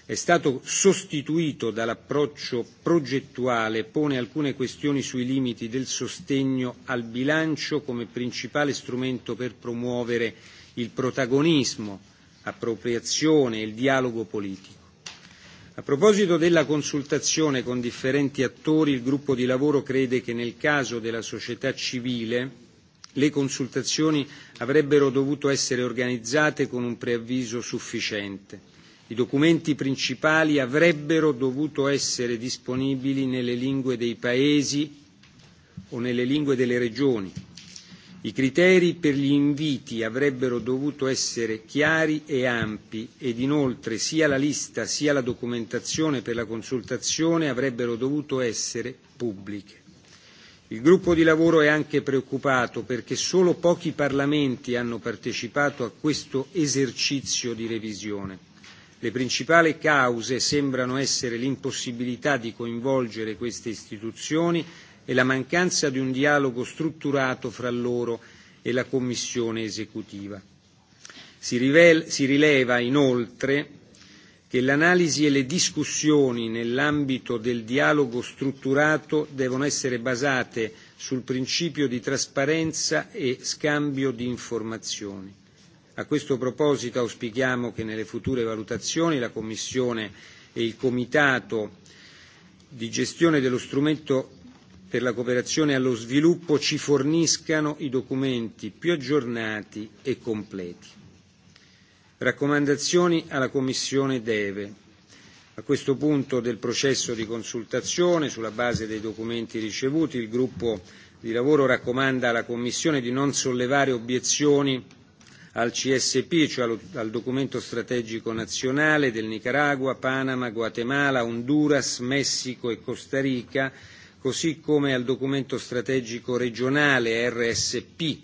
è stato sostituito dall'approccio progettuale pone alcune questioni sui limiti del sostegno al bilancio come principale strumento per promuovere il protagonismo appropriazione e il dialogo politico. A proposito della consultazione con differenti attori, il gruppo di lavoro crede che nel caso della società civile le consultazioni avrebbero dovuto essere organizzate con un preavviso sufficiente. I documenti principali avrebbero dovuto essere disponibili nelle lingue dei paesi o nelle lingue delle regioni I criteri per gli inviti avrebbero dovuto essere chiari e ampi ed inoltre sia la lista sia la documentazione per la consultazione avrebbero dovuto essere pubbliche. Il gruppo di lavoro è anche preoccupato perché solo pochi Parlamenti hanno partecipato a questo esercizio di revisione. Le principali cause sembrano essere l'impossibilità di coinvolgere queste istituzioni e la mancanza di un dialogo strutturato fra loro e la Commissione esecutiva. Si, rivel- si rileva inoltre che l'analisi e le discussioni nell'ambito del dialogo strutturato devono essere basate sul principio di trasparenza e scambio di informazioni. A questo proposito auspichiamo che nelle future valutazioni la Commissione e il Comitato di gestione dello strumento per la cooperazione allo sviluppo ci forniscano i documenti più aggiornati e completi. Raccomandazioni alla Commissione deve. A questo punto del processo di consultazione, sulla base dei documenti ricevuti, il gruppo di lavoro raccomanda alla Commissione di non sollevare obiezioni al CSP, cioè al, documento strategico nazionale del Nicaragua, Panama, Guatemala, Honduras, Messico e Costa Rica, così come al documento strategico regionale RSP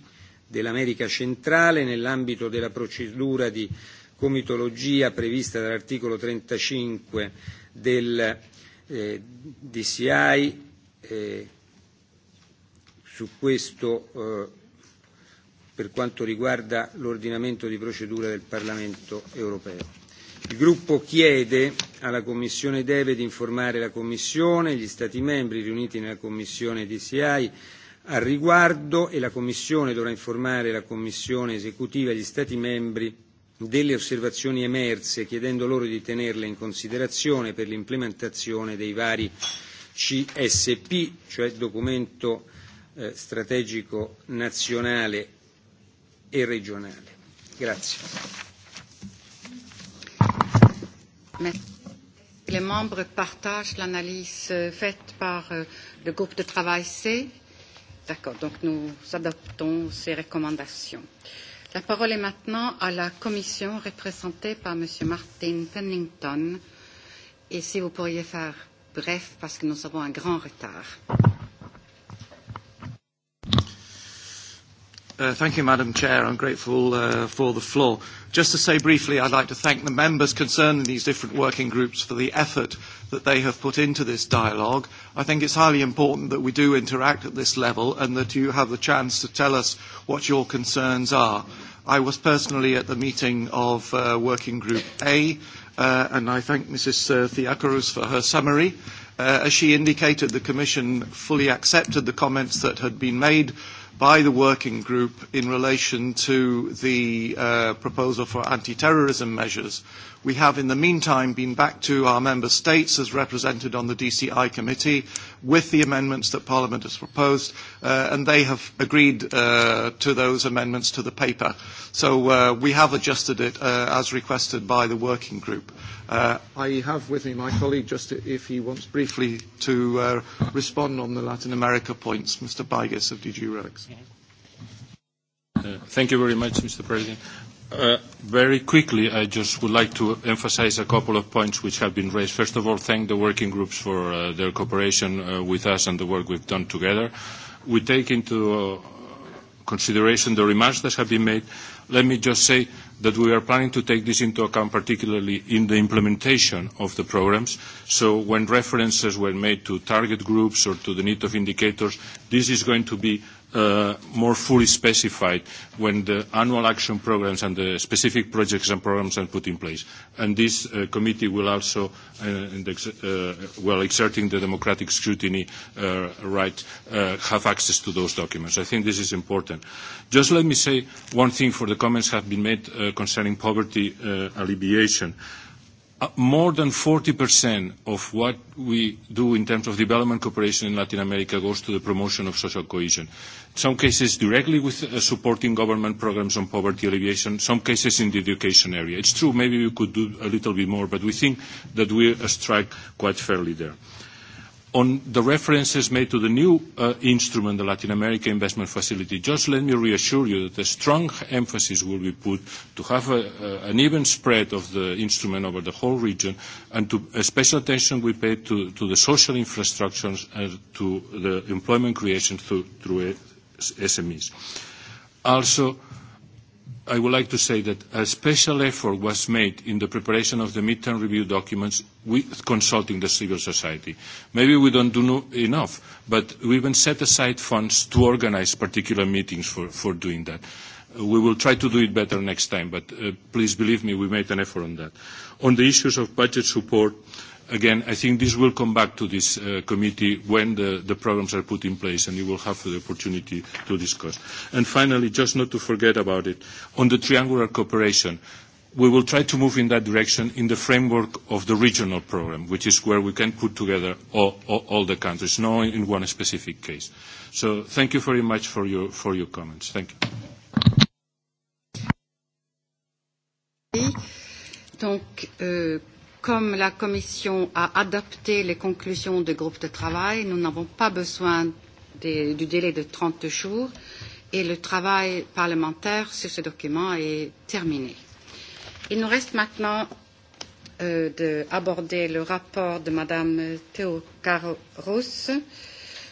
dell'America centrale nell'ambito della procedura di comitologia prevista dall'articolo 35 del eh, DCI. Eh, su questo eh, per quanto riguarda l'ordinamento di procedura del Parlamento europeo. Il gruppo chiede alla Commissione deve di informare la Commissione e gli Stati membri riuniti nella Commissione DCI al riguardo e la Commissione dovrà informare la Commissione esecutiva e gli Stati membri delle osservazioni emerse, chiedendo loro di tenerle in considerazione per l'implementazione dei vari CSP, cioè documento eh, strategico nazionale e regionale. Grazie. Merci. Les membres partagent l'analyse euh, faite par euh, le groupe de travail C. D'accord, donc nous adoptons ces recommandations. La parole est maintenant à la commission représentée par M. Martin Pennington. Et si vous pourriez faire bref, parce que nous avons un grand retard. Uh, thank you, Madam Chair. I'm grateful uh, for the floor. Just to say briefly, I'd like to thank the members concerned in these different working groups for the effort that they have put into this dialogue. I think it's highly important that we do interact at this level and that you have the chance to tell us what your concerns are. I was personally at the meeting of uh, Working Group A, uh, and I thank Mrs. Uh, Theakarus for her summary. Uh, as she indicated, the Commission fully accepted the comments that had been made by the working group in relation to the uh, proposal for anti-terrorism measures We have, in the meantime, been back to our member states as represented on the DCI committee with the amendments that Parliament has proposed, uh, and they have agreed uh, to those amendments to the paper. So uh, we have adjusted it uh, as requested by the working group. Uh, I have with me my colleague, just if he wants briefly to uh, respond on the Latin America points, Mr. Bigas of DG Relics. Thank you very much, Mr. President. Uh, very quickly, I just would like to emphasize a couple of points which have been raised. First of all, thank the working groups for uh, their cooperation uh, with us and the work we've done together. We take into uh, consideration the remarks that have been made. Let me just say that we are planning to take this into account, particularly in the implementation of the programs. So when references were made to target groups or to the need of indicators, this is going to be Uh, more fully specified when the annual action programs and the specific projects and programs are put in place. And this uh, committee will also, uh, the, uh, well, exerting the democratic scrutiny uh, right, uh, have access to those documents. I think this is important. Just let me say one thing for the comments have been made uh, concerning poverty uh, alleviation. Uh, Uh, more than 40% of what we do in terms of development cooperation in Latin America goes to the promotion of social cohesion. Some cases directly with uh, supporting government programs on poverty alleviation, some cases in the education area. It's true, maybe we could do a little bit more, but we think that we uh, strike quite fairly there. On the references made to the new uh, instrument, the Latin America Investment Facility, just let me reassure you that a strong emphasis will be put to have uh, an even spread of the instrument over the whole region and to a special attention we pay to, to the social infrastructures and to the employment creation through SMEs. Also, I would like to say that a special effort was made in the preparation of the midterm review documents with consulting the civil society. Maybe we don't do enough, but we even set aside funds to organize particular meetings for, for doing that. We will try to do it better next time, but uh, please believe me, we made an effort on that. On the issues of budget support, uh, again, I think this will come back to this uh, committee when the, the programs are put in place, and you will have the opportunity to discuss. And finally, just not to forget about it, on the triangular cooperation, we will try to move in that direction in the framework of the regional program, which is where we can put together all, all, all the countries, not in one specific case. So thank you very much for your, for your comments. Thank you. Donc, euh, Comme la Commission a adopté les conclusions du groupe de travail, nous n'avons pas besoin de, du délai de 30 jours et le travail parlementaire sur ce document est terminé. Il nous reste maintenant euh, d'aborder le rapport de Madame Theocaros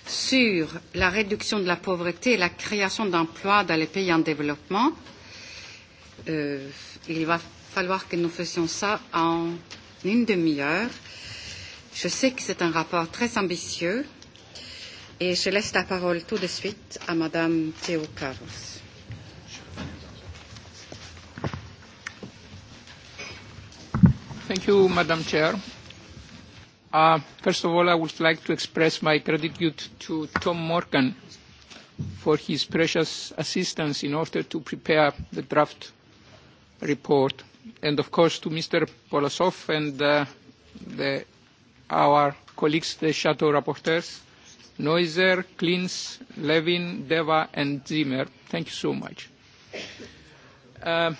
sur la réduction de la pauvreté et la création d'emplois dans les pays en développement. Euh, il va falloir que nous fassions ça en une demi-heure. Je sais que c'est un rapport très ambitieux et je laisse la parole tout de suite à Madame Théo Carlos. Thank you, Madam Chair. Uh, first of all, I would like to express my gratitude to Tom Morgan for his precious assistance in order to prepare the draft report and of course to Mr. Polosov and uh, the, our colleagues, the shadow rapporteurs, Neuser, Klins, Levin, Deva, and Zimmer. Thank you so much. Uh,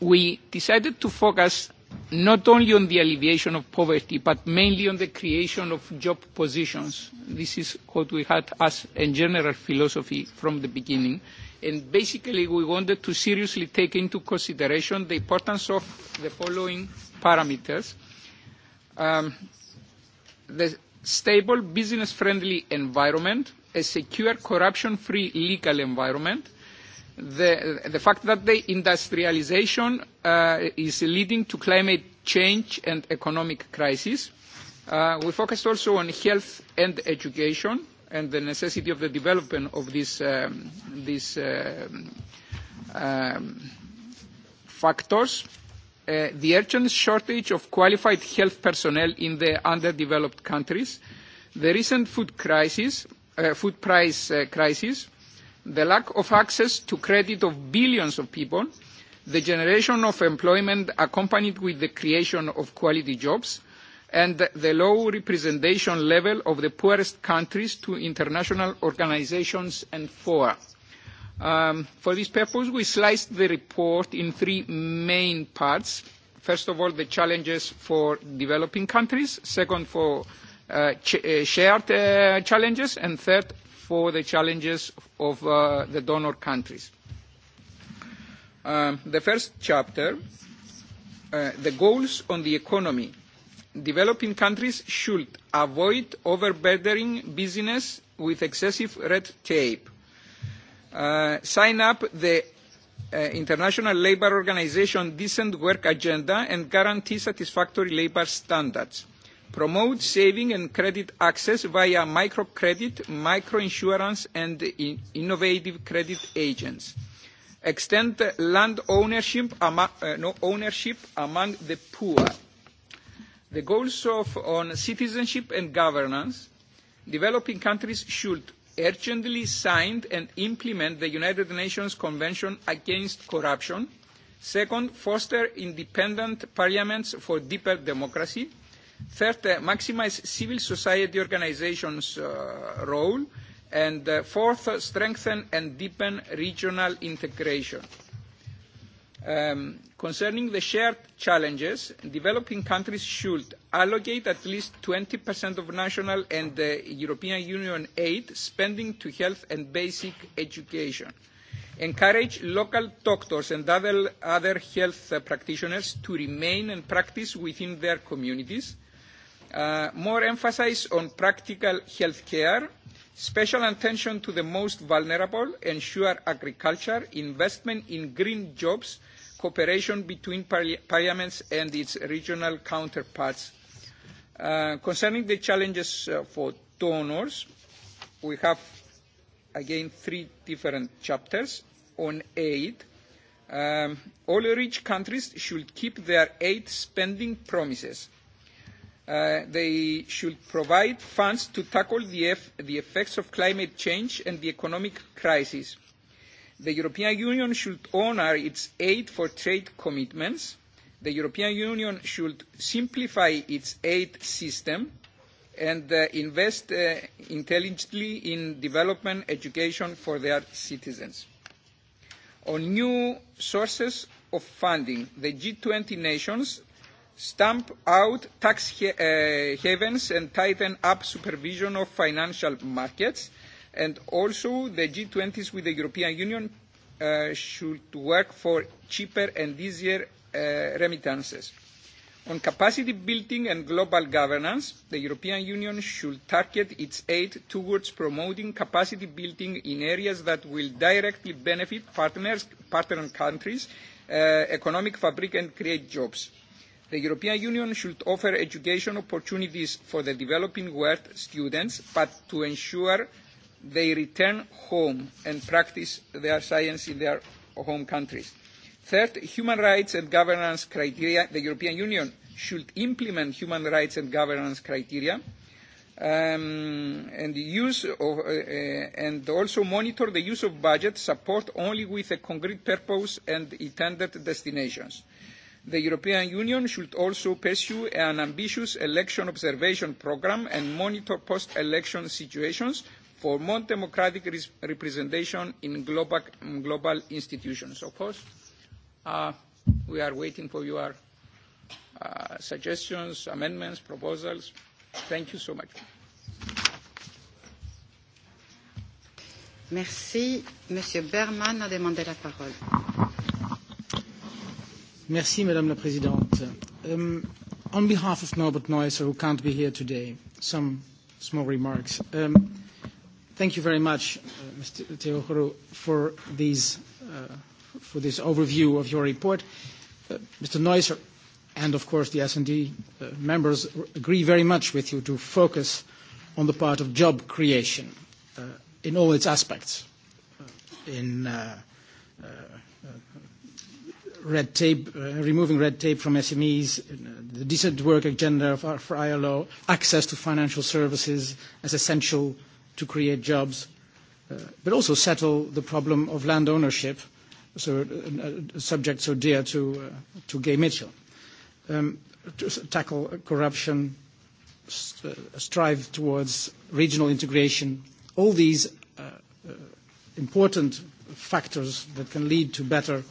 we decided to focus not only on the alleviation of poverty, but mainly on the creation of job positions. This is what we had as a general philosophy from the beginning. And basically, we wanted to seriously take into consideration the importance of the following parameters. Um, the stable, business-friendly environment, a secure, corruption-free legal environment, the, the fact that the industrialization uh, is leading to climate change and economic crisis. Uh, we focused also on health and education, and the necessity of the development of these, um, uh, um, factors, uh, the urgent shortage of qualified health personnel in the underdeveloped countries, the recent food crisis, uh, food price uh, crisis, the lack of access to credit of billions of people, the generation of employment accompanied with the creation of quality jobs, and the low representation level of the poorest countries to international organisations and fora. Um, for this purpose, we sliced the report in three main parts. First of all, the challenges for developing countries. Second, for uh, ch uh, shared uh, challenges. And third, for the challenges of uh, the donor countries. Um, the first chapter, uh, the goals on the economy developing countries should avoid overburdening business with excessive red tape, uh, sign up the uh, International Labour Organization Decent Work Agenda and guarantee satisfactory labour standards, promote saving and credit access via microcredit, microinsurance and in innovative credit agents, extend land ownership, uh, no, ownership among the poor, The goals of, on citizenship and governance, developing countries should urgently sign and implement the United Nations Convention Against Corruption. Second, foster independent parliaments for deeper democracy. Third, uh, maximise civil society organisations' uh, role. And uh, fourth, uh, strengthen and deepen regional integration. Um, concerning the shared challenges, developing countries should allocate at least 20% of national and uh, European Union aid spending to health and basic education. Encourage local doctors and other, other health uh, practitioners to remain and practice within their communities. Uh, more emphasis on practical health care Special attention to the most vulnerable, ensure agriculture, investment in green jobs cooperation between parliaments and its regional counterparts. Uh, concerning the challenges uh, for donors, we have again three different chapters on aid. Um, all rich countries should keep their aid spending promises. Uh, they should provide funds to tackle the, the effects of climate change and the economic crisis The European Union should honour its aid for trade commitments. The European Union should simplify its aid system and uh, invest uh, intelligently in development education for their citizens. On new sources of funding, the G20 nations stamp out tax uh, havens and tighten up supervision of financial markets – And also, the G20s with the European Union uh, should work for cheaper and easier uh, remittances. On capacity building and global governance, the European Union should target its aid towards promoting capacity building in areas that will directly benefit partners, partner countries, uh, economic fabric and create jobs. The European Union should offer education opportunities for the developing world students, but to ensure they return home and practice their science in their home countries. Third, human rights and governance criteria. The European Union should implement human rights and governance criteria um, and use of, uh, uh, and also monitor the use of budget support only with a concrete purpose and intended destinations. The European Union should also pursue an ambitious election observation programme and monitor post-election situations for more democratic representation in global, global institutions. Of course, uh, we are waiting for your uh, suggestions, amendments, proposals. Thank you so much. Merci. Monsieur Berman a demandé la parole. Merci, Madame la Présidente. Um, on behalf of Norbert Neusser, who can't be here today, some small remarks. Um, Thank you very much, uh, Mr. Teohoro, for, these, uh, for this overview of your report. Uh, Mr. Neusser and, of course, the S&D uh, members agree very much with you to focus on the part of job creation uh, in all its aspects, uh, in uh, uh, red tape, uh, removing red tape from SMEs, uh, the decent work agenda for ILO, access to financial services as essential to create jobs, uh, but also settle the problem of land ownership, so a, uh, a uh, subject so dear to, uh, to Gay Mitchell, um, to tackle corruption, st uh, strive towards regional integration. All these uh, important factors that can lead to better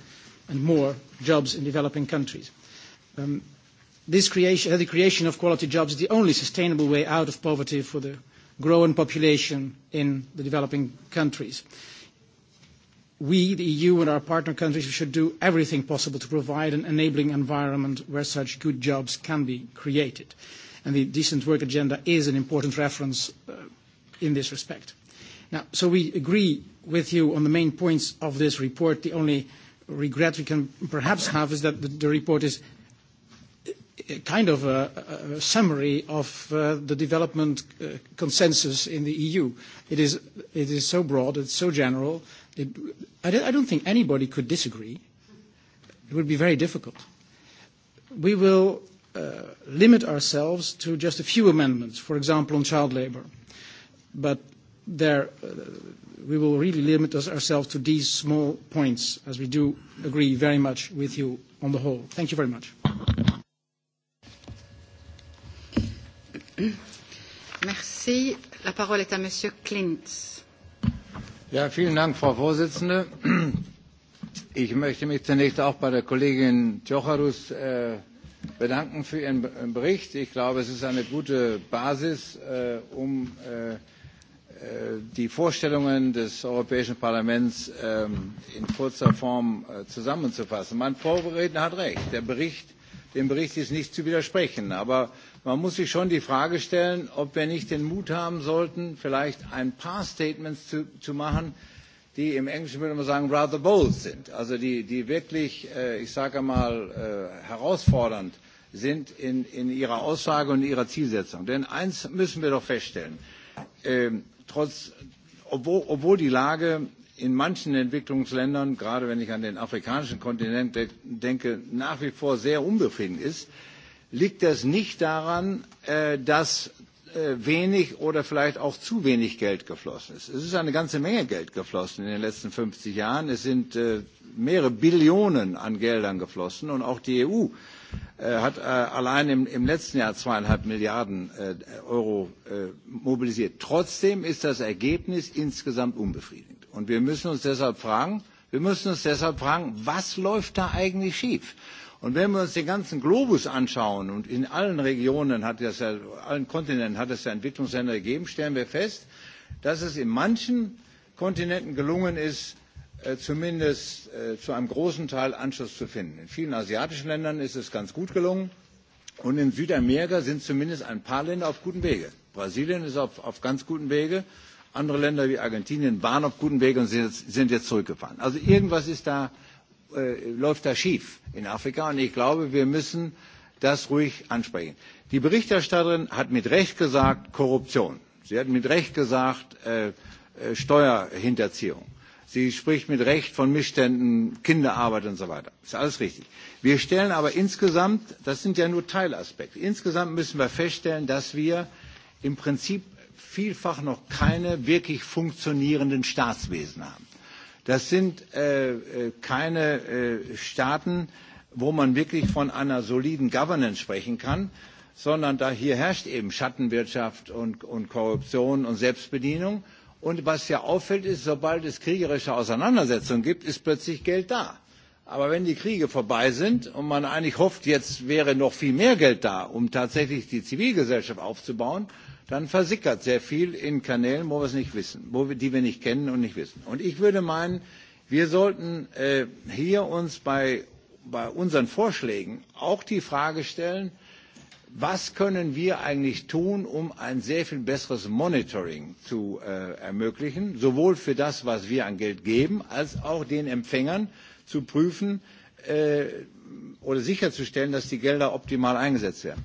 and more jobs in developing countries. Um, this creation, the creation of quality jobs is the only sustainable way out of poverty for the growing population in the developing countries. We, the EU and our partner countries, should do everything possible to provide an enabling environment where such good jobs can be created. And the Decent Work Agenda is an important reference uh, in this respect. Now, so we agree with you on the main points of this report. The only regret we can perhaps have is that the, the report is kind of a, a summary of uh, the development uh, consensus in the EU. It is, it is so broad, it's so general. It, I, I don't think anybody could disagree. It would be very difficult. We will uh, limit ourselves to just a few amendments, for example, on child labour. But there, uh, we will really limit us, ourselves to these small points, as we do agree very much with you on the whole. Thank you very much. Merci. La parole est à Monsieur Klintz. Ja, vielen Dank, Frau Vorsitzende. Ich möchte mich zunächst auch bei der Kollegin Tjocharus äh, bedanken für Ihren äh, Bericht. Ich glaube, es ist eine gute Basis, äh, um äh, äh, die Vorstellungen des Europäischen Parlaments ähm, in kurzer Form äh, zusammenzufassen. Mein Vorredner hat recht. Der Bericht, dem Bericht ist nicht zu widersprechen. Aber Man muss sich schon die Frage stellen, ob wir nicht den Mut haben sollten, vielleicht ein paar Statements zu, zu machen, die im Englischen würde man sagen rather bold sind, also die, die wirklich, äh, ich sage mal, äh, herausfordernd sind in, in ihrer Aussage und ihrer Zielsetzung. Denn eins müssen wir doch feststellen, ähm, trotz, obwohl, obwohl die Lage in manchen Entwicklungsländern, gerade wenn ich an den afrikanischen Kontinent denke, nach wie vor sehr unbefriedigend ist, liegt das nicht daran, äh, dass äh, wenig oder vielleicht auch zu wenig Geld geflossen ist. Es ist eine ganze Menge Geld geflossen in den letzten 50 Jahren. Es sind äh, mehrere Billionen an Geldern geflossen und auch die EU äh, hat äh, allein im, im letzten Jahr zweieinhalb Milliarden äh, Euro äh, mobilisiert. Trotzdem ist das Ergebnis insgesamt unbefriedigend. Und wir müssen uns deshalb fragen, wir müssen uns deshalb fragen, was läuft da eigentlich schief? Und wenn wir uns den ganzen Globus anschauen, und in allen Regionen hat das ja, allen Kontinenten hat es ja Entwicklungsländer gegeben, stellen wir fest, dass es in manchen Kontinenten gelungen ist, äh, zumindest äh, zu einem großen Teil Anschluss zu finden. In vielen asiatischen Ländern ist es ganz gut gelungen und in Südamerika sind zumindest ein paar Länder auf gutem Wege. Brasilien ist auf, auf ganz gutem Wege, andere Länder wie Argentinien waren auf gutem Wege und sind jetzt, sind jetzt zurückgefahren. Also irgendwas ist da Äh, läuft das schief in Afrika. Und ich glaube, wir müssen das ruhig ansprechen. Die Berichterstatterin hat mit Recht gesagt Korruption. Sie hat mit Recht gesagt äh, äh, Steuerhinterziehung. Sie spricht mit Recht von Missständen, Kinderarbeit und so weiter. Ist alles richtig. Wir stellen aber insgesamt, das sind ja nur Teilaspekte, insgesamt müssen wir feststellen, dass wir im Prinzip vielfach noch keine wirklich funktionierenden Staatswesen haben. Das sind äh, äh, keine äh, Staaten, wo man wirklich von einer soliden Governance sprechen kann, sondern da hier herrscht eben Schattenwirtschaft und, und Korruption und Selbstbedienung. Und was ja auffällt, ist, sobald es kriegerische Auseinandersetzungen gibt, ist plötzlich Geld da. Aber wenn die Kriege vorbei sind und man eigentlich hofft, jetzt wäre noch viel mehr Geld da, um tatsächlich die Zivilgesellschaft aufzubauen, dann versickert sehr viel in Kanälen, wo wir es nicht wissen, wo wir, die wir nicht kennen und nicht wissen. Und ich würde meinen, wir sollten äh, hier uns bei, bei unseren Vorschlägen auch die Frage stellen, was können wir eigentlich tun, um ein sehr viel besseres Monitoring zu äh, ermöglichen, sowohl für das, was wir an Geld geben, als auch den Empfängern zu prüfen äh, oder sicherzustellen, dass die Gelder optimal eingesetzt werden.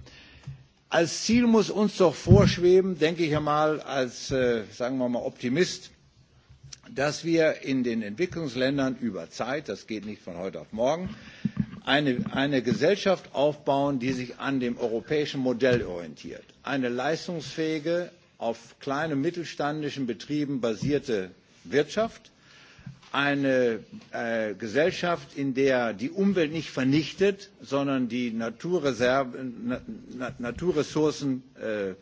Als Ziel muss uns doch vorschweben, denke ich einmal als, äh, sagen wir mal, Optimist, dass wir in den Entwicklungsländern über Zeit, das geht nicht von heute auf morgen, eine, eine Gesellschaft aufbauen, die sich an dem europäischen Modell orientiert. Eine leistungsfähige, auf kleinen mittelständischen Betrieben basierte Wirtschaft, eine äh, Gesellschaft, in der die Umwelt nicht vernichtet, sondern die Naturreserven, na, na, Naturressourcen äh, äh,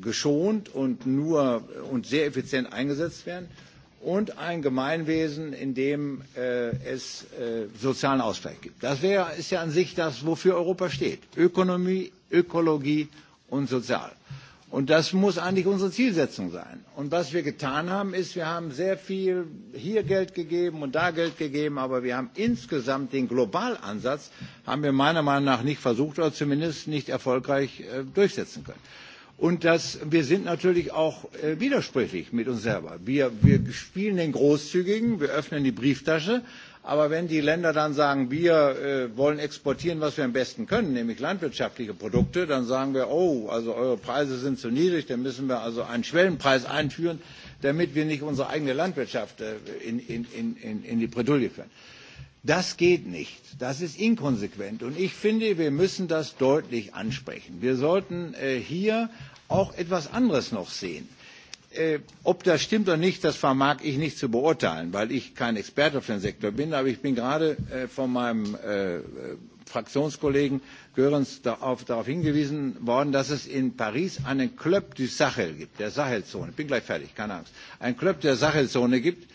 geschont und nur und sehr effizient eingesetzt werden und ein Gemeinwesen, in dem äh, es äh, sozialen Ausgleich gibt. Das wär, ist ja an sich das, wofür Europa steht. Ökonomie, Ökologie und Sozial. Äh, Und das muss eigentlich unsere Zielsetzung sein. Und was wir getan haben, ist, wir haben sehr viel hier Geld gegeben und da Geld gegeben, aber wir haben insgesamt den Globalansatz, haben wir meiner Meinung nach nicht versucht oder zumindest nicht erfolgreich äh, durchsetzen können. Und das, wir sind natürlich auch äh, widersprüchlich mit uns selber. Wir, wir spielen den Großzügigen, wir öffnen die Brieftasche, Aber wenn die Länder dann sagen, wir äh, wollen exportieren, was wir am besten können, nämlich landwirtschaftliche Produkte, dann sagen wir, oh, also eure Preise sind zu niedrig, dann müssen wir also einen Schwellenpreis einführen, damit wir nicht unsere eigene Landwirtschaft äh, in, in, in, in die Bredouille führen. Das geht nicht. Das ist inkonsequent. Und ich finde, wir müssen das deutlich ansprechen. Wir sollten äh, hier auch etwas anderes noch sehen. Äh, ob das stimmt oder nicht, das vermag ich nicht zu beurteilen, weil ich kein Experte für den Sektor bin. Aber ich bin gerade äh, von meinem äh, Fraktionskollegen Görens darauf, darauf hingewiesen worden, dass es in Paris einen Club du Sahel gibt, der Sahelzone. Ich bin gleich fertig, keine Angst. Ein Club der Sahelzone gibt,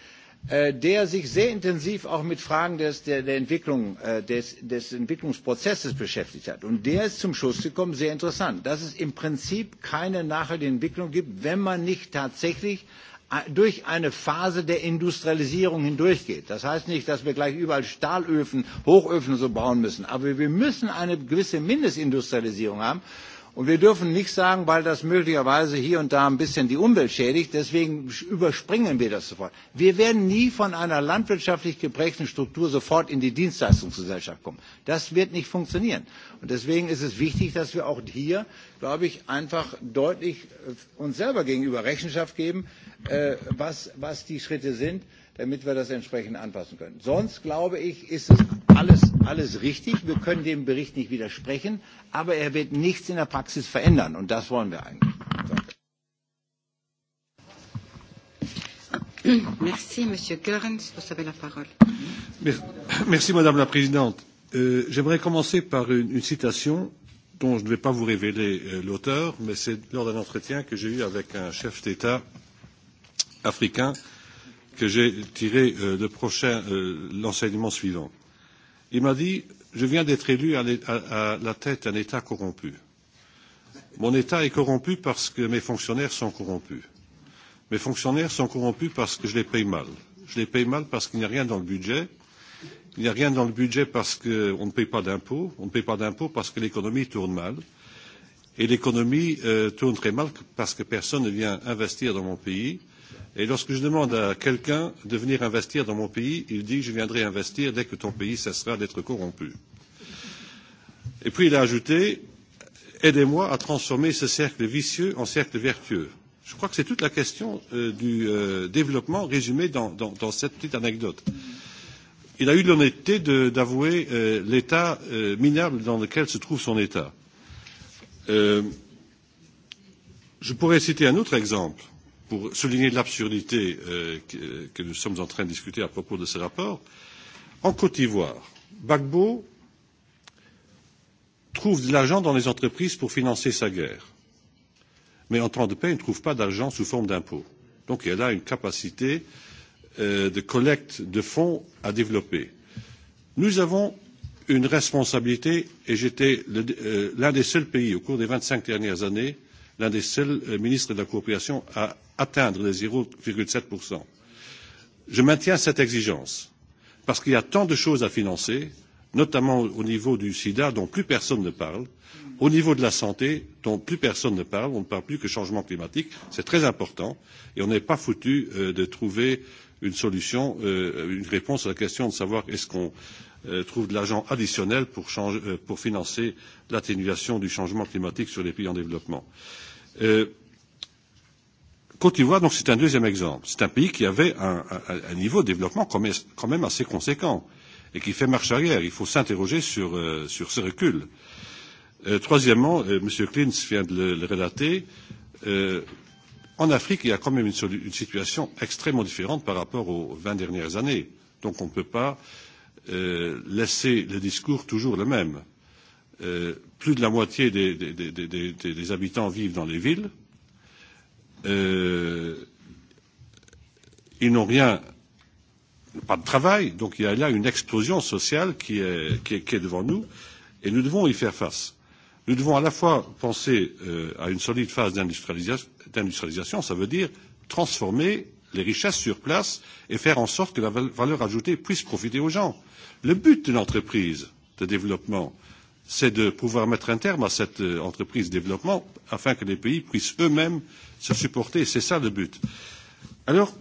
Äh, der sich sehr intensiv auch mit Fragen des, der, der Entwicklung, äh, des, des Entwicklungsprozesses beschäftigt hat. Und der ist zum Schluss gekommen, sehr interessant, dass es im Prinzip keine nachhaltige Entwicklung gibt, wenn man nicht tatsächlich äh, durch eine Phase der Industrialisierung hindurchgeht. Das heißt nicht, dass wir gleich überall Stahlöfen, Hochöfen und so bauen müssen, aber wir müssen eine gewisse Mindestindustrialisierung haben. Und wir dürfen nicht sagen, weil das möglicherweise hier und da ein bisschen die Umwelt schädigt, deswegen überspringen wir das sofort. Wir werden nie von einer landwirtschaftlich geprägten Struktur sofort in die Dienstleistungsgesellschaft kommen. Das wird nicht funktionieren. Und deswegen ist es wichtig, dass wir auch hier, glaube ich, einfach deutlich äh, uns selber gegenüber Rechenschaft geben, äh, was, was die Schritte sind damit wir das entsprechend anpassen können. Sonst, glaube ich, ist es alles, alles richtig. Wir können dem Bericht nicht widersprechen, aber er wird nichts in der Praxis verändern. Und das wollen wir eigentlich. Merci, Monsieur Goerens. Vous avez la parole. Merci, Madame la Présidente. Euh, J'aimerais commencer par une, une citation dont je ne vais pas vous révéler euh, l'auteur, mais c'est lors d'un entretien que j'ai eu avec un chef d'État africain euh, que j'ai tiré euh, le prochain euh, l'enseignement suivant. Il m'a dit Je viens d'être élu à, à, à la tête d'un État corrompu. Mon État est corrompu parce que mes fonctionnaires sont corrompus. Mes fonctionnaires sont corrompus parce que je les paye mal. Je les paye mal parce qu'il n'y a rien dans le budget. Il n'y a rien dans le budget parce qu'on ne paye pas d'impôts. On ne paye pas d'impôts parce que l'économie tourne mal. Et l'économie euh, tourne très mal parce que personne ne vient investir dans mon pays. Et lorsque je demande à quelqu'un de venir investir dans mon pays, il dit je viendrai investir dès que ton pays cessera d'être corrompu. Et puis il a ajouté aidez-moi à transformer ce cercle vicieux en cercle vertueux. Je crois que c'est toute la question euh, du euh, développement résumée dans, dans, dans cette petite anecdote. Il a eu l'honnêteté d'avouer euh, l'état euh, minable dans lequel se trouve son État. Euh, je pourrais citer un autre exemple pour souligner l'absurdité euh, que, que nous sommes en train de discuter à propos de ce rapport. En Côte d'Ivoire, Gbagbo trouve de l'argent dans les entreprises pour financer sa guerre. Mais en temps de paix, il ne trouve pas d'argent sous forme d'impôts. Donc il y a là une capacité euh, de collecte de fonds à développer. Nous avons une responsabilité, et j'étais euh, l'un euh, des seuls pays au cours des 25 dernières années l'un des seuls euh, ministres de la coopération à atteindre les 0,7%. Je maintiens cette exigence parce qu'il y a tant de choses à financer, notamment au niveau du sida dont plus personne ne parle, au niveau de la santé dont plus personne ne parle, on ne parle plus que changement climatique, c'est très important et on n'est pas foutu euh, de trouver une solution, euh, une réponse à la question de savoir est-ce qu'on euh, trouvent de l'argent additionnel pour, change, euh, pour financer l'atténuation du changement climatique sur les pays en développement. Euh, Côte d'Ivoire, donc, c'est un deuxième exemple. C'est un pays qui avait un, un, un niveau de développement quand même, quand même assez conséquent et qui fait marche arrière. Il faut s'interroger sur, euh, sur ce recul. Euh, troisièmement, euh, M. Klins vient de le, le relater, euh, en Afrique, il y a quand même une, une situation extrêmement différente par rapport aux 20 dernières années. Donc on ne peut pas euh, Euh, laisser le discours toujours le même. Euh, plus de la moitié des, des, des, des, des habitants vivent dans les villes. Euh, ils n'ont rien, pas de travail, donc il y a là une explosion sociale qui est, qui est, qui est devant nous et nous devons y faire face. Nous devons à la fois penser euh, à une solide phase d'industrialisation, ça veut dire transformer les richesses sur place et faire en sorte que la valeur ajoutée puisse profiter aux gens. Le but d'une entreprise de développement, c'est de pouvoir mettre un terme à cette euh, entreprise de développement afin que les pays puissent eux-mêmes se supporter. C'est ça le but. Alors,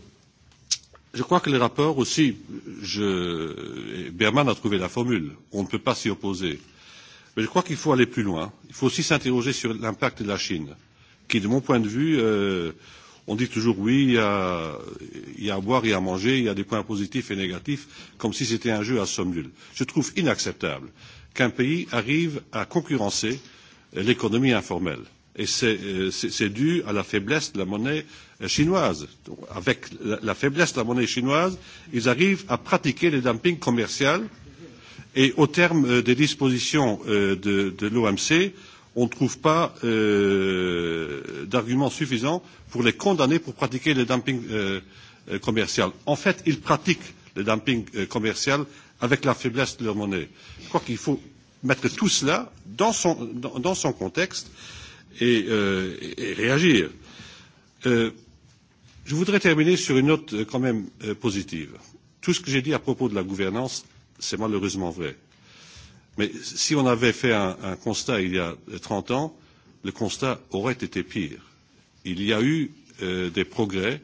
je crois que le rapport aussi, je, Berman a trouvé la formule. On ne peut pas s'y opposer. Mais je crois qu'il faut aller plus loin. Il faut aussi s'interroger sur l'impact de la Chine, qui, de mon point de vue, euh, On dit toujours oui, il y, a, il y a à boire, il y a à manger, il y a des points positifs et négatifs, comme si c'était un jeu à somme nulle. Je trouve inacceptable qu'un pays arrive à concurrencer l'économie informelle. Et c'est euh, dû à la faiblesse de la monnaie euh, chinoise. Avec la, la faiblesse de la monnaie chinoise, ils arrivent à pratiquer le dumping commercial et au terme euh, des dispositions de, de l'OMC, on ne trouve pas euh, d'arguments suffisants pour les condamner pour pratiquer le dumping euh, euh, commercial. En fait, ils pratiquent le dumping euh, commercial avec la faiblesse de leur monnaie. Je crois qu'il faut mettre tout cela dans son, dans, dans son contexte et, euh, et, et réagir. Euh, je voudrais terminer sur une note euh, quand même euh, positive. Tout ce que j'ai dit à propos de la gouvernance, c'est malheureusement vrai. Euh, Mais si on avait fait un, un constat il y a 30 euh, ans, le constat aurait été pire. Il y a eu euh, des progrès.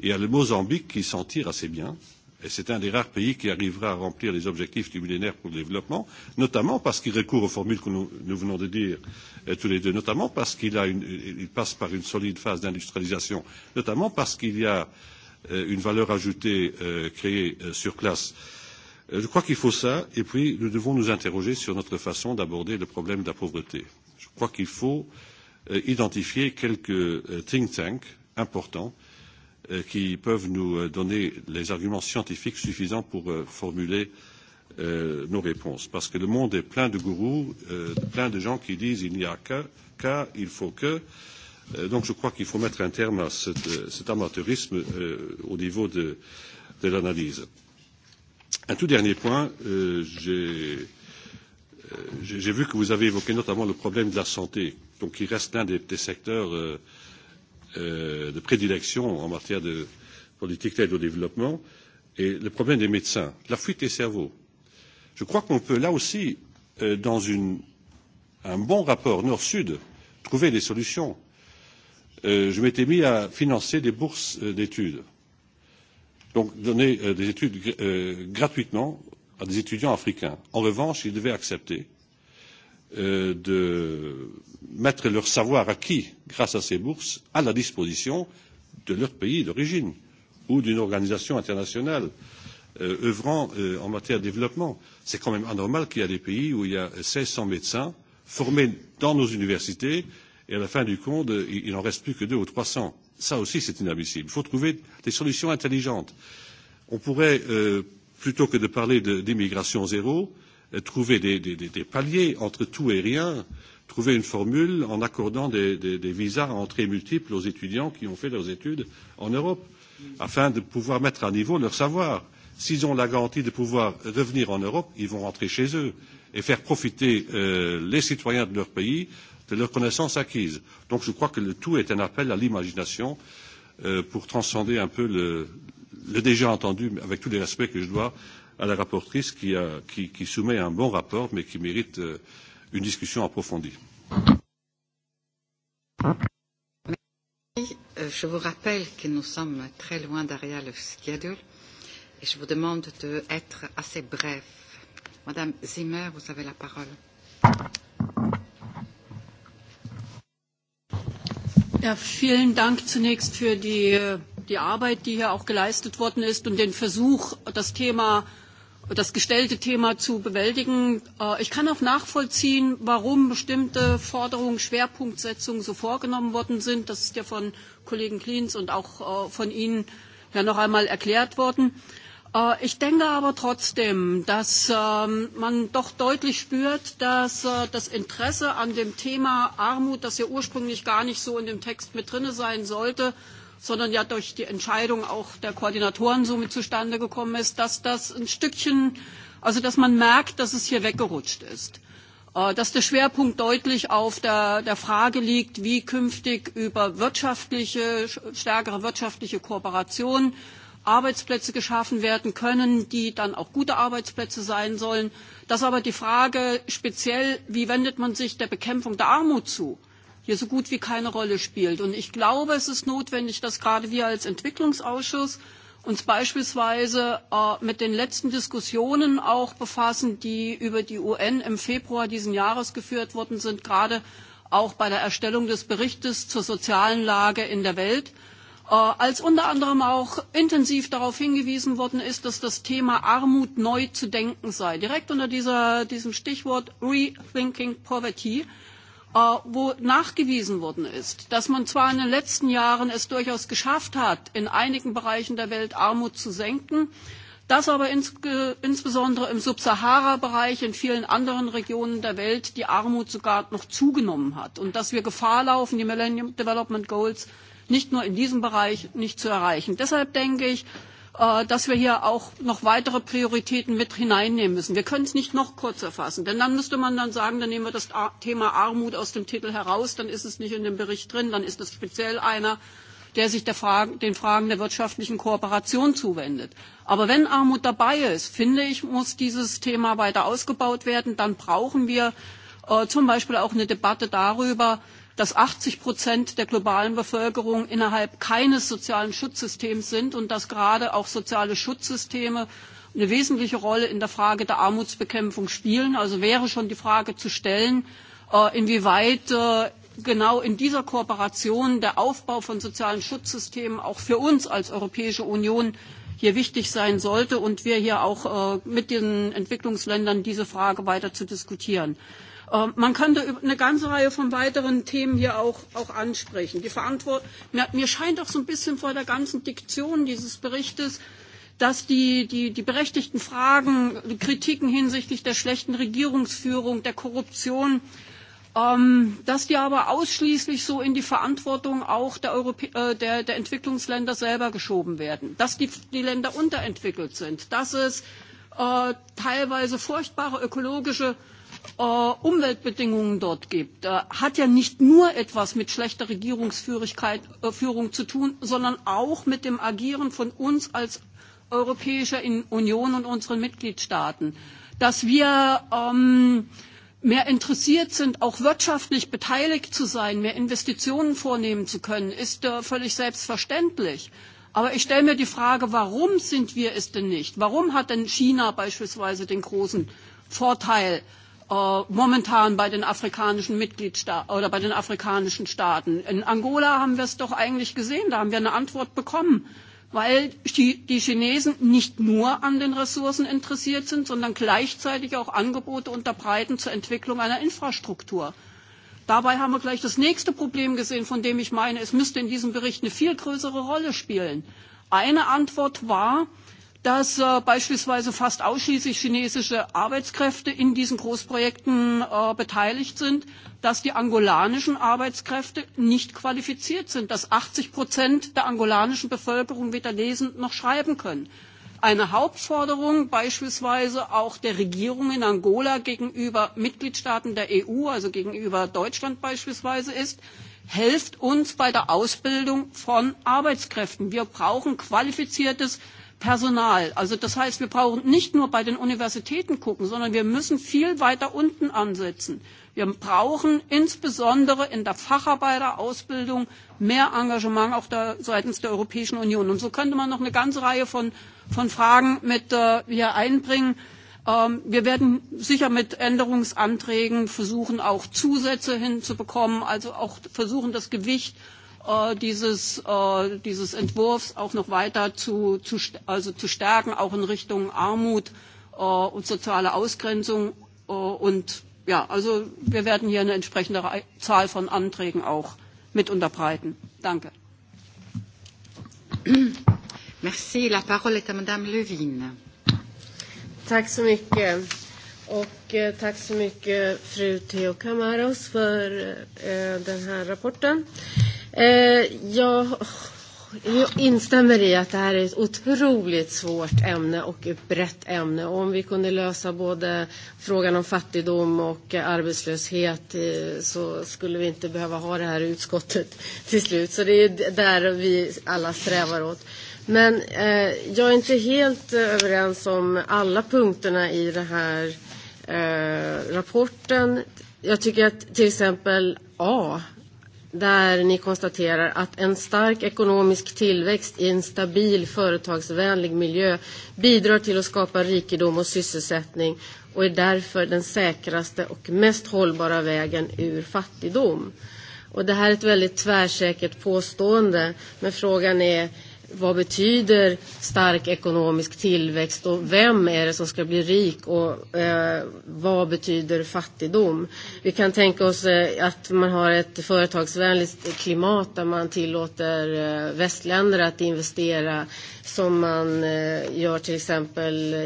Il y a le Mozambique qui s'en tire assez bien. Et c'est un des rares pays qui arrivera à remplir les objectifs du millénaire pour le développement, notamment parce qu'il recourt aux formules que nous, nous venons de dire euh, tous les deux, notamment parce qu'il a une, il passe par une solide phase d'industrialisation, notamment parce qu'il y a euh, une valeur ajoutée euh, créée euh, sur place. Euh, Euh, je crois qu'il faut ça, et puis nous devons nous interroger sur notre façon d'aborder le problème de la pauvreté. Je crois qu'il faut euh, identifier quelques euh, think tanks importants euh, qui peuvent nous euh, donner les arguments scientifiques suffisants pour euh, formuler euh, nos réponses. Parce que le monde est plein de gourous, euh, plein de gens qui disent il n'y a qu'à, qu il faut que. Euh, donc je crois qu'il faut mettre un terme à cet, euh, cet amateurisme euh, au niveau de, de l'analyse. Un tout dernier point, euh, j'ai euh, vu que vous avez évoqué notamment le problème de la santé, donc qui reste l'un des, des secteurs euh, euh, de prédilection en matière de politique d'aide au développement, et le problème des médecins, la fuite des cerveaux. Je crois qu'on peut là aussi, euh, dans une, un bon rapport Nord-Sud, trouver des solutions. Euh, je m'étais mis à financer des bourses euh, d'études donc donner euh, des études euh, gratuitement à des étudiants africains. En revanche, ils devaient accepter euh, de mettre leur savoir acquis grâce à ces bourses à la disposition de leur pays d'origine ou d'une organisation internationale euh, œuvrant euh, en matière de développement. C'est quand même anormal qu'il y ait des pays où il y a 1600 médecins formés dans nos universités et à la fin du compte, euh, il n'en reste plus que deux ou 300 Ça aussi, c'est inadmissible. Il faut trouver des solutions intelligentes. On pourrait, euh, plutôt que de parler d'immigration zéro, euh, trouver des, des, des, des paliers entre tout et rien, trouver une formule en accordant des, des, des visas à entrée multiples aux étudiants qui ont fait leurs études en Europe, afin de pouvoir mettre à niveau leur savoir. S'ils ont la garantie de pouvoir revenir en Europe, ils vont rentrer chez eux et faire profiter euh, les citoyens de leur pays de leurs connaissances acquises. Donc je crois que le tout est un appel à l'imagination euh, pour transcender un peu le, le déjà entendu, avec tous les respects que je dois à la rapporteure qui, a, qui, qui soumet un bon rapport, mais qui mérite euh, une discussion approfondie. Euh, je vous rappelle que nous sommes très loin derrière le schedule et je vous demande d'être assez bref. Madame Zimmer, vous avez la parole. Ja, vielen Dank zunächst für die, die Arbeit, die hier auch geleistet worden ist und den Versuch, das Thema das gestellte Thema zu bewältigen. Äh, ich kann auch nachvollziehen, warum bestimmte Forderungen, Schwerpunktsetzungen so vorgenommen worden sind. Das ist ja von Kollegen Kliens und auch äh, von Ihnen ja noch einmal erklärt worden. Äh, Äh, ich denke aber trotzdem, dass ähm, man doch deutlich spürt, dass äh, das Interesse an dem Thema Armut, das ja ursprünglich gar nicht so in dem Text mit drin sein sollte, sondern ja durch die Entscheidung auch der Koordinatoren somit zustande gekommen ist, dass das ein Stückchen, also dass man merkt, dass es hier weggerutscht ist. Äh, dass der Schwerpunkt deutlich auf der, der Frage liegt, wie künftig über wirtschaftliche, stärkere wirtschaftliche Kooperation Arbeitsplätze geschaffen werden können, die dann auch gute Arbeitsplätze sein sollen. Dass aber die Frage speziell, wie wendet man sich der Bekämpfung der Armut zu, hier so gut wie keine Rolle spielt. Und ich glaube, es ist notwendig, dass gerade wir als Entwicklungsausschuss uns beispielsweise äh, mit den letzten Diskussionen auch befassen, die über die UN im Februar diesen Jahres geführt worden sind, gerade auch bei der Erstellung des Berichtes zur sozialen Lage in der Welt Äh, als unter anderem auch intensiv darauf hingewiesen worden ist, dass das Thema Armut neu zu denken sei. Direkt unter dieser, diesem Stichwort Rethinking Poverty äh, wo nachgewiesen worden ist, dass man zwar in den letzten Jahren es durchaus geschafft hat, in einigen Bereichen der Welt Armut zu senken, dass aber ins, insbesondere im Subsahara-Bereich, in vielen anderen Regionen der Welt die Armut sogar noch zugenommen hat und dass wir Gefahr laufen, die Millennium Development Goals nicht nur in diesem Bereich nicht zu erreichen. Deshalb denke ich, äh, dass wir hier auch noch weitere Prioritäten mit hineinnehmen müssen. Wir können es nicht noch kurzer fassen, denn dann müsste man dann sagen, dann nehmen wir das Thema Armut aus dem Titel heraus, dann ist es nicht in dem Bericht drin, dann ist es speziell einer, der sich der Frage, den Fragen der wirtschaftlichen Kooperation zuwendet. Aber wenn Armut dabei ist, finde ich, muss dieses Thema weiter ausgebaut werden. Dann brauchen wir äh, zum Beispiel auch eine Debatte darüber, dass 80 Prozent der globalen Bevölkerung innerhalb keines sozialen Schutzsystems sind und dass gerade auch soziale Schutzsysteme eine wesentliche Rolle in der Frage der Armutsbekämpfung spielen. Also wäre schon die Frage zu stellen, äh, inwieweit äh, genau in dieser Kooperation der Aufbau von sozialen Schutzsystemen auch für uns als Europäische Union hier wichtig sein sollte und wir hier auch äh, mit den Entwicklungsländern diese Frage weiter zu diskutieren. Ähm, man könnte da eine ganze Reihe von weiteren Themen hier auch, auch ansprechen. Die mir, scheint auch so ein bisschen vor der ganzen Diktion dieses Berichtes, dass die, die, die berechtigten Fragen, die Kritiken hinsichtlich der schlechten Regierungsführung, der Korruption, ähm, dass die aber ausschließlich so in die Verantwortung auch der, Europä äh, der, der Entwicklungsländer selber geschoben werden, dass die, die Länder unterentwickelt sind, dass es äh, teilweise furchtbare ökologische Äh, Umweltbedingungen dort gibt, äh, hat ja nicht nur etwas mit schlechter Regierungsführung äh, zu tun, sondern auch mit dem Agieren von uns als Europäischer Union und unseren Mitgliedstaaten. Dass wir ähm, mehr interessiert sind, auch wirtschaftlich beteiligt zu sein, mehr Investitionen vornehmen zu können, ist äh, völlig selbstverständlich. Aber ich stelle mir die Frage, warum sind wir es denn nicht? Warum hat denn China beispielsweise den großen Vorteil, Äh, momentan bei den afrikanischen Mitgliedstaaten oder bei den afrikanischen Staaten. In Angola haben wir es doch eigentlich gesehen, da haben wir eine Antwort bekommen, weil die, Chinesen nicht nur an den Ressourcen interessiert sind, sondern gleichzeitig auch Angebote unterbreiten zur Entwicklung einer Infrastruktur. Dabei haben wir gleich das nächste Problem gesehen, von dem ich meine, es müsste in diesem Bericht eine viel größere Rolle spielen. Eine Antwort war, dass äh, beispielsweise fast ausschließlich chinesische Arbeitskräfte in diesen Großprojekten äh, beteiligt sind, dass die angolanischen Arbeitskräfte nicht qualifiziert sind, dass 80 Prozent der angolanischen Bevölkerung weder lesen noch schreiben können. Eine Hauptforderung beispielsweise auch der Regierung in Angola gegenüber Mitgliedstaaten der EU, also gegenüber Deutschland beispielsweise, ist, helft uns bei der Ausbildung von Arbeitskräften. Wir brauchen qualifiziertes Personal. Also das heißt, wir brauchen nicht nur bei den Universitäten gucken, sondern wir müssen viel weiter unten ansetzen. Wir brauchen insbesondere in der Facharbeiterausbildung mehr Engagement auch der, seitens der Europäischen Union. Und so könnte man noch eine ganze Reihe von, von Fragen mit äh, hier einbringen. Ähm, wir werden sicher mit Änderungsanträgen versuchen, auch Zusätze hinzubekommen, also auch versuchen, das Gewicht Äh, dieses, äh, dieses Entwurfs auch noch weiter zu, zu, also zu stärken, auch in Richtung Armut äh, und soziale Ausgrenzung. und ja, also wir werden hier eine entsprechende Zahl von Anträgen auch mit unterbreiten. Danke. Merci. La parole est à Madame Lövin. Tack så mycket. Och eh, tack så mycket fru Theo Camaros för eh, den här rapporten. Eh, Jag jag instämmer i att det här är ett otroligt svårt ämne och ett brett ämne. Och om vi kunde lösa både frågan om fattigdom och arbetslöshet eh, så skulle vi inte behöva ha det här utskottet <laughs> till slut. Så det är där vi alla strävar åt. Men eh, jag är inte helt överens om alla punkterna i den här eh, rapporten. Jag tycker att till exempel A där ni konstaterar att en stark ekonomisk tillväxt i en stabil företagsvänlig miljö bidrar till att skapa rikedom och sysselsättning och är därför den säkraste och mest hållbara vägen ur fattigdom. Och det här är ett väldigt tvärsäkert påstående, men frågan är vad betyder stark ekonomisk tillväxt och vem är det som ska bli rik och eh, vad betyder fattigdom? Vi kan tänka oss eh, att man har ett företagsvänligt klimat där man tillåter eh, västländer att investera som man eh, gör till exempel eh,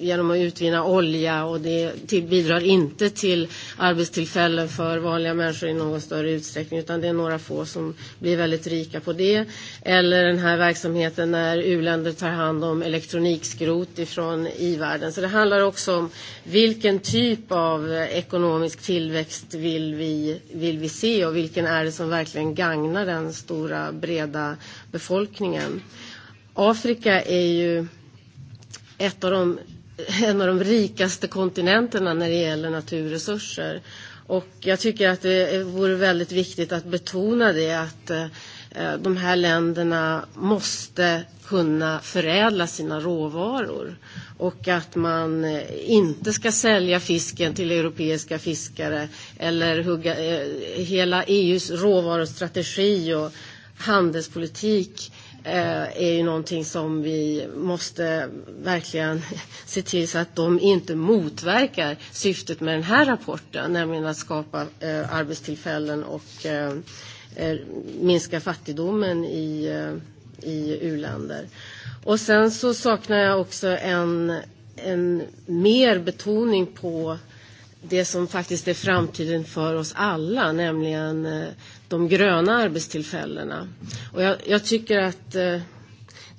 genom att utvinna olja och det till, bidrar inte till arbetstillfällen för vanliga människor i någon större utsträckning utan det är några få som blir väldigt rika på det. Eller den här verksamheten verksamheten när uländer tar hand om elektronikskrot ifrån i-världen. Så det handlar också om vilken typ av ekonomisk tillväxt vill vi, vill vi se och vilken är det som verkligen gagnar den stora breda befolkningen. Afrika är ju ett av de, en av de rikaste kontinenterna när det gäller naturresurser. Och jag tycker att det vore väldigt viktigt att betona det att eh, Eh, de här länderna måste kunna förädla sina råvaror och att man eh, inte ska sälja fisken till europeiska fiskare eller hugga, eh, hela EUs råvarustrategi och handelspolitik är ju någonting som vi måste verkligen <laughs> se till så att de inte motverkar syftet med den här rapporten, nämligen att skapa arbetstillfällen och Eh, minska fattigdomen i, eh, i u-länder. Och sen så saknar jag också en, en mer betoning på det som faktiskt är framtiden för oss alla, nämligen eh, de gröna arbetstillfällena. Och jag, jag tycker att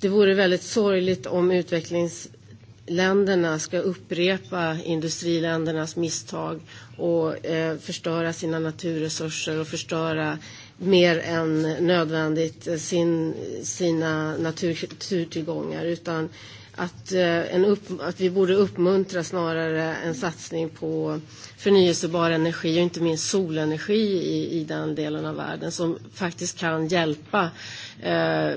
det vore väldigt sorgligt om utvecklingsländerna ska upprepa industriländernas misstag och eh, förstöra sina naturresurser och förstöra mer än nödvändigt sin, sina naturtillgångar utan att, eh, en upp, att vi borde uppmuntra snarare en satsning på förnyelsebar energi och inte minst solenergi i, i den delen av världen som faktiskt kan hjälpa eh,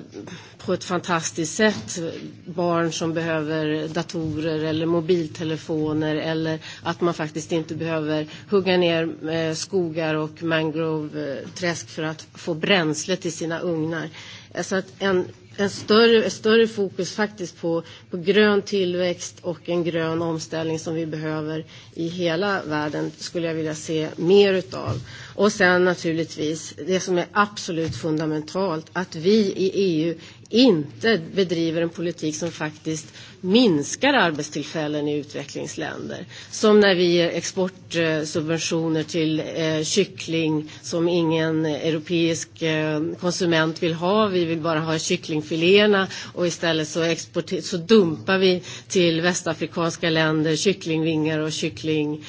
på ett fantastiskt sätt barn som behöver datorer eller mobiltelefoner eller att man faktiskt inte behöver hugga ner eh, skogar och mangroveträsk eh, för att få bränsle till sina ugnar. Alltså att en, en större, ett större fokus faktiskt på, på grön tillväxt och en grön omställning som vi behöver i hela världen skulle jag vilja se mer utav. Och sen naturligtvis det som är absolut fundamentalt, att vi i EU inte bedriver en politik som faktiskt minskar arbetstillfällen i utvecklingsländer. Som när vi ger exportsubventioner till eh, kyckling som ingen europeisk eh, konsument vill ha. Vi vill bara ha kycklingfiléerna och istället så, så dumpar vi till västafrikanska länder kycklingvingar och kycklingben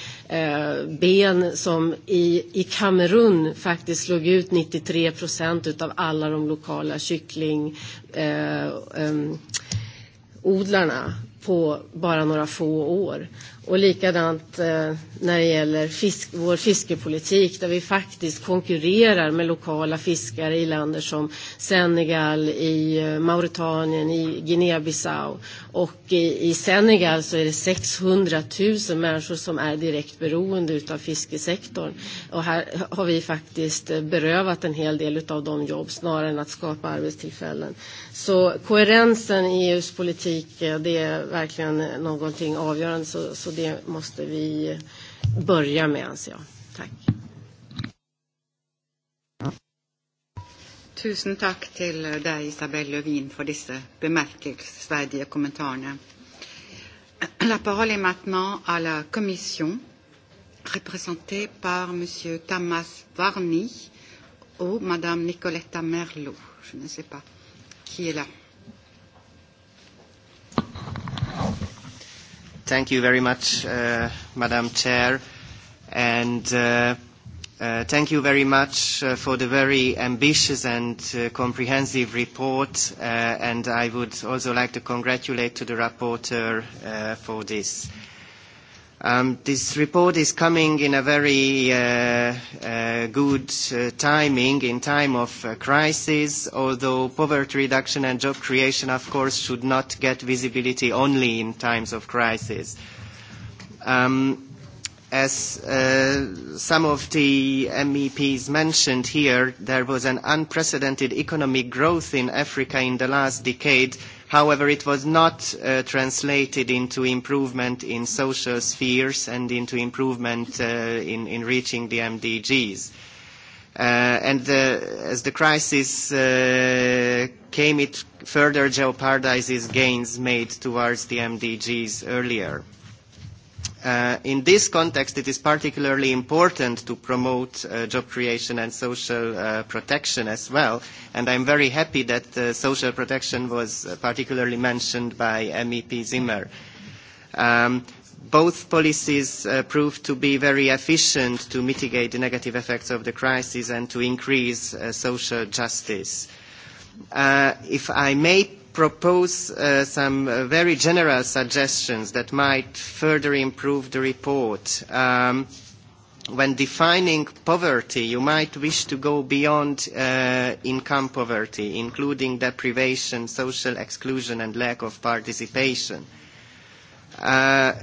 eh, som i, i Kamerun faktiskt slog ut 93 procent av alla de lokala kyckling eh, eh, odlarna på bara några få år. Och likadant eh, när det gäller fisk, vår fiskepolitik där vi faktiskt konkurrerar med lokala fiskare i länder som Senegal, i eh, Mauritanien, i Guinea-Bissau. Och i, i Senegal så är det 600 000 människor som är direkt beroende av fiskesektorn. Och här har vi faktiskt eh, berövat en hel del av de jobb snarare än att skapa arbetstillfällen. Så koherensen i EUs politik eh, det är verkligen eh, någonting avgörande. Så, så och det måste vi börja med, anser jag. Tack. Tusen tack till dig, Isabelle Lövin, för dessa bemärkelsevärda kommentarer. La parole est maintenant à la Commission, représentée par Monsieur Tamas Varni ou Madame Nicoletta Merlot. Je ne sais pas qui est là. Thank you very much, uh, Madam Chair, and uh, uh, thank you very much uh, for the very ambitious and uh, comprehensive report, uh, and I would also like to congratulate to the rapporteur uh, for this. Uh, Um, this report is coming in a very uh, uh, good uh, timing, in time of crisis, although poverty reduction and job creation, of course, should not get visibility only in times of crisis. Um, as uh, some of the MEPs mentioned here, there was an unprecedented economic growth in Africa in the last decade, However, it was not uh, translated into improvement in social spheres and into improvement uh, in, in reaching the MDGs. Uh, and the, as the crisis uh, came, it further jeopardizes gains made towards the MDGs earlier. Uh, in this context, it is particularly important to promote uh, job creation and social uh, protection as well. And I'm very happy that uh, social protection was uh, particularly mentioned by MEP Zimmer. Um, both policies uh, proved to be very efficient to mitigate the negative effects of the crisis and to increase social justice. if I may propose uh, some uh, very general suggestions that might further improve the report. Um, when defining poverty, you might wish to go beyond uh, income poverty, including deprivation, social exclusion, and lack of participation. Uh,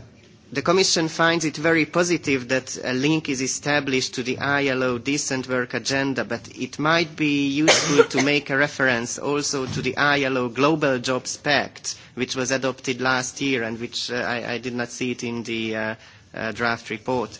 The Commission finds it very positive that a link is established to the ILO Decent Work Agenda, but it might be useful to make a reference also to the ILO Global Jobs Pact, which was adopted last year and which uh, I, I, did not see it in the uh, uh, draft report.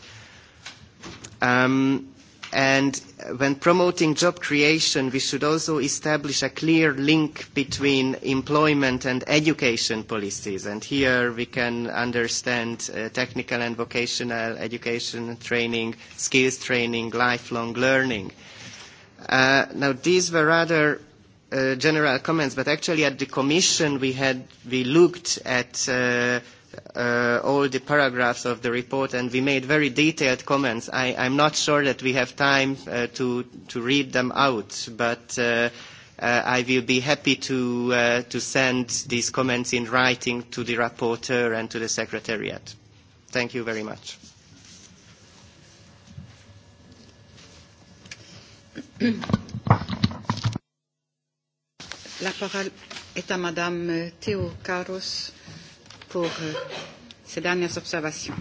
Um, And when promoting job creation, we should also establish a clear link between employment and education policies. And here we can understand uh, technical and vocational education training, skills training, lifelong learning. Uh, now, these were rather uh, general comments, but actually at the Commission we, had, we looked at uh, uh, all the paragraphs of the report and we made very detailed comments. I, I'm not sure that we have time uh, to, to read them out, but uh, uh, I will be happy to, uh, to send these comments in writing to the rapporteur and to the secretariat. Thank you very much. La parole est à Madame Théo Carros pour ces dernières observations.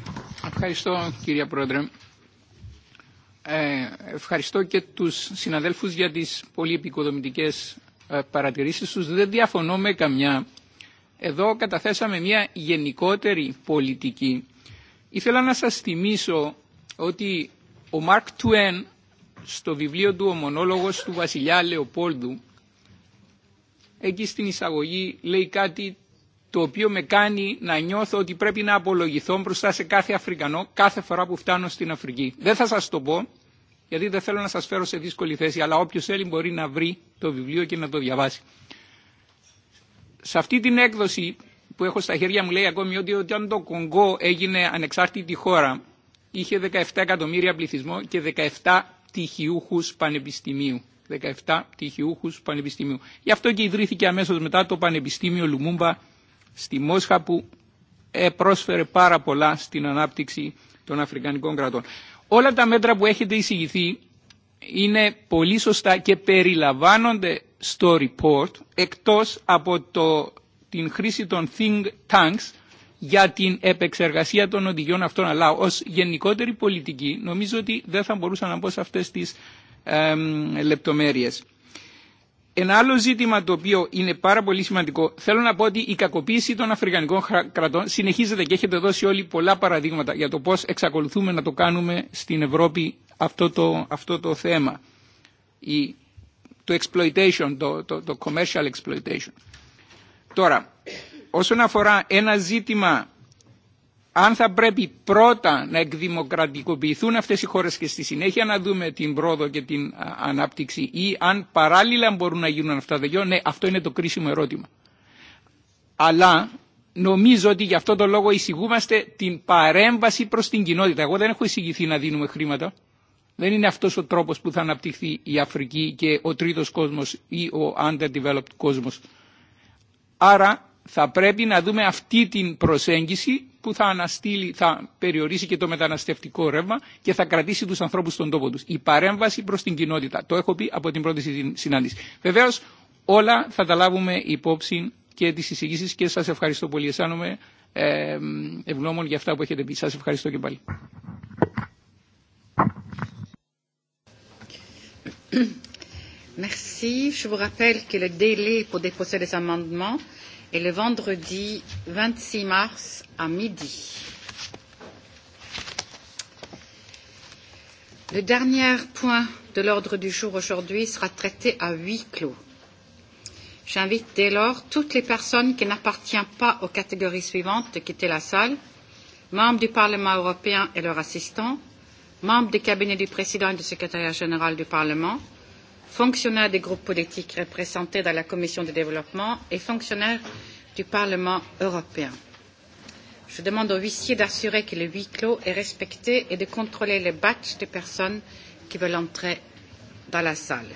Ευχαριστώ κύριε Πρόεδρε. Ε, ευχαριστώ και τους συναδέλφους για τις πολύ επικοδομητικές ε, παρατηρήσεις τους. Δεν διαφωνώ με καμιά. Εδώ καταθέσαμε μια γενικότερη πολιτική. Ήθελα να σας θυμίσω ότι ο Μαρκ Τουέν στο βιβλίο του «Ο μονόλογος του βασιλιά Λεοπόλδου» εκεί στην εισαγωγή λέει κάτι το οποίο με κάνει να νιώθω ότι πρέπει να απολογηθώ μπροστά σε κάθε Αφρικανό κάθε φορά που φτάνω στην Αφρική. Δεν θα σας το πω, γιατί δεν θέλω να σας φέρω σε δύσκολη θέση, αλλά όποιος θέλει μπορεί να βρει το βιβλίο και να το διαβάσει. Σε αυτή την έκδοση που έχω στα χέρια μου λέει ακόμη ότι όταν το Κονγκό έγινε ανεξάρτητη χώρα, είχε 17 εκατομμύρια πληθυσμό και 17 τυχιούχους πανεπιστημίου. 17 τυχιούχους πανεπιστημίου. Γι' αυτό και ιδρύθηκε αμέσως μετά το Πανεπιστήμιο Λουμούμπα στη Μόσχα που ε, πρόσφερε πάρα πολλά στην ανάπτυξη των Αφρικανικών κρατών. Όλα τα μέτρα που έχετε εισηγηθεί είναι πολύ σωστά και περιλαμβάνονται στο report εκτός από το, την χρήση των think tanks για την επεξεργασία των οδηγιών αυτών αλλά ως γενικότερη πολιτική νομίζω ότι δεν θα μπορούσα να μπω σε αυτές τις ε, λεπτομέρειες. Ένα άλλο ζήτημα το οποίο είναι πάρα πολύ σημαντικό, θέλω να πω ότι η κακοποίηση των Αφρικανικών κρατών συνεχίζεται και έχετε δώσει όλοι πολλά παραδείγματα για το πώ εξακολουθούμε να το κάνουμε στην Ευρώπη αυτό το, αυτό το θέμα. Η, το exploitation, το, το, το commercial exploitation. Τώρα, όσον αφορά ένα ζήτημα αν θα πρέπει πρώτα να εκδημοκρατικοποιηθούν αυτές οι χώρες και στη συνέχεια να δούμε την πρόοδο και την ανάπτυξη ή αν παράλληλα μπορούν να γίνουν αυτά τα δυο, ναι αυτό είναι το κρίσιμο ερώτημα. Αλλά νομίζω ότι γι' αυτό το λόγο εισηγούμαστε την παρέμβαση προς την κοινότητα. Εγώ δεν έχω εισηγηθεί να δίνουμε χρήματα. Δεν είναι αυτός ο τρόπος που θα αναπτυχθεί η Αφρική και ο τρίτος κόσμος ή ο underdeveloped κόσμος. Άρα θα πρέπει να δούμε αυτή την προσέγγιση που θα, αναστείλει, θα περιορίσει και το μεταναστευτικό ρεύμα και θα κρατήσει του ανθρώπου στον τόπο του. Η παρέμβαση προ την κοινότητα. Το έχω πει από την πρώτη συνάντηση. Βεβαίω, όλα θα τα λάβουμε υπόψη και τι εισηγήσει και σα ευχαριστώ πολύ. Αισθάνομαι ε, ευγνώμων για αυτά που έχετε πει. Σα ευχαριστώ και πάλι. Merci. Je vous rappelle que le délai pour déposer les amendements et le vendredi 26 mars à midi. Le dernier point de l'ordre du jour aujourd'hui sera traité à huis clos. J'invite dès lors toutes les personnes qui n'appartiennent pas aux catégories suivantes de quitter la salle, membres du Parlement européen et leurs assistants, membres du cabinet du président et du secrétariat général du Parlement, fonctionnaires des groupes politiques représentés dans la Commission du développement et fonctionnaires du Parlement européen. Je demande aux huissiers d'assurer que le huis clos est respecté et de contrôler les batchs des personnes qui veulent entrer dans la salle.